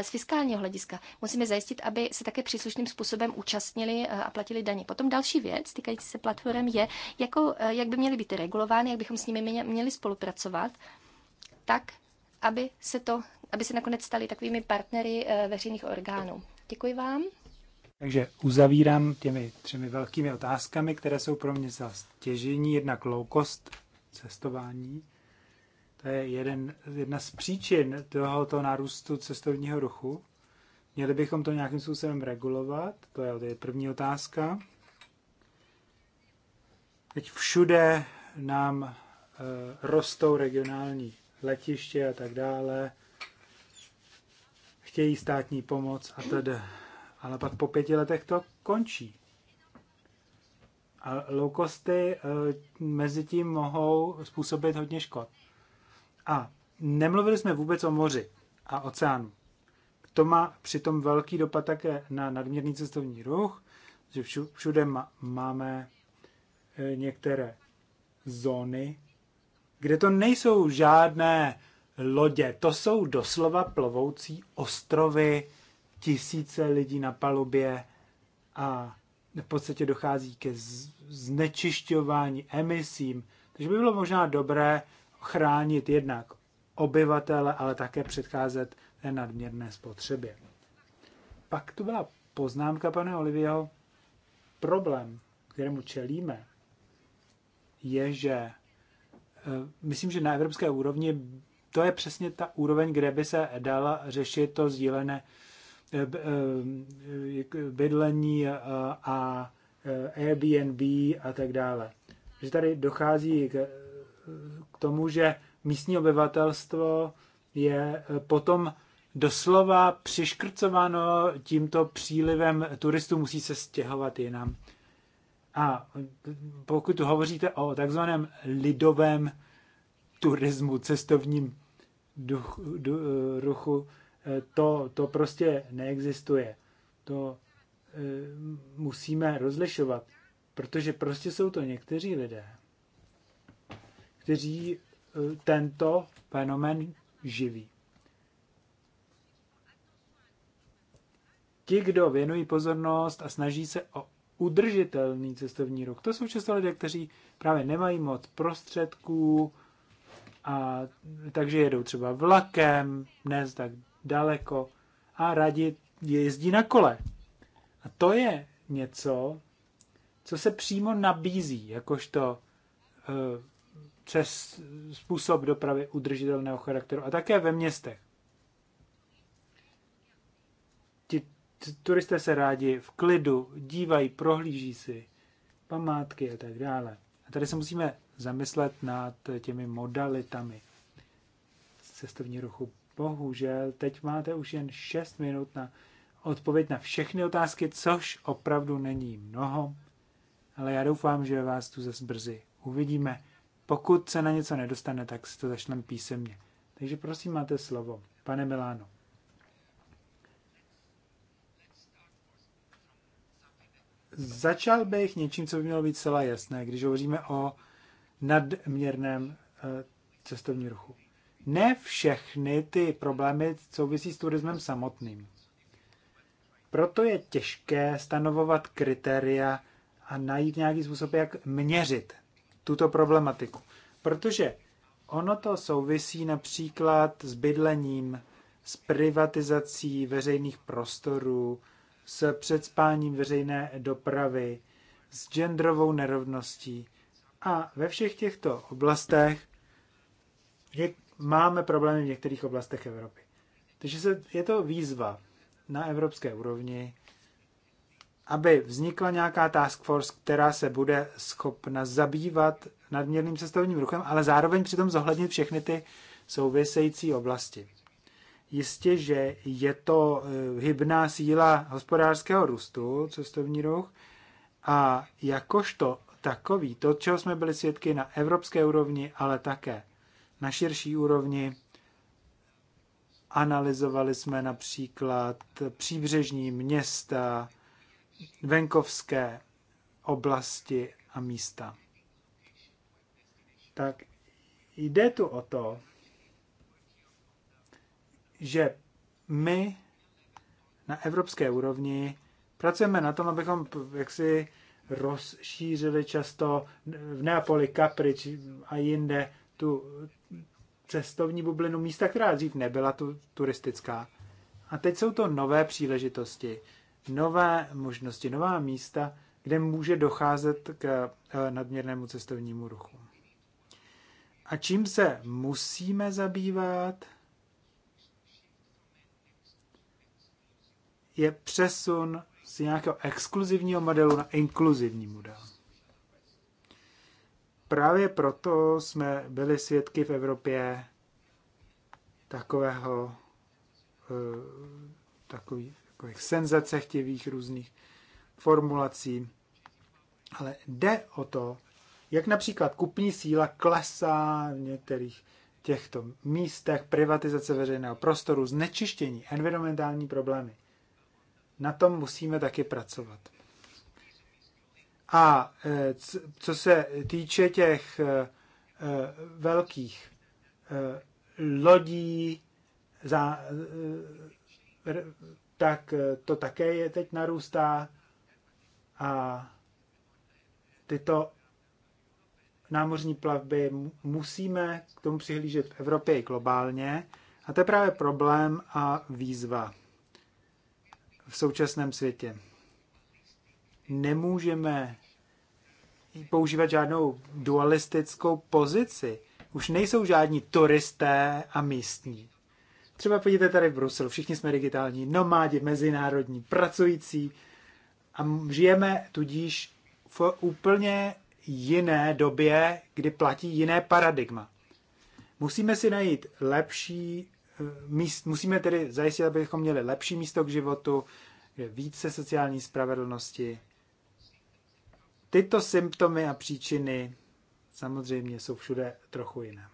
z fiskálního hlediska. Musíme zajistit, aby se také příslušným způsobem účastnili a platili daně. Potom další věc týkající se platform je, jako, jak by měly být regulovány, jak bychom s nimi měli spolupracovat, tak, aby se to aby se nakonec stali takovými partnery eh, veřejných orgánů. Děkuji vám. Takže uzavírám těmi třemi velkými otázkami, které jsou pro mě za stěžení. Jednak loukost cestování. To je jeden, jedna z příčin tohoto nárůstu cestovního ruchu. Měli bychom to nějakým způsobem regulovat? To je, to je první otázka. Teď všude nám e, rostou regionální letiště a tak dále chtějí státní pomoc a tedy. Ale pak po pěti letech to končí. A loukosty eh, mezi tím mohou způsobit hodně škod. A nemluvili jsme vůbec o moři a oceánu. To má přitom velký dopad také na nadměrný cestovní ruch, že všude máme eh, některé zóny, kde to nejsou žádné lodě. To jsou doslova plovoucí ostrovy, tisíce lidí na palubě a v podstatě dochází ke znečišťování emisím. Takže by bylo možná dobré chránit jednak obyvatele, ale také předcházet té nadměrné spotřebě. Pak tu byla poznámka pana Olivieho. Problém, kterému čelíme, je, že eh, myslím, že na evropské úrovni to je přesně ta úroveň, kde by se dala řešit to sdílené eh, eh, bydlení eh, a Airbnb a tak dále. Že tady dochází k, k tomu, že místní obyvatelstvo je potom doslova přiškrcováno tímto přílivem turistů, musí se stěhovat jinam. A pokud hovoříte o takzvaném lidovém turismu, cestovním duch, du, eh, ruchu, eh, to, to prostě neexistuje. To eh, musíme rozlišovat, protože prostě jsou to někteří lidé, kteří tento fenomén živí. Ti, kdo věnují pozornost a snaží se o udržitelný cestovní ruch, to jsou často lidé, kteří právě nemají moc prostředků, a takže jedou třeba vlakem, ne tak daleko a rádi jezdí na kole. A to je něco, co se přímo nabízí, jakožto eh, přes způsob dopravy udržitelného charakteru a také ve městech. Ti turisté se rádi v klidu dívají, prohlíží si památky a tak dále. A tady se musíme zamyslet nad těmi modalitami cestovní ruchu. Bohužel, teď máte už jen 6 minut na odpověď na všechny otázky, což opravdu není mnoho, ale já doufám, že vás tu zase brzy uvidíme. Pokud se na něco nedostane, tak si to zašlem písemně. Takže prosím, máte slovo. Pane Miláno. Začal bych něčím, co by mělo být celá jasné. Když hovoříme o nadměrném eh, cestovní ruchu. Ne všechny ty problémy souvisí s turismem samotným. Proto je těžké stanovovat kritéria a najít nějaký způsob, jak měřit tuto problematiku. Protože ono to souvisí například s bydlením, s privatizací veřejných prostorů, s předspáním veřejné dopravy, s genderovou nerovností a ve všech těchto oblastech máme problémy v některých oblastech Evropy. Takže se, je to výzva na evropské úrovni, aby vznikla nějaká task force, která se bude schopna zabývat nadměrným cestovním ruchem, ale zároveň přitom zohlednit všechny ty související oblasti. Jistě, že je to eh, hybná síla hospodářského růstu, cestovní ruch, a jakožto takový, to, čeho jsme byli svědky na evropské úrovni, ale také na širší úrovni, analyzovali jsme například příbřežní města, venkovské oblasti a místa. Tak jde tu o to, že my na evropské úrovni pracujeme na tom, abychom jaksi rozšířili často v Neapoli, Kaprič a jinde tu cestovní bublinu, místa, která dřív nebyla tu, turistická. A teď jsou to nové příležitosti, nové možnosti, nová místa, kde může docházet k eh, nadměrnému cestovnímu ruchu. A čím se musíme zabývat, je přesun z nějakého exkluzivního modelu na inkluzivní model. Právě proto jsme byli svědky v Evropě takového eh, takových, takových senzacechtivých různých formulací. Ale jde o to, jak například kupní síla klesá v některých těchto místech, privatizace veřejného prostoru, znečištění, environmentální problémy na tom musíme taky pracovat. A e, co se týče těch e, e, velkých lodí, tak to také je teď narůstá a tyto námořní plavby musíme k tomu přihlížet v Evropě i globálně. A to je právě problém a výzva v současném světě. Nemůžeme používat žádnou dualistickou pozici. Už nejsou žádní turisté a místní. Třeba podívejte tady v Bruselu, všichni jsme digitální, nomádi, mezinárodní, pracující a žijeme tudíž v úplně jiné době, kdy platí jiné paradigma. Musíme si najít lepší míst, musíme tedy zajistit, abychom měli lepší místo k životu, více sociální spravedlnosti. Tyto symptomy a příčiny samozřejmě jsou všude trochu jiné.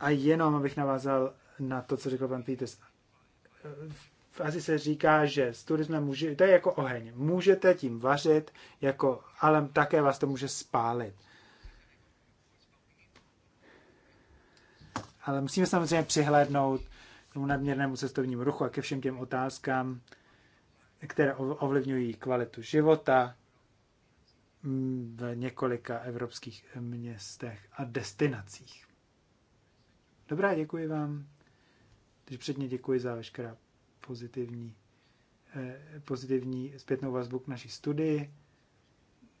A jenom abych navázal na to, co řekl pan Peters. Asi se říká, že s turismem může, to je jako oheň. Můžete tím vařit, jako, ale také vás to může spálit. ale musíme samozřejmě přihlédnout k tomu nadměrnému cestovnímu ruchu a ke všem těm otázkám, které ovlivňují kvalitu života mm, v několika evropských městech a destinacích. Dobrá, děkuji vám. Takže předně děkuji za veškerá pozitivní, eh, pozitivní zpětnou vazbu k naší studii.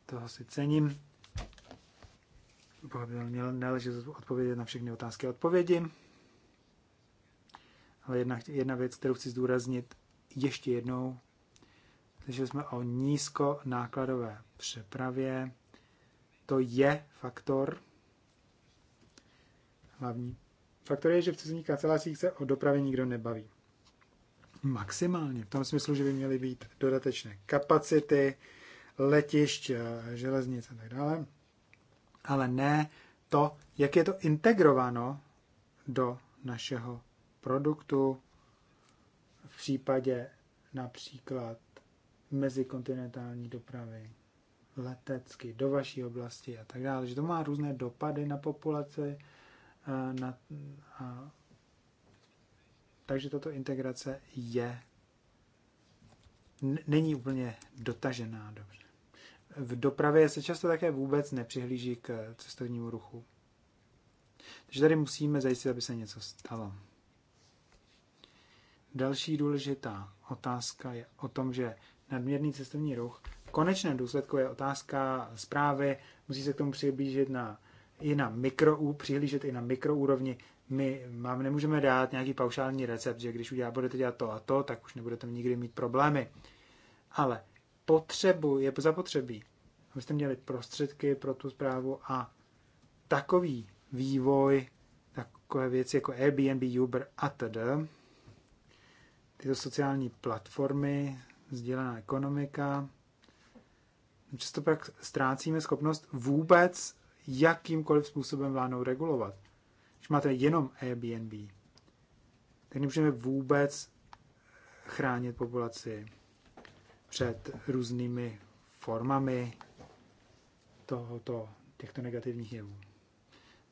Toho si cením. Měl nelže odpovědět na všechny otázky a odpovědi. Ale jedna, jedna věc, kterou chci zdůraznit ještě jednou, slyšeli jsme o nízkonákladové přepravě. To je faktor, hlavní faktor je, že v cizní kancelářích se o dopravě nikdo nebaví. Maximálně, v tom smyslu, že by měly být dodatečné kapacity, letišť, železnice a tak dále ale ne to, jak je to integrováno do našeho produktu v případě například mezikontinentální dopravy, letecky, do vaší oblasti a tak dále. Že to má různé dopady na populaci. Eh, na, a, takže tato integrace je není úplně dotažená dobře v dopravě se často také vůbec nepřihlíží k cestovnímu ruchu. Takže tady musíme zajistit, aby se něco stalo. Další důležitá otázka je o tom, že nadměrný cestovní ruch v konečném důsledku je otázka zprávy, musí se k tomu přiblížit na, i na mikro, přihlížet i na mikroúrovni. My vám nemůžeme dát nějaký paušální recept, že když udělá, budete dělat to a to, tak už nebudete nikdy mít problémy. Ale potřebu, je zapotřebí, abyste měli prostředky pro tu zprávu a takový vývoj, takové věci jako Airbnb, Uber a td. Tyto sociální platformy, sdílená ekonomika, často pak ztrácíme schopnost vůbec jakýmkoliv způsobem vládnou regulovat. Když máte jenom Airbnb, tak nemůžeme vůbec chránit populaci před různými formami tohoto, těchto negativních jevů.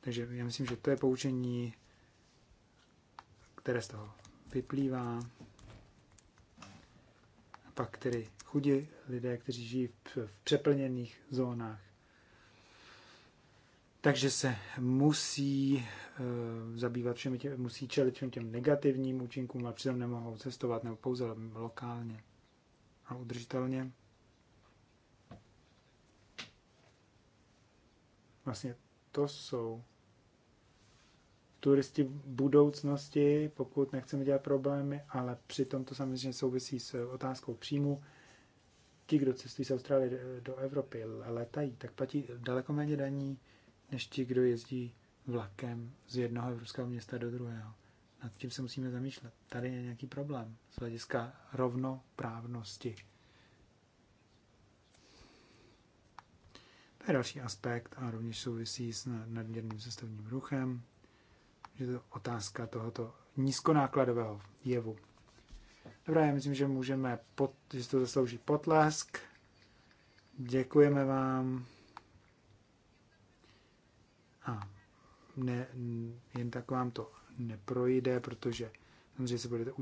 Takže já myslím, že to je poučení, které z toho vyplývá. A pak tedy chudí lidé, kteří žijí v přeplněných zónách. Takže se musí e, zabývat všemi těm, musí čelit všem těm negativním účinkům a přitom nemohou cestovat nebo pouze lokálně a udržitelně. Vlastně to jsou turisti budoucnosti, pokud nechceme dělat problémy, ale přitom to samozřejmě souvisí s otázkou příjmu. Ti, kdo cestují z Austrálie do Evropy, letají, tak platí daleko méně daní, než ti, kdo jezdí vlakem z jednoho evropského města do druhého nad tím se musíme zamýšlet. Tady je nějaký problém z hlediska rovnoprávnosti. To je další aspekt a rovněž souvisí s nadměrným cestovním ruchem. Je to otázka tohoto nízkonákladového jevu. Dobrá, já myslím, že můžeme, pot, že to zaslouží potlesk. Děkujeme vám. A ne, jen tak vám to neprojde, protože samozřejmě se budete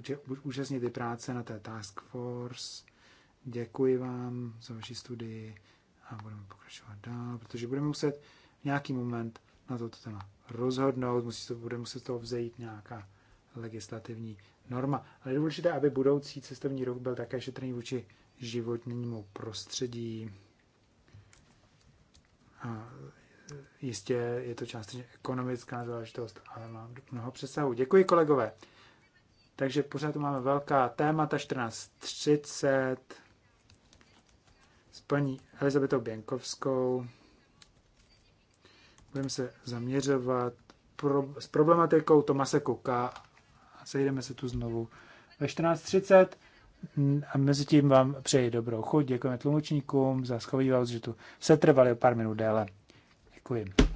účastnit i práce na té task force. Děkuji vám za vaši studii a budeme pokračovat dál, protože budeme muset v nějaký moment na toto téma rozhodnout, musí to, bude muset to vzejít nějaká legislativní norma. Ale je důležité, aby budoucí cestovní rok byl také šetrný vůči životnímu prostředí. A jistě je to částečně ekonomická záležitost, ale mám mnoho přesahů. Děkuji kolegové. Takže pořád tu máme velká témata 14.30 s paní Elizabetou Běnkovskou. Budeme se zaměřovat pro, s problematikou Tomase Kuka a sejdeme se tu znovu ve 14.30 a mezi tím vám přeji dobrou chuť, děkujeme tlumočníkům za schovývalost, že tu setrvali o pár minut déle. Děkuji.